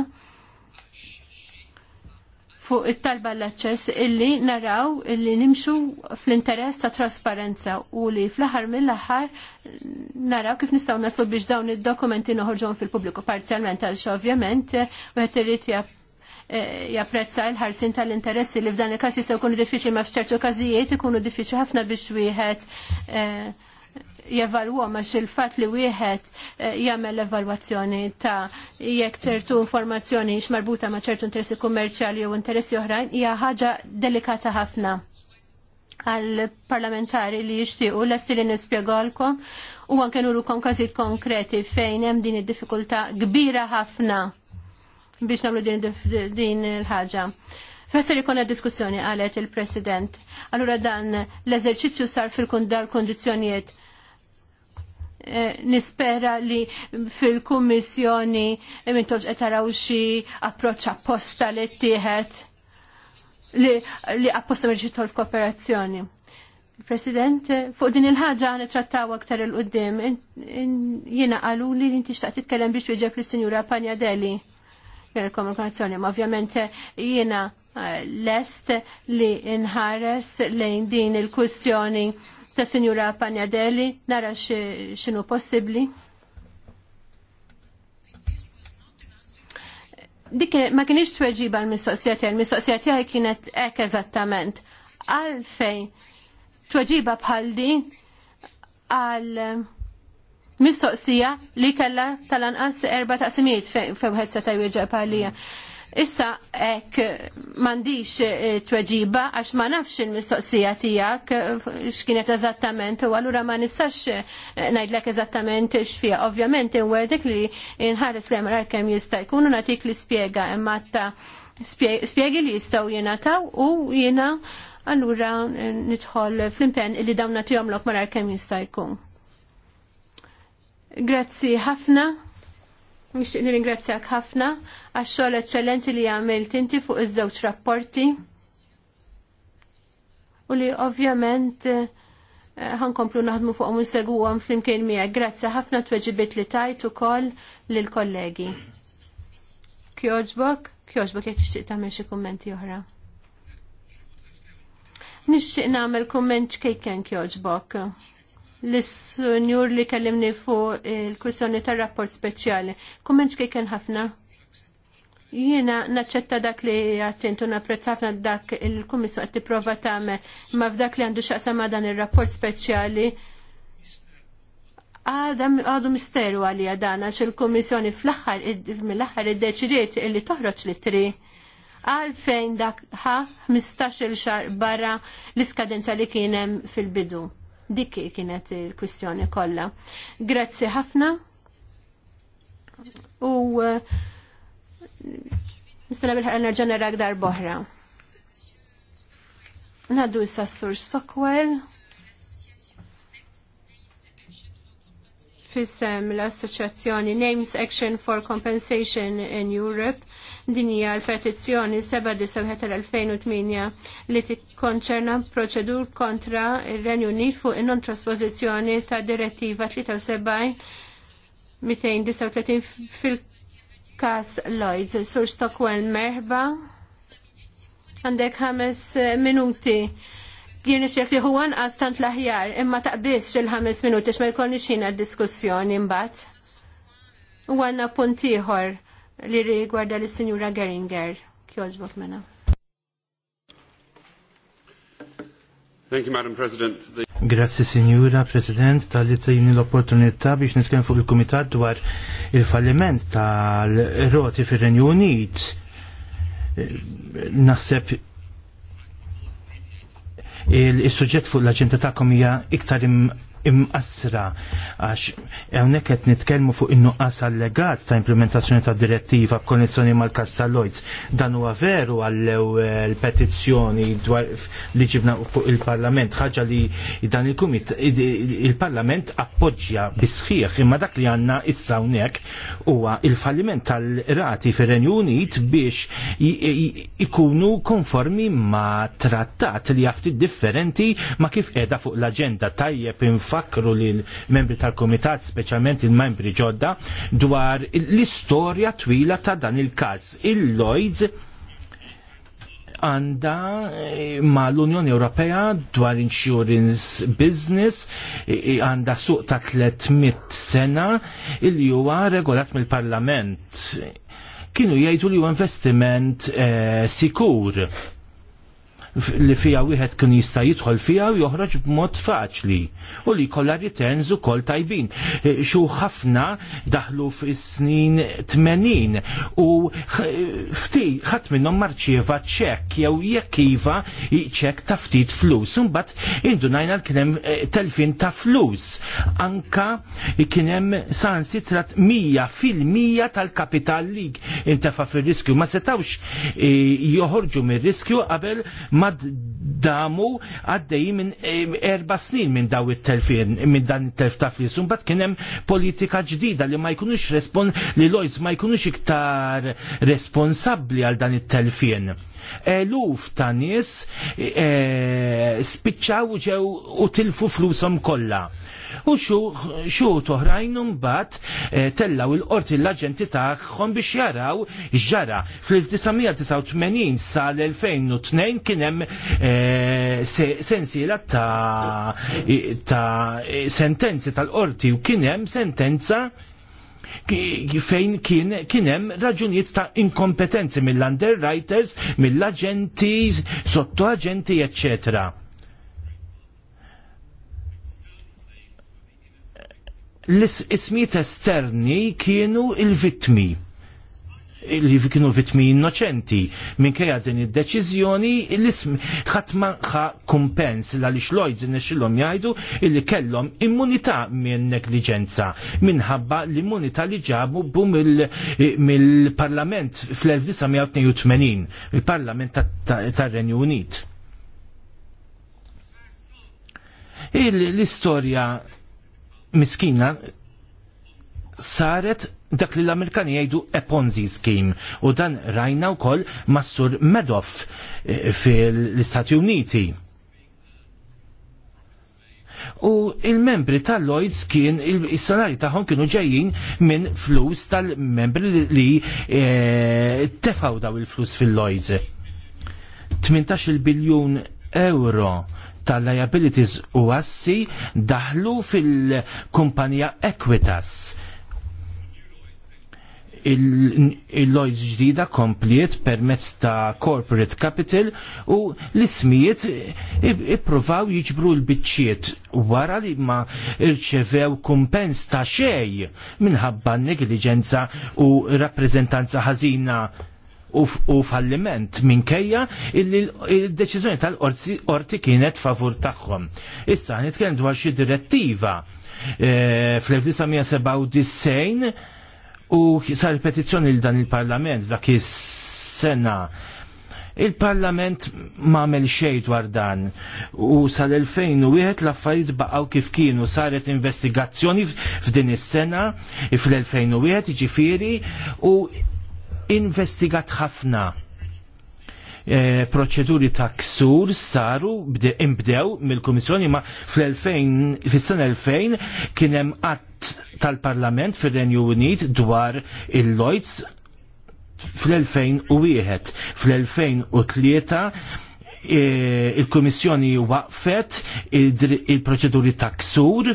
fuq it-talba l-aċċess illi naraw illi nimxu fl-interess ta' trasparenza u li fl-aħħar mill-aħħar naraw kif nistgħu naslu biex dawn id-dokumenti noħorġon fil-pubbliku parzjalment għalx ovvjament wieħed irid eh, japprezza l-ħarsin tal-interessi li f'dan il-każ jistgħu jkunu diffiċli ma f'ċertu każijiet ikunu diffiċli ħafna biex wieħed eh, jevalwa għax il-fat li wieħed eh, jagħmel evalwazzjoni ta' jekk ċertu informazzjoni marbuta ma' ċertu interessi kummerċjali jew interessi oħrajn hija ħaġa delikata ħafna għal parlamentari li jixtiequ lesti li nispiegolkom u anke nurukom każijiet konkreti fejn hemm din id-diffikultà kbira ħafna biex nagħmlu din il-ħaġa. Meta ikon diskussjoni għalet il-President, allura dan l-eżerċizzju sar fil-kundal kondizjonijiet Eh, nispera li fil-kummissjoni eh, mintoġ etaraw xi approċċ apposta li t li, li apposta meġitol f-kooperazzjoni. President, eh, fuq din il-ħagġa nitrattaw aktar il-qoddim. Jiena qalu li inti xtaqt titkellem biex wieġeb lis-Sinjura Panjadeli. Il-komunikazzjoni, ma ovvjament jiena lest li nħares lejn din il-kwistjoni ta' Sinjura Panjadelli nara x'inhu possibbli. Dik ma kienx tweġiba l-mistoqsija tiegħi, l-mistoqsija tiegħi kienet hekk eżattament. Għalfejn tweġiba bħal din għal mistoqsija li kalla tal-anqas erba taqsimijiet fejn wieħed seta' jwieġeb għalija. Issa ek mandiċ eh, tweġiba għax ma nafx il-mistoqsija tijak eh, xkienet eżattament u għallura ma nistax eh, najdlek eżattament xfija. Ovvjament inwedek li inħares li għamrar kem jista jkunu natik li spiega imma ta' spiegi li jistaw jena taw u jena għallura nidħol fl-impen li dawna lok marar kem jista jkun. Grazzi ħafna nixtieq nirringrazzjak ħafna għax-xogħol eċċellenti li għamilt inti fuq iż-żewġ rapporti u li ovvjament eh, ħankomplu naħdmu fuqhom u nsegwuhom flimkien miegħek. Grazzi ħafna tweġibiet li tajt ukoll lill-kollegi. Kjoġbok, kjoġbok jekk tixtieq tagħmel xi kummenti oħra. Nixtieq nagħmel kumment xkejken kjoġbok l-sunjur li kellimni fu il-kwissjoni tar rapport speċjali. Kumment kien ħafna? Jiena naċċetta dak li għattintu napprezzafna dak il-komissu għatti prova tame, ma f'dak li għandu xaqsa ma dan il-rapport speċjali. Għadu misteru għalija għadana xil kummissjoni fl-axħar, mill-axħar id-deċidiet illi toħroċ li tri għalfejn dak ħa 15 il xar barra l-iskadenza li kienem fil-bidu. Dik kienet il-kwistjoni kollha. Grazzi ħafna. U nistana uh, bil ħar nerġa' narak dar boħra. Naddu issa s-sur Stockwell. fissem l-Assoċjazzjoni Names Action for Compensation in Europe din hija l-petizzjoni 7-2008 li tikkonċerna proċedur kontra r renju Unit fuq in-non trasposizzjoni ta' direttiva 37 239 fil-kas Lloyds. Sur Stockwell merba Għandek ħames minuti Jirni ixef huwan huwa tant aħjar imma taqbis xil-ħames minuti x'ma jkollniex ħina d-diskussjoni mbagħad. U għanna puntiħor li rigwarda li sinjura Geringer. Kjoġbok mena. Thank you, Madam President. The... Grazzi, Sinjura President, tal-li l-opportunità biex nitkellem fuq il-Kumitat dwar il-falliment tal-roti fir-Renju Unit. Naħseb il-suġġett fuq l-aġenda tagħkom hija iktar imqassra għax hawnhekk qed nitkellmu fuq in-nuqqas allegat ta' implementazzjoni ta' direttiva b'konnessjoni mal-Kastalloids. Dan huwa veru għall ewwel petizzjoni dwar li ġibna fuq il-Parlament ħaġa li dan il-kumit il-Parlament appoġġja bisħieħ imma dak li għandna issa hawnhekk huwa il-falliment tal-rati fir-Renju Unit biex ikunu konformi ma' trattat li jafti differenti ma' kif qiegħda fuq l-aġenda tajjeb nifakru li l-membri tal-komitat, speċjalment il-membri ġodda, dwar l-istorja twila ta' dan il-każ. Il-Lloyds għanda eh, ma l-Unjoni Ewropea dwar insurance business eh, għanda suq ta' 300 sena il huwa regolat mill-Parlament. Kienu jgħidu li investiment eh, sikur li fija wieħed kien jista' jidħol fija u joħroġ b'mod faċli u li kollha ritenz ukoll tajbin. E, Xu ħafna daħlu fis-snin 80 u fti ħadd minnhom marċieva ċekk jew jekk iva ċekk ta' ftit flus. Imbagħad indunajna l kien hemm e, telfin ta' flus. Anka kien hemm sansi trat mija fil-mija tal-kapital lig intefa' fir-riskju ma setawx e, joħorġu mir-riskju qabel ma mad damu għaddej minn erba snin minn daw it-telfin, minn dan it-telf ta' fis. Umbat kienem politika ġdida li ma jkunux respon li Lloyds ma jkunux iktar responsabli għal dan it-telfin. Eluf ta' nies e, spiċċaw ġew u tilfu flusom kollha. U xu toħrajn bat e, tellaw il-qorti l-aġenti tagħhom biex jaraw ġara. Fl-1989 sal-2002 kien hemm hemm eh, sensiela ta' eh, sentenzi tal-qorti u kien hemm sentenza fejn kien hemm raġunijiet ta' inkompetenzi mill-underwriters, mill-aġenti, sottoagenti, eccetera. l ismiet esterni kienu il-vitmi li kienu vitmi innoċenti minkejja din id-deċiżjoni l-ism ħatma ħa kumpens l għaliex Lloyds nexxilhom jgħidu illi kellhom immunità minn negliġenza minħabba l-immunità li ġabu bu mill-Parlament fl-1982, il-Parlament tar-Renju Unit. L-istorja miskina saret dak li l-Amerikani jgħidu e Ponzi scheme u dan rajna wkoll mas-sur Medoff eh, fil-Istati Uniti. U il-membri tal-Lloyds kien il-salari tagħhom kienu ġejjin minn flus tal-membri li e, tefaw daw il-flus fil-Lloyds. 18 biljun euro tal-liabilities u assi daħlu fil-kumpanija Equitas il-Lloyds ġdida kompliet permezz ta' corporate capital u l-ismijiet ippruvaw jiġbru l-biċċiet wara li ma irċevew kumpens ta' xej minħabba negliġenza u rappreżentanza ħażina u falliment minkejja il-deċiżjoni tal-orti kienet favur tagħhom. Issa nitkellem dwar xi direttiva eh, fl-1997 U sar petizzjoni l dan il-Parlament dak is-sena. Il-Parlament ma għamel xejn dwar dan u sal-2001 l-affarijiet baqgħu kif kienu saret investigazzjoni f'din is-sena fl-2001 ġifieri u investigat ħafna Eh, proċeduri ta' ksur saru imbdew mill-Kummissjoni ma fl-2000 fis-sena 2000 kien hemm att tal-Parlament fir-Renju Unit dwar il-Lloyds fl-2001. Fl-2003 il komissjoni waqfet il-proċeduri ta' ksur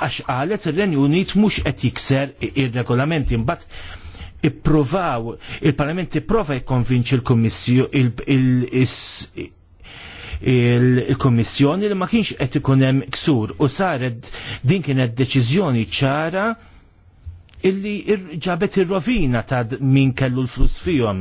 għax qalet ir-Renju Unit mhux qed jikser ir-regolamenti mbagħad ippruvaw, il-Parlament ipprova jikkonvinċi il-Kummissju il kummissjoni li ma kienx qed ikun hemm ksur u saret din kienet deċiżjoni ċara illi ġabet ir-rovina ta' min kellu l-flus fihom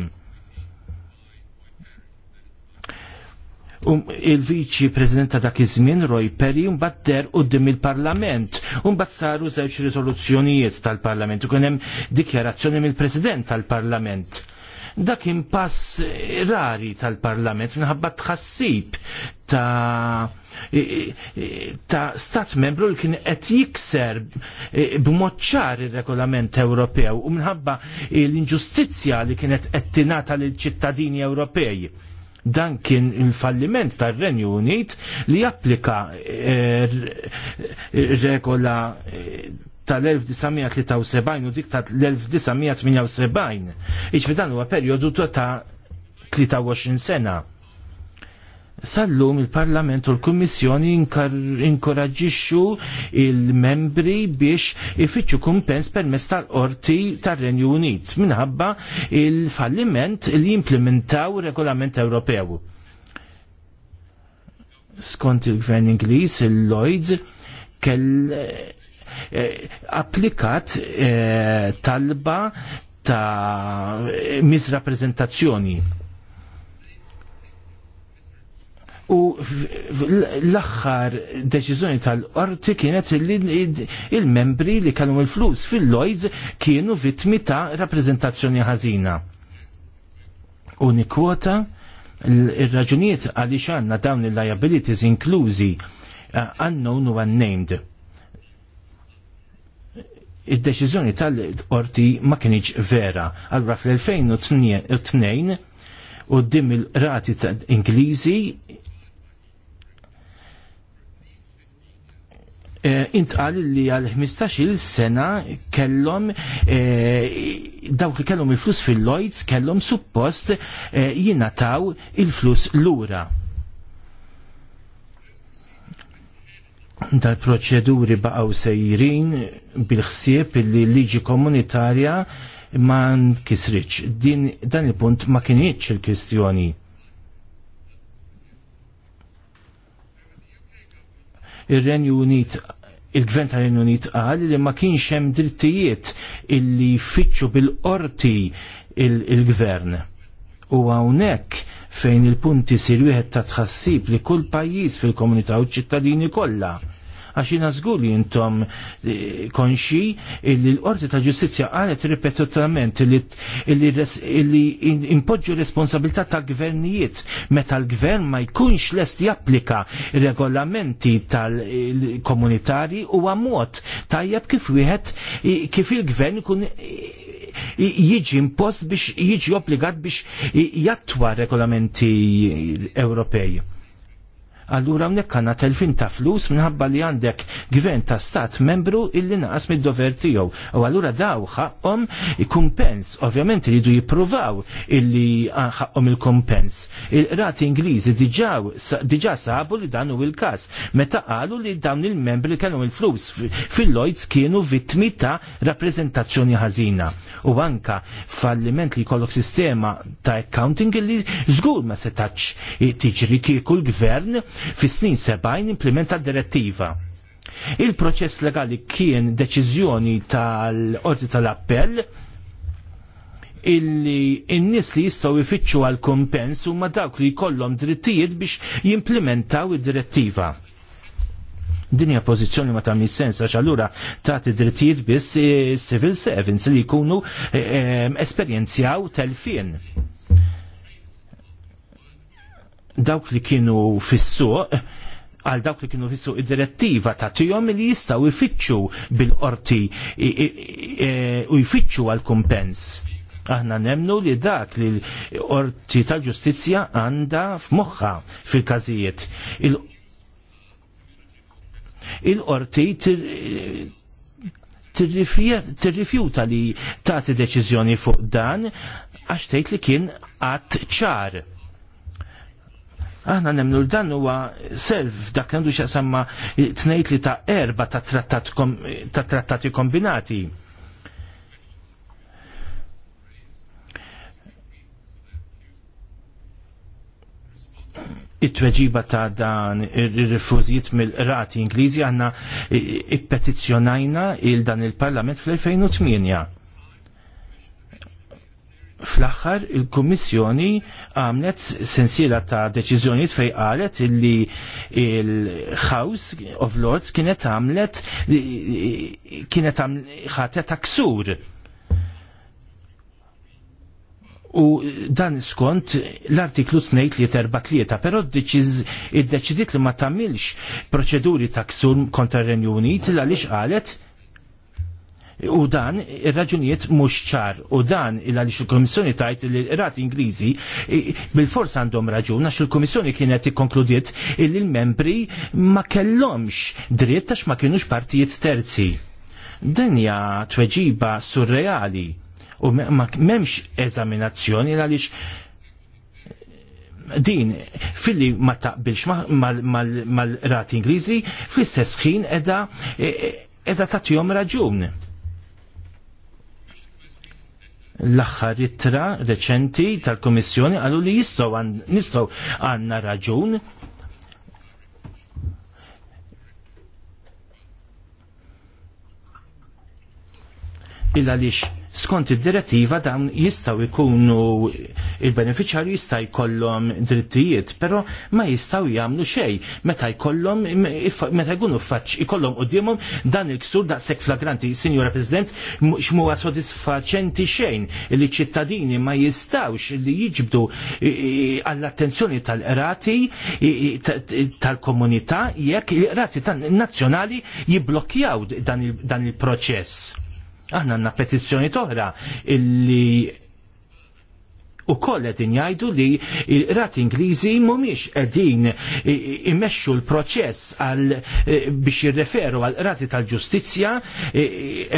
um, il-viċi prezidenta dak iż-żmien Roy Perry mbagħad der quddiem il-Parlament u mbagħad saru żewġ riżoluzzjonijiet tal-Parlament u kien hemm dikjarazzjoni mill-President tal-Parlament. Dak impass rari tal-Parlament minħabba tħassib ta' ta' stat membru li kien qed jikser b'mod ċar ir-regolament Ewropew u minħabba l-inġustizzja li kienet qed tingħata lill ċittadini Ewropej dan kien il-falliment tar renju Unit li japplika eh, regola eh, tal-1973 u dik tal-1978. Iġvi dan huwa perjodu ta' 23 sena. Sallum il-Parlament u l-Kummissjoni inkoraġġixxu il-membri biex ifittxu kumpens permezz tal-qorti tar-Renju Unit minħabba il-falliment li jimplementaw regolament Ewropew. Skont il-Gvern Ingliż, il-Lloyds kell eh, applikat eh, talba ta' misrappreżentazzjoni U l-axħar deċiżjoni tal-qorti kienet li il-membri li kellhom il-flus fil-Lloyds kienu vittmi ta' rappreżentazzjoni ħażina. Unikwota il-raġunijiet għaliex għandna dawn il-liabilities inklużi uh, unknown u unnamed. Id-deċiżjoni tal-qorti ma kienx vera. Allura fl-2002 u d-dim il-rati ta' Ingliżi Eh, intqal li għal 15 sena kellhom eh, dawk li kellhom il-flus fil-Lloyds kellhom suppost eh, jingħataw il-flus lura. Dal-proċeduri baqgħu sejrin bil-ħsieb li liġi komunitarja ma nkisritx. Din dan il-punt ma kienieċ il kwestjoni il renju Unit il-gvern tal-Renju Unit qal li ma kienx hemm drittijiet illi jfittxu bil-qorti il-gvern. U hawnhekk fejn il-punti sir wieħed ta' tħassib li kull pajjiż fil-komunità u ċittadini kollha għax jina żgur intom eh, konxi illi l-Qorti ta' Ġustizzja qalet ripetutament illi impoġġu responsabilità ta' gvernijiet meta l-gvern ma jkunx lest japplika regolamenti tal-komunitari u għamot tajjeb kif wieħed kif il-gvern kun jiġi impost biex jiġi obbligat biex jattwa regolamenti Ewropej allura hawnhekk għandna telfin ta' flus minħabba li għandek gvern ta' stat membru illi naqas mid-dover tiegħu. U allura daw ħaqhom kumpens, ovvjament jridu jippruvaw illi ah, ħaqhom il-kumpens. Il-rati Ingliżi diġà sabu li dan hu il-każ meta qalu li dawn il-membri kellhom il-flus fil-Lloyds kienu vittmi ta' rappreżentazzjoni ħażina. U anka falliment li jkollok sistema ta' accounting li żgur ma setax tiġri kieku l-gvern fis-snin 70 implementa direttiva. Il-proċess legali kien deċiżjoni tal-Qorti tal-Appell illi n-nis li jistaw ifittxu għal kompens u ma dawk li jkollhom drittijiet biex jimplementaw id-direttiva. Dinja pożizzjoni ma tagħmel sens għax allura tagħti drittijiet biss civil servants li jkunu eh, eh, esperjenzjaw telfien dawk li kienu fis-suq għal dawk li kienu fissu id-direttiva ta' tijom li jistaw ifittxu bil-qorti u jfittxu għal-kumpens. Aħna nemnu li dak li l-qorti tal-ġustizja għanda f'moħħa fil-kazijiet. Il-qorti tirrifjuta li tagħti deċiżjoni fuq dan għax tgħid li kien għat ċar Aħna nemnu l-dan huwa self dak għandu xasamma tnejt li ta' erba ta' trattati kombinati. it-tweġiba ta' dan ir refużijiet mill-rati Ingliżi għanna i-petizjonajna il-dan il-Parlament fl-2008 fl-axħar il-Kummissjoni għamlet sensiela ta' deċiżjonijiet fej qalet illi il-House of Lords kienet għamlet kienet ħatet taksur. U dan skont l-artiklu 243, però id deċidit li ma tamilx proċeduri ta' ksur kontra Renju Unit għaliex qalet U dan ir-raġunijiet mhux ċar u dan il għaliex il-Komissjoni tajt li rati Ingliżi bil-fors għandhom raġun għax il-Komissjoni kienet ikkonkludiet li l-membri ma kellhomx dritt għax ma kienux partijiet terzi. Denja tweġiba surreali u ma memx eżaminazzjoni għaliex din filli ma taqbilx mal-rati Ingliżi fl-istess ħin edha e, e, edha tatjom raġun l-axħar jittra reċenti tal-Komissjoni għallu li jistgħu nistgħu għandna raġun Illa lix skont id-direttiva dan jistaw ikunu il-beneficjar jistaw jkollhom drittijiet, però ma jistaw jagħmlu xejn meta jkollhom meta jkunu faċ ikollhom qudiemhom dan il-ksur daqshekk flagranti, Sinjura President, x'muha sodisfaċenti xejn li ċittadini ma jistawx li jiġbdu għall-attenzjoni tal rati tal-komunità jekk il-qrati tan-nazzjonali jibblokjaw dan il-proċess Aħna għandna petizzjoni toħra illi u koll qegħdin jgħidu li rati Ingliżi mhumiex qegħdin imexxu l-proċess għal e, biex jirreferu għal rati tal-ġustizzja e, e,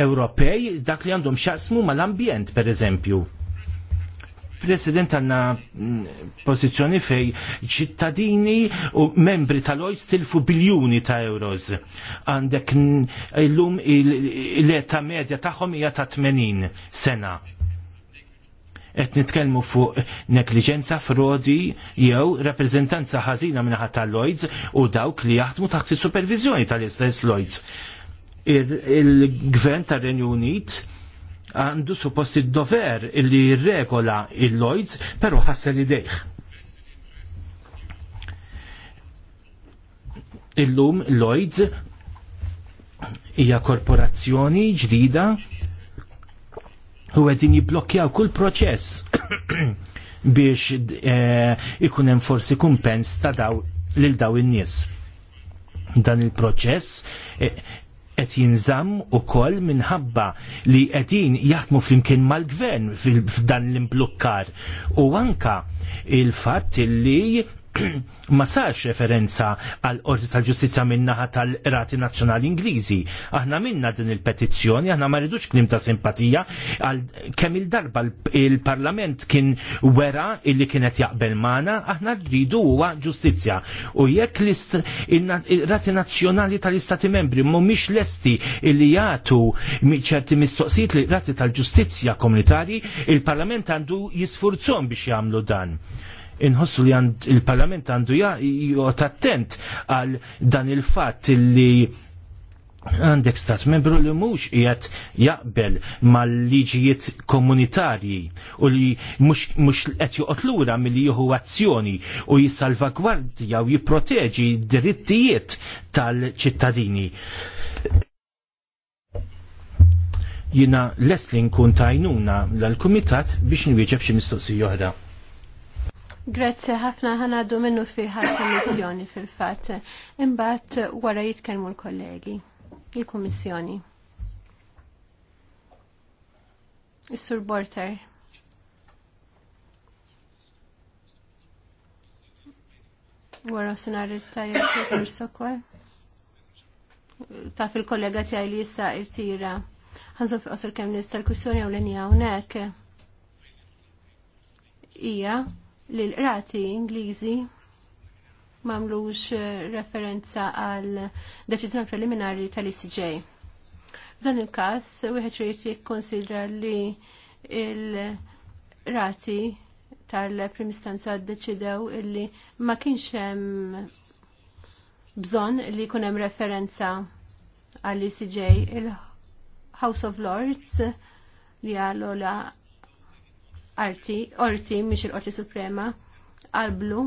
Ewropej dak li għandhom xasmu mal-ambjent pereżempju. President għanna mm, pozizjoni fej ċittadini u membri tal-ojs tilfu biljuni ta' euros. Għandek l-lum l-eta medja taħħom hija ta' 80 sena. Et nitkelmu fuq negliġenza frodi jew rappreżentanza ħażina minnaħat tal-Lloyds u dawk li jaħdmu taħt is supervizjoni tal-istess Lloyds. Il-gvern tar-Renju Unit għandu supposti dover illi regola il-Lloyds, pero ħassel idejħ. Illum Lloyds hija korporazzjoni ġdida u għedin jiblokkjaw kull proċess biex eh, ikun hemm forsi kumpens ta' daw lil daw in-nies. Dan il-proċess eh, qed jinżamm ukoll minħabba li qegħdin jaħdmu flimkien mal-gvern f'dan l-imblukkar u anka il-fatt li ma sarx referenza għal qorti tal-ġustizja minnaħa tal-Rati Nazzjonali Ingliżi. Aħna minna din il-petizzjoni, aħna ma rridux klim ta' simpatija għal kemm il-darba il-Parlament kien wera illi kienet jaqbel mana, aħna rridu huwa ġustizja. U jekk il-Rati Nazzjonali tal-Istati Membri mhumiex lesti illi jagħtu ċerti mistoqsijiet li rati tal-ġustizja komunitari, il-Parlament għandu jisfurzhom biex jagħmlu dan inħossu li għand il-Parlament għandu jgħot attent għal dan il-fatt li għandek stat membru li mhux qiegħed jaqbel mal-liġijiet komunitarji u li mhux qed joqgħod lura milli jieħu azzjoni u jissalvagwardja u jipproteġi d-drittijiet tal-ċittadini. Jina leslin kun tajnuna l-Kumitat biex nwieġeb xi mistoqsija oħra. Grazzi ħafna ħanaddu minnu fiħa l komissjoni fil-fat. Imbat wara jitkellmu l-kollegi, il-Kommissjoni. Is-Sur Borter. Wara il tajja sur Sokol. Ta' fil-kollega tiegħi li issa irtira. Ħanżu fi qosor kemm nista' l-kwissjoni hawnhekk. Ija, li l-qrati Ingliżi mamlux eh, referenza għal deċiżjoni preliminari tal-ICJ. F'dan il-każ wieħed trid jikkonsidra li il-rati tal-prim istanza ddeċidew illi ma kienx hemm bżonn li jkun hemm referenza għall ICJ il-House of Lords li għal arti, orti, miex il-Qorti Suprema, qalblu.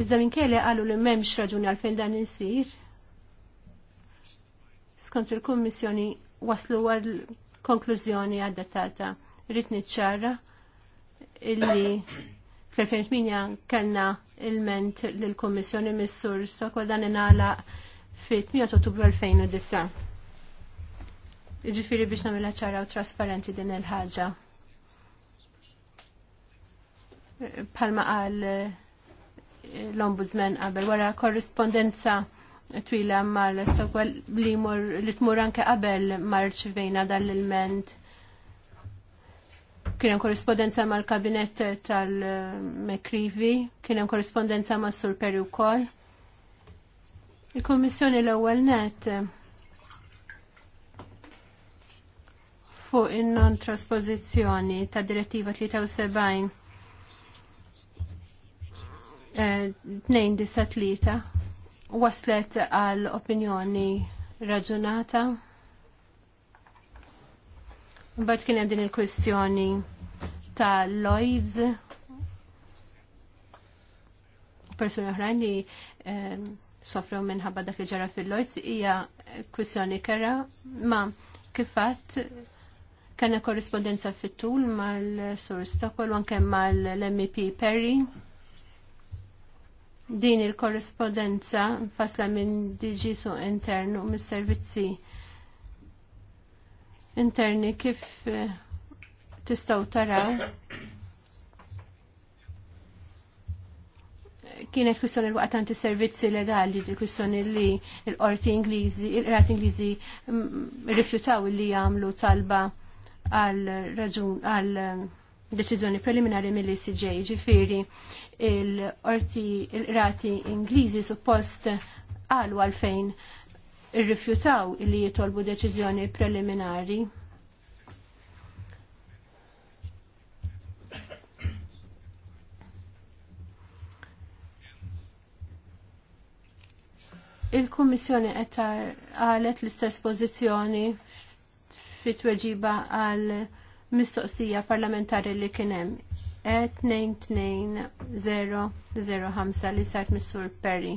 Iżda minn kelle għallu li memx raġuni għalfejn dan insir. Skont il-Kummissjoni waslu għal konklużjoni għaddatata. Ritni ċarra illi fl-2008 kellna il-ment l-Kommissjoni Missur Sokol dan inala fit-8 Ottubru 2009. Ġifiri biex namilla ċara u trasparenti din il-ħagġa. Palma għal eh, l-ombudsman qabel wara korrispondenza twila mal-Stockwell li mur li tmur anke qabel marċivejna dal-ilment. Kien hemm korrispondenza mal-kabinett tal-Mekrivi, kien hemm korrispondenza mas-Sur Peri Kol. Il-Kummissjoni l-ewwel net fuq in-non trasposizzjoni ta' direttiva 73 293 eh, waslet għal opinjoni raġunata. Bad kien hemm din il-kwistjoni ta' Lloyds persuni oħrajn li eh, sofrew minħabba dak li ġara fil-Lloyds hija kwistjoni kera ma' kifat Kanna korrispondenza fit-tul mal-Sur Stockwell anke mal-MEP Perry. Din il-korrispondenza fasla minn diġisu su internu mis-servizzi interni kif eh, tistaw taraw kienet kwistjoni l-waqt għanti servizzi legali, kwistjoni li l-qorti Ingliżi, l-qrat Ingliżi mm, rifjutaw li jagħmlu talba għal raġun għal um, deċiżjoni preliminari mill ecj ġifiri il-orti il-rati Ingliżi suppost għalu għalfejn irrifjutaw li jitolbu deċiżjoni preliminari. Il-Kummissjoni qed qalet l-istess pożizzjoni fit tweġiba għal mistoqsija parlamentari li kienem. E 22005 li sart Missur Perry.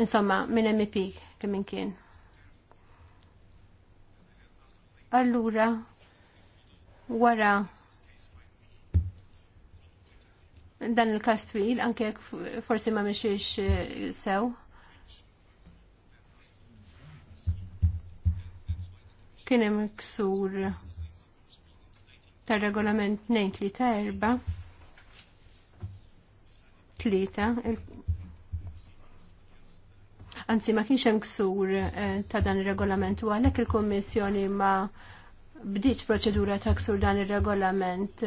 Insomma, minn MP kemm kien. Allura, wara dan il kastwil twil, anke forsi ma mxiex eh, sew, kien hemm ksur tar-regolament 234 tlieta Anzi, ma kienx hemm ksur eh, ta' dan ir-regolament u għalhekk il-Kummissjoni ma bdiċ proċedura ta' ksur dan ir-regolament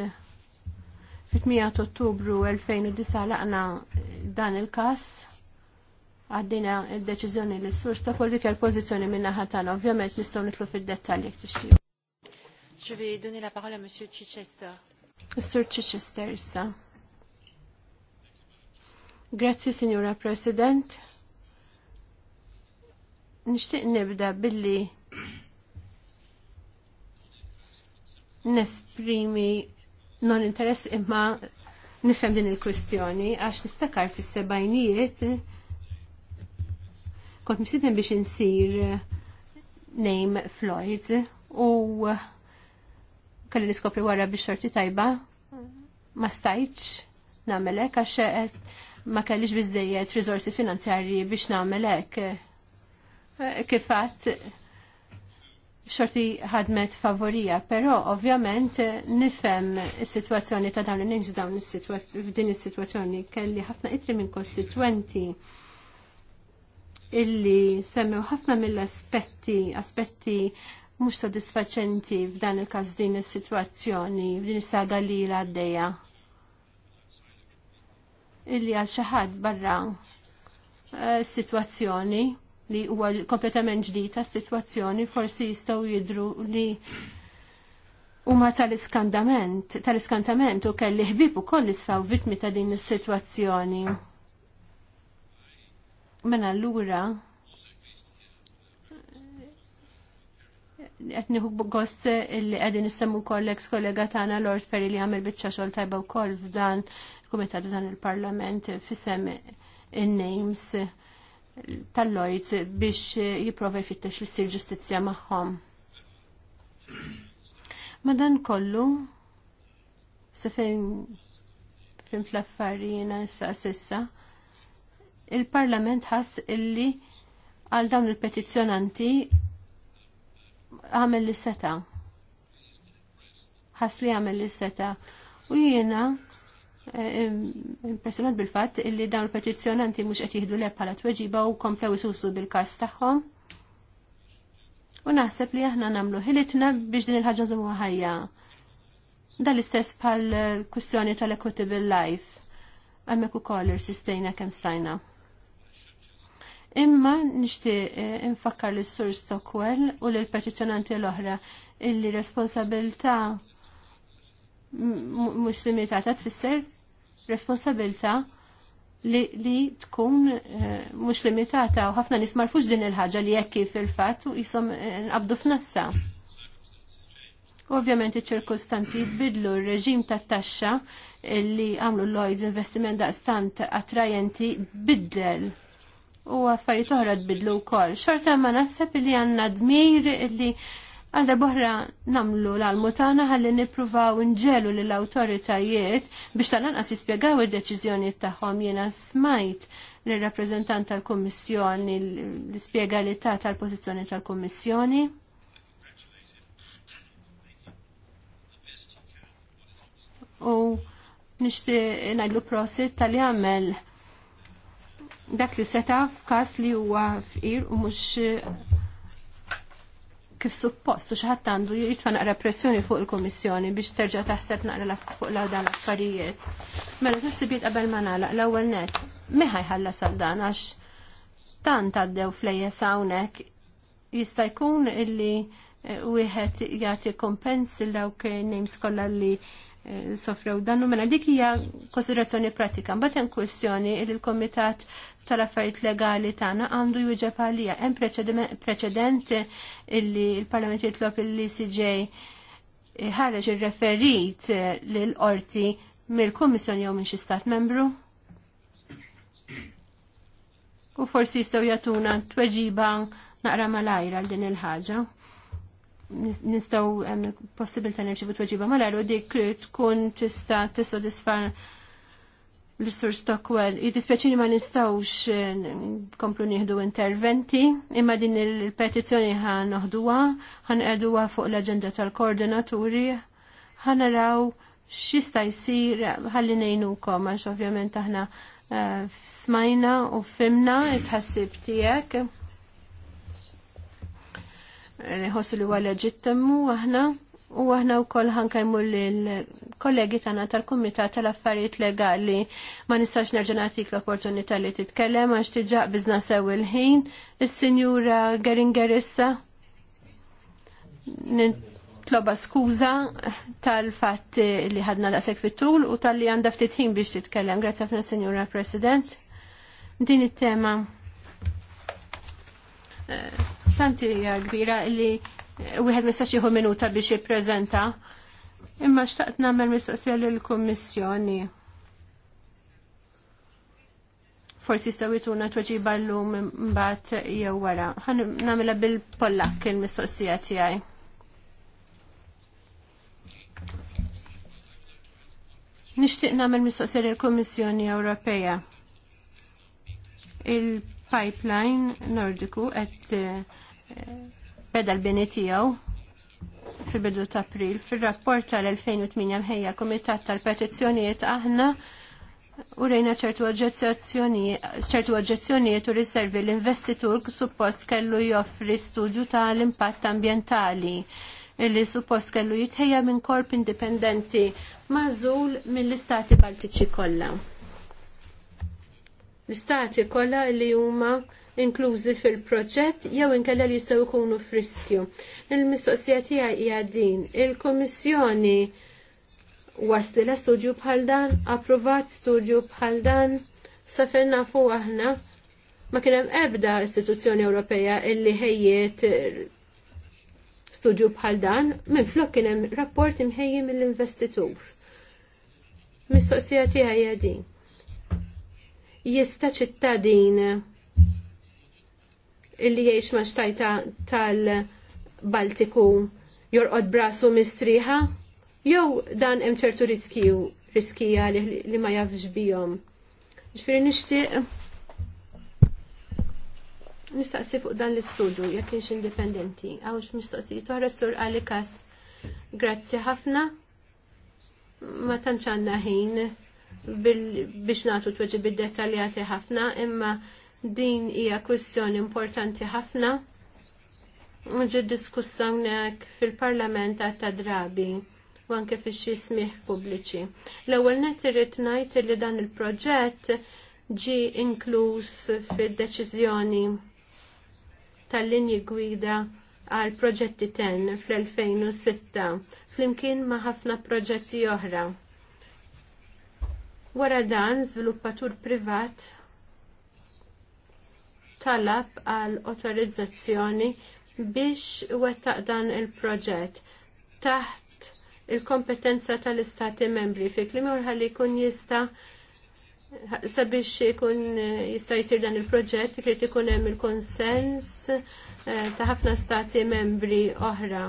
fit-8 Ottubru 2009 laqna dan il-każ għaddina il-deċizjoni l sur surs ta' kol dik il-pozizjoni minna ħatana. Ovvjament nistaw nitlu fil-dettalji jek tixtiju. Je duni la parola à Monsieur Chichester. Monsieur Chichester issa. Grazzi, Signora President. Nishtiq nibda billi nesprimi non interess imma nifhem din il-kwistjoni għax niftakar fis-sebajnijiet Kont msiden biex insir eh, name Floyd u eh, kelli niskopri wara biex xorti tajba ma stajċ namelek għax eh, ma kellix bizdejiet rizorsi finanzjarji biex namelek kifat xorti ħadmet favorija, pero ovvjament nifem is-sitwazzjoni ta' dawn il nies dawn is-sitwazzjoni kelli ħafna itri minn kostitwenti illi semmew ħafna mill-aspetti, aspetti mhux sodisfaċenti f'dan il-każ din is-sitwazzjoni, din is-saga li għaddejja. Illi għal xi ħadd barra eh, sitwazzjoni li huwa kompletament ġdida s-sitwazzjoni forsi jistgħu jidru li huma tal-iskandament, tal-iskantament u kelli ħbib ukoll isfaw vitmi ta' din is-sitwazzjoni. Men mela, allura qed nieħu gost li qegħdin nissemmu wkoll ex kollega tagħna Lord Perry li għamil biċċa xogħol tajba wkoll f'dan il-kumitat dan il-Parlament fisem in-names tal-Lloyds biex jipprova jfittex li ssir ġustizzja magħhom. Madan kollu se fejn fl-affarijina issa sissa il-Parlament ħass illi għal dawn il-petizzjonanti għamel li seta. Ħass li għamel li seta. U jiena eh, impressionat bil-fatt illi dawn il-petizzjonanti mhux qed jieħdu leb bħala tweġiba u komplew jisusu bil-każ tagħhom. U naħseb li aħna nagħmlu ħilitna biex din il-ħaġa żomu ħajja. Dan l-istess pal kwistjoni tal-equitable life. Għamek u kollir sistejna kem stajna. Imma nixtieq eh, infakkar lis sur Stockwell u lill petizzjonanti l-oħra illi responsabilità mhux limitata tfisser responsabilità li, li tkun uh, eh, mux limitata u ħafna nismarfux din il-ħagġa li jekki fil-fat u jisom eh, nqabdu f'nassa. Ovvjament iċ-ċirkustanzi jibidlu r-reġim ta' taxxa li għamlu Lloyds Investiment daqstant attrajenti biddel u affarijiet oħra tbidlu wkoll. Xorta ma naħseb li għandna dmir li għalda boħra namlu l almutana għalli ħalli nippruvaw nġelu lill awtoritajiet biex tal-anqas jispjegaw id-deċiżjonijiet tagħhom jiena smajt l-rappreżentant tal-Kummissjoni l-ispjegalità tal-pożizzjoni tal-Kummissjoni. U nishti najdlu prosit tal-li għamel dak li seta f'każ li huwa fqir u mhux eh, kif suppost u xaħat għandu jitfa naqra pressjoni fuq il-Komissjoni biex terġa' taħseb naqra fuq la dan l-affarijiet. Mela żewġ sibiet qabel ma nagħlaq l-ewwel net, meħa ħajħallas għal dan għax tant għaddew flejjes hawnhekk jista' jkun illi eh, wieħed jagħti kompens il dawk names kollha li eh, sofrew dan mela dik hija konsiderazzjoni pratika. Mbagħad hemm kwestjoni li l-Komitat tal-affarijiet legali tagħna għandu jwieġeb għalija. Hemm preċedent illi l-Parlament jitlob illi ECJ ħareġ ir-referit lil qorti mill-Kummissjoni jew minn xi stat membru. U forsi jistgħu jagħtuna tweġiba naqra malajra għal din il-ħaġa. Nistgħu hemm possibilità nirċivu tweġiba malajra u dik tkun tista' tissodisfa' l-Sur Stockwell, jitispjaċini ma nistawx eh, komplu nieħdu interventi, imma din il-petizjoni ħan uħduwa, ħan għeduwa fuq l-agenda tal-koordinaturi, ħan naraw xista jisir ħalli nejnukom, għax ovvjament aħna eh, smajna u fimna it-ħassib tijek. Eh, nħossu li għal ġittemmu aħna U aħna wkoll ħankelmu lill-kollegi tagħna tal-Kumitat tal-Affarijiet Legali ma nistax nerġa' l-opportunità li titkellem għax tiġaq biżna sew il-ħin. Is-Sinjura Geringer issa nitloba skuża tal-fatt li ħadna daqshekk fit-tul u tal-li għandha ftit ħin biex titkellem. Grazzi ħafna Sinjura President. Din it-tema eh, tanti hija kbira li wieħed nistax jieħu minuta biex jippreżenta. Imma xtaqt nagħmel mistoqsija lill-Kummissjoni. Forsi jistgħu jituna t-weġi ballu imbagħad jew wara. Għan namela bil-Pollak il-mistoqsija tiegħi. Nixtieq nagħmel mistoqsija lill-Kummissjoni Ewropea. Il-pipeline Nordiku qed eh, beda l-bini tijaw fil-bidu ta' april fil-rapport tal-2008 mħejja komitat tal-petizzjonijiet aħna u rejna ċertu oġġezzjonijiet u riservi l-investitur suppost kellu joffri studju tal-impatt ambientali illi suppost kellu jitħejja minn korp indipendenti mażul mill-istati baltiċi kollha. L-istati kollha li huma inklużi fil-proġett jew inkella li jistgħu jkunu friskju. Il-mistoqsija tiegħi hija din. Il-Kummissjoni wasli studju bħal dan, approvat studju bħal dan, sa nafu aħna ma kien hemm ebda istituzzjoni Ewropea illi ħejjiet studju bħal dan, minn flok kien hemm rapport imħejji mill-investitur. Mistoqsija tiegħi din. Jista' ċittadin illi jiex ma xtajta tal-Baltiku jorqod brasu mistriħa, jew dan hemm ċertu riskiju, riskija li, li ma jafx bijom. Ġifiri nishtiq nistaqsi fuq dan l-istudju, jekk kienx indipendenti, għawx mistaqsi toħra sur għalikas. Grazzi ħafna, ma tantx għandna ħin biex nagħtu tweġi bid detaljati ħafna, imma Din hija kwistjoni importanti ħafna. Ġi diskussa hawnhekk fil-Parlament għat drabi u anke fix xi smih pubbliċi. L-ewwel net irid ngħid li dan il-proġett ġi inkluż fid-deċiżjoni tal-linji gwida għal proġetti ten fl-2006 flimkien ma' ħafna proġetti oħra. Wara dan, żviluppatur privat talab għal autorizzazzjoni biex wettaq dan il-proġett taħt il-kompetenza tal-istati membri fi kliem urħal jkun jista sabiex ikun jista jisir dan il-proġett ikrit ikun hemm il-konsens eh, ta' ħafna stati membri oħra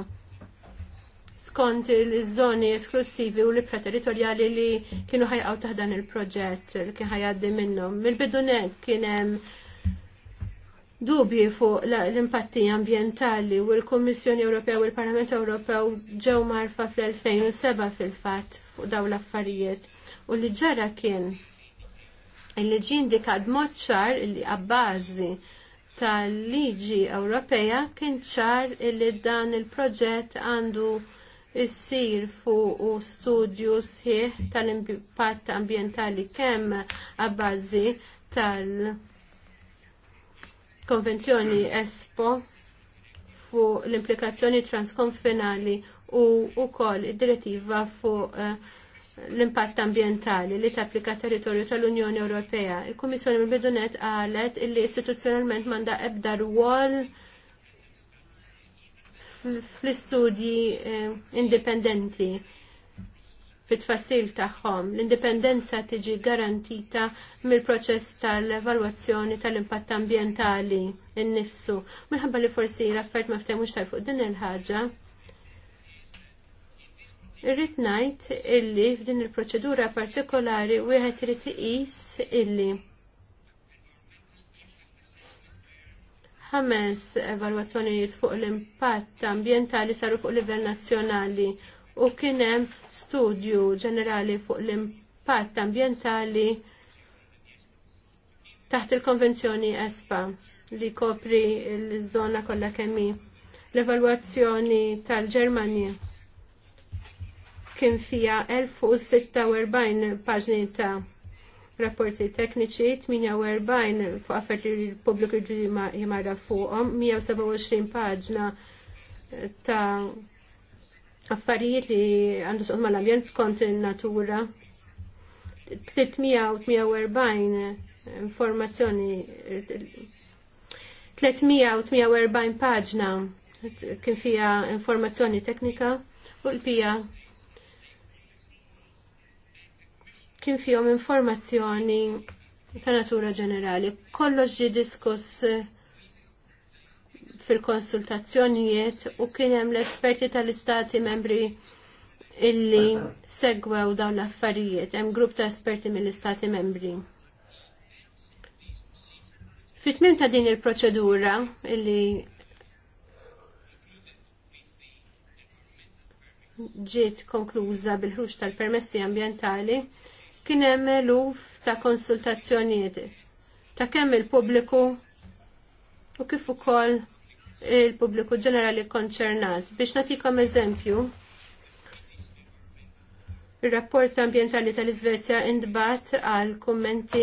skont il-żoni esklusivi u l-ibra territorjali li kienu ħajqaw taħdan il-proġett li kien ħajgħaddi minnhom. mill bidunet kien hemm dubji fuq l-impatti ambjentali u l-Kommissjoni Ewropea u l-Parlament Ewropew ġew marfa fl-2007 fil-fatt fuq dawn l-affarijiet u li ġara kien il ġi indikat mod ċar li għabbażi tal-liġi Ewropea kien ċar li dan il-proġett għandu issir fuq studju sħiħ tal-impatt ambjentali kemm għabbażi tal-, -impatt konvenzjoni ESPO fu l-implikazzjoni transkonfinali u wkoll id-direttiva fu eh, l-impatt ambjentali li tapplika territorju tal-Unjoni Ewropea. Il-Kummissjoni mill-Bidunet qalet li istituzzjonalment manda ebda rwol fl-istudji eh, indipendenti fit-tfassil tagħhom. L-indipendenza tiġi garantita mill-proċess tal-evalwazzjoni tal-impatt ambjentali innifsu. Minħabba li forsi l ma ftehmux tal fuq din il-ħaġa. Irrid ngħid illi f'din il-proċedura partikolari wieħed irid iqis illi ħames evalwazzjonijiet fuq l-impatt ambjentali saru fuq livell nazzjonali u kien hemm studju ġenerali fuq l-impatt ambjentali taħt il-konvenzjoni ESPA li kopri l-żona kollha kemmi l-evalwazzjoni tal-Ġermanja kien fija 1046 paġni ta' rapporti tekniċi, 48 fuq affert li l-pubbliku jimara fuqhom, 127 paġna ta' affarijiet li għandu suq mal-allianz kont natura 348 informazzjoni 340 paġna kien fija informazzjoni teknika u l-pija kien fihom informazzjoni ta' natura ġenerali. Kollox ġi diskuss fil-konsultazzjonijiet u kien hemm l-esperti tal-istati membri illi segwew dawn l-affarijiet. Hemm grupp ta' esperti mill-istati membri. Fit-tmim ta' din il-proċedura illi ġiet konkluża bil-ħruġ tal-permessi ambjentali kien hemm eluf ta' konsultazzjonijiet ta' kemm il-pubbliku u kif ukoll il-pubbliku ġenerali konċernat. Biex natikom eżempju, il-rapport ambientali tal-Izvezja indbat għal kummenti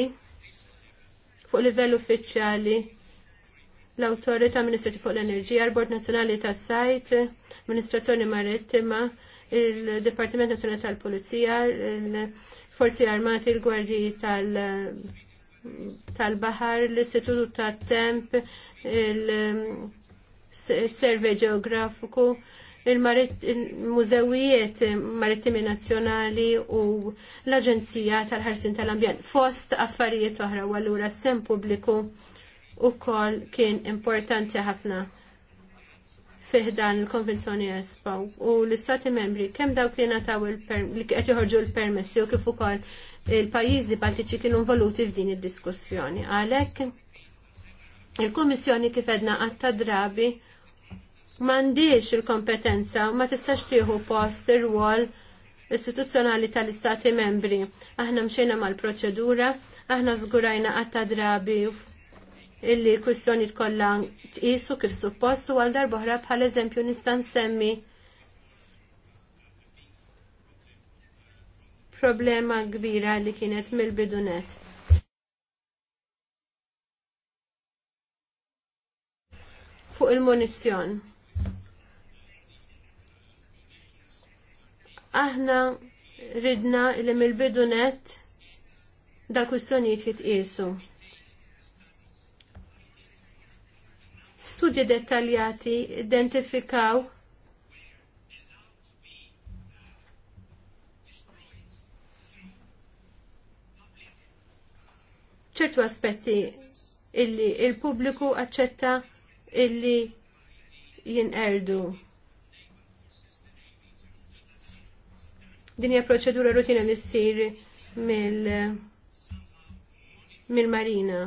fuq livell uffiċjali l-Autorità Ministri fuq l-Enerġija, l-Bord Nazzjonali tas-Sajt, Amministrazzjoni Marittima, il-Dipartiment Nazjonali tal-Polizija, il-Forzi Armati, il-Gwardji tal- tal-Bahar, l-Istitut tat-Temp, il-, -Temp, il S-Serve ġeografiku, il-mużewijiet marittimi nazzjonali u l-Aġenzija tal-ħarsin tal-ambjent fost affarijiet oħra u allura sem pubbliku ukoll kien importanti ħafna fiħdan il-konvenzjoni ESPA u l-istati membri kemm dawk li nataw li qed joħorġu l-permessi u kif ukoll il-pajjiżi Baltiċi kienu involuti f'din id-diskussjoni. Għalhekk Il-Kummissjoni kif edna għatta drabi m'għandix il-kompetenza u ma tistax tieħu post ir-rwol istituzzjonali tal-Istati membri. Aħna mxejna mal-proċedura, aħna żgurajna għatta drabi illi kwistjoni kollha tqisu kif suppost u għal darbohra bħal eżempju nista' nsemmi problema kbira li kienet mill-bidunet. fuq il-munizzjon. Aħna ridna li mill-bidunet dal-kwistjonijiet jitqisu. Studji dettaljati identifikaw ċertu aspetti illi il-pubbliku aċċetta illi jinqerdu. Din hija proċedura rutina li ssir mill marina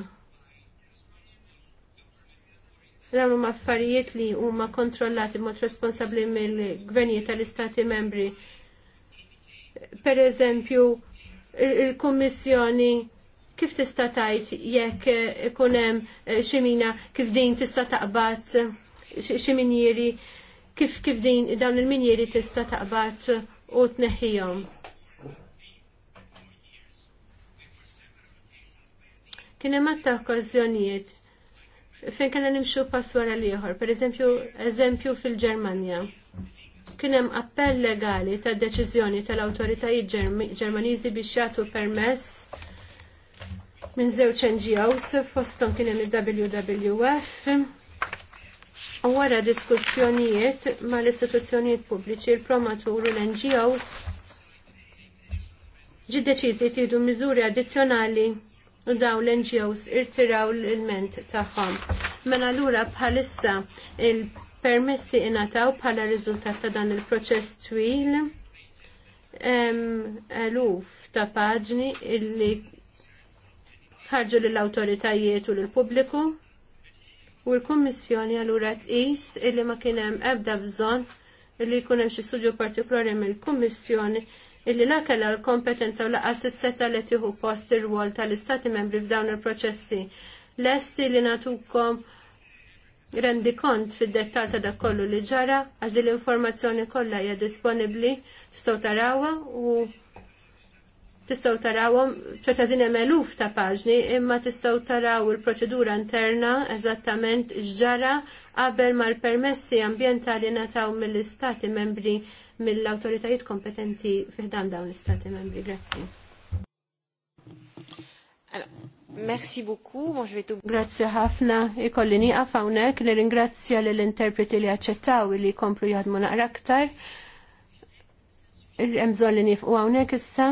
Dawn huma affarijiet li huma kontrollati mod responsabbli mill-gvernijiet tal-istati membri. Per eżempju, il-Kummissjoni kif tista' tajt jekk ikun hemm eh, ximina kif din tista' taqbad xi minjieri kif kif din dawn il-minjieri tista' taqbad u tneħħihom. Kien hemm ta' okkażjonijiet fejn kellna nimxu pass wara l-ieħor, pereżempju eżempju fil-Ġermanja. Kien hemm appell legali tad deċiżjoni tal-awtoritajiet Ġermaniżi biex jagħtu permess minn żewġ NGOs fosthom kien hemm il-WWF. U wara diskussjonijiet mal istituzzjonijiet pubbliċi il-promotur u l-NGOs ġi deċiżi jtieħdu miżuri addizzjonali u daw l-NGOs irtiraw l ilment tagħhom. Mela lura bħalissa il-permessi ingħataw bħala riżultat ta' dan il-proċess twil eluf ta' paġni illi ħarġu lill-awtoritajiet u lill-pubbliku u l-Kummissjoni allura tqis illi ma kien hemm ebda bżonn illi jkun hemm xi studju partikolari mill-Kummissjoni illi la kellha l-kompetenza u laqas is-seta li tieħu post ir-rwol tal-Istati membri f'dawn il-proċessi. Lesti li natukom rendi kont fid-dettal ta' dak kollu li ġara għax l-informazzjoni kollha hija disponibbli tistgħu tarawha u Tistaw tarawhom ċertażin hemm eluf ta' paġni, imma tistaw taraw il-proċedura interna eżattament x'ġara qabel ma l-permessi ambjentali nataw mill-istati membri mill-awtoritajiet kompetenti fiħdan dawn l-istati membri. Grazzi. Merci beaucoup, bon, je vais tout... Grazie ħafna, ikolli nieqa hawnhekk, nirringrazzja lill interpreti li aċċettaw li jkomplu jaħdmu naqra aktar. Hemm bżonn li nifqu hawnhekk issa.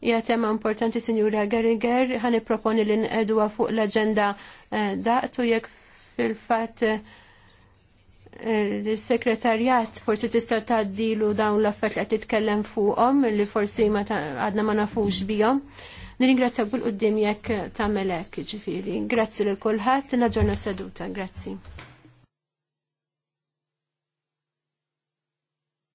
Ja tema importanti Sinjura Geringer, ħani proponi li nqeduha fuq l-aġenda eh, daqtu jekk fil-fatt eh, l-sekretarjat forsi tista' dilu dawn l affet li qed titkellem fuqhom li forsi ma għadna ma nafux bihom. Nirringrazzjak bil-qudiem jekk tagħmel hekk, ġifieri. Grazzi lil kulħadd, naġġorna seduta, grazzi.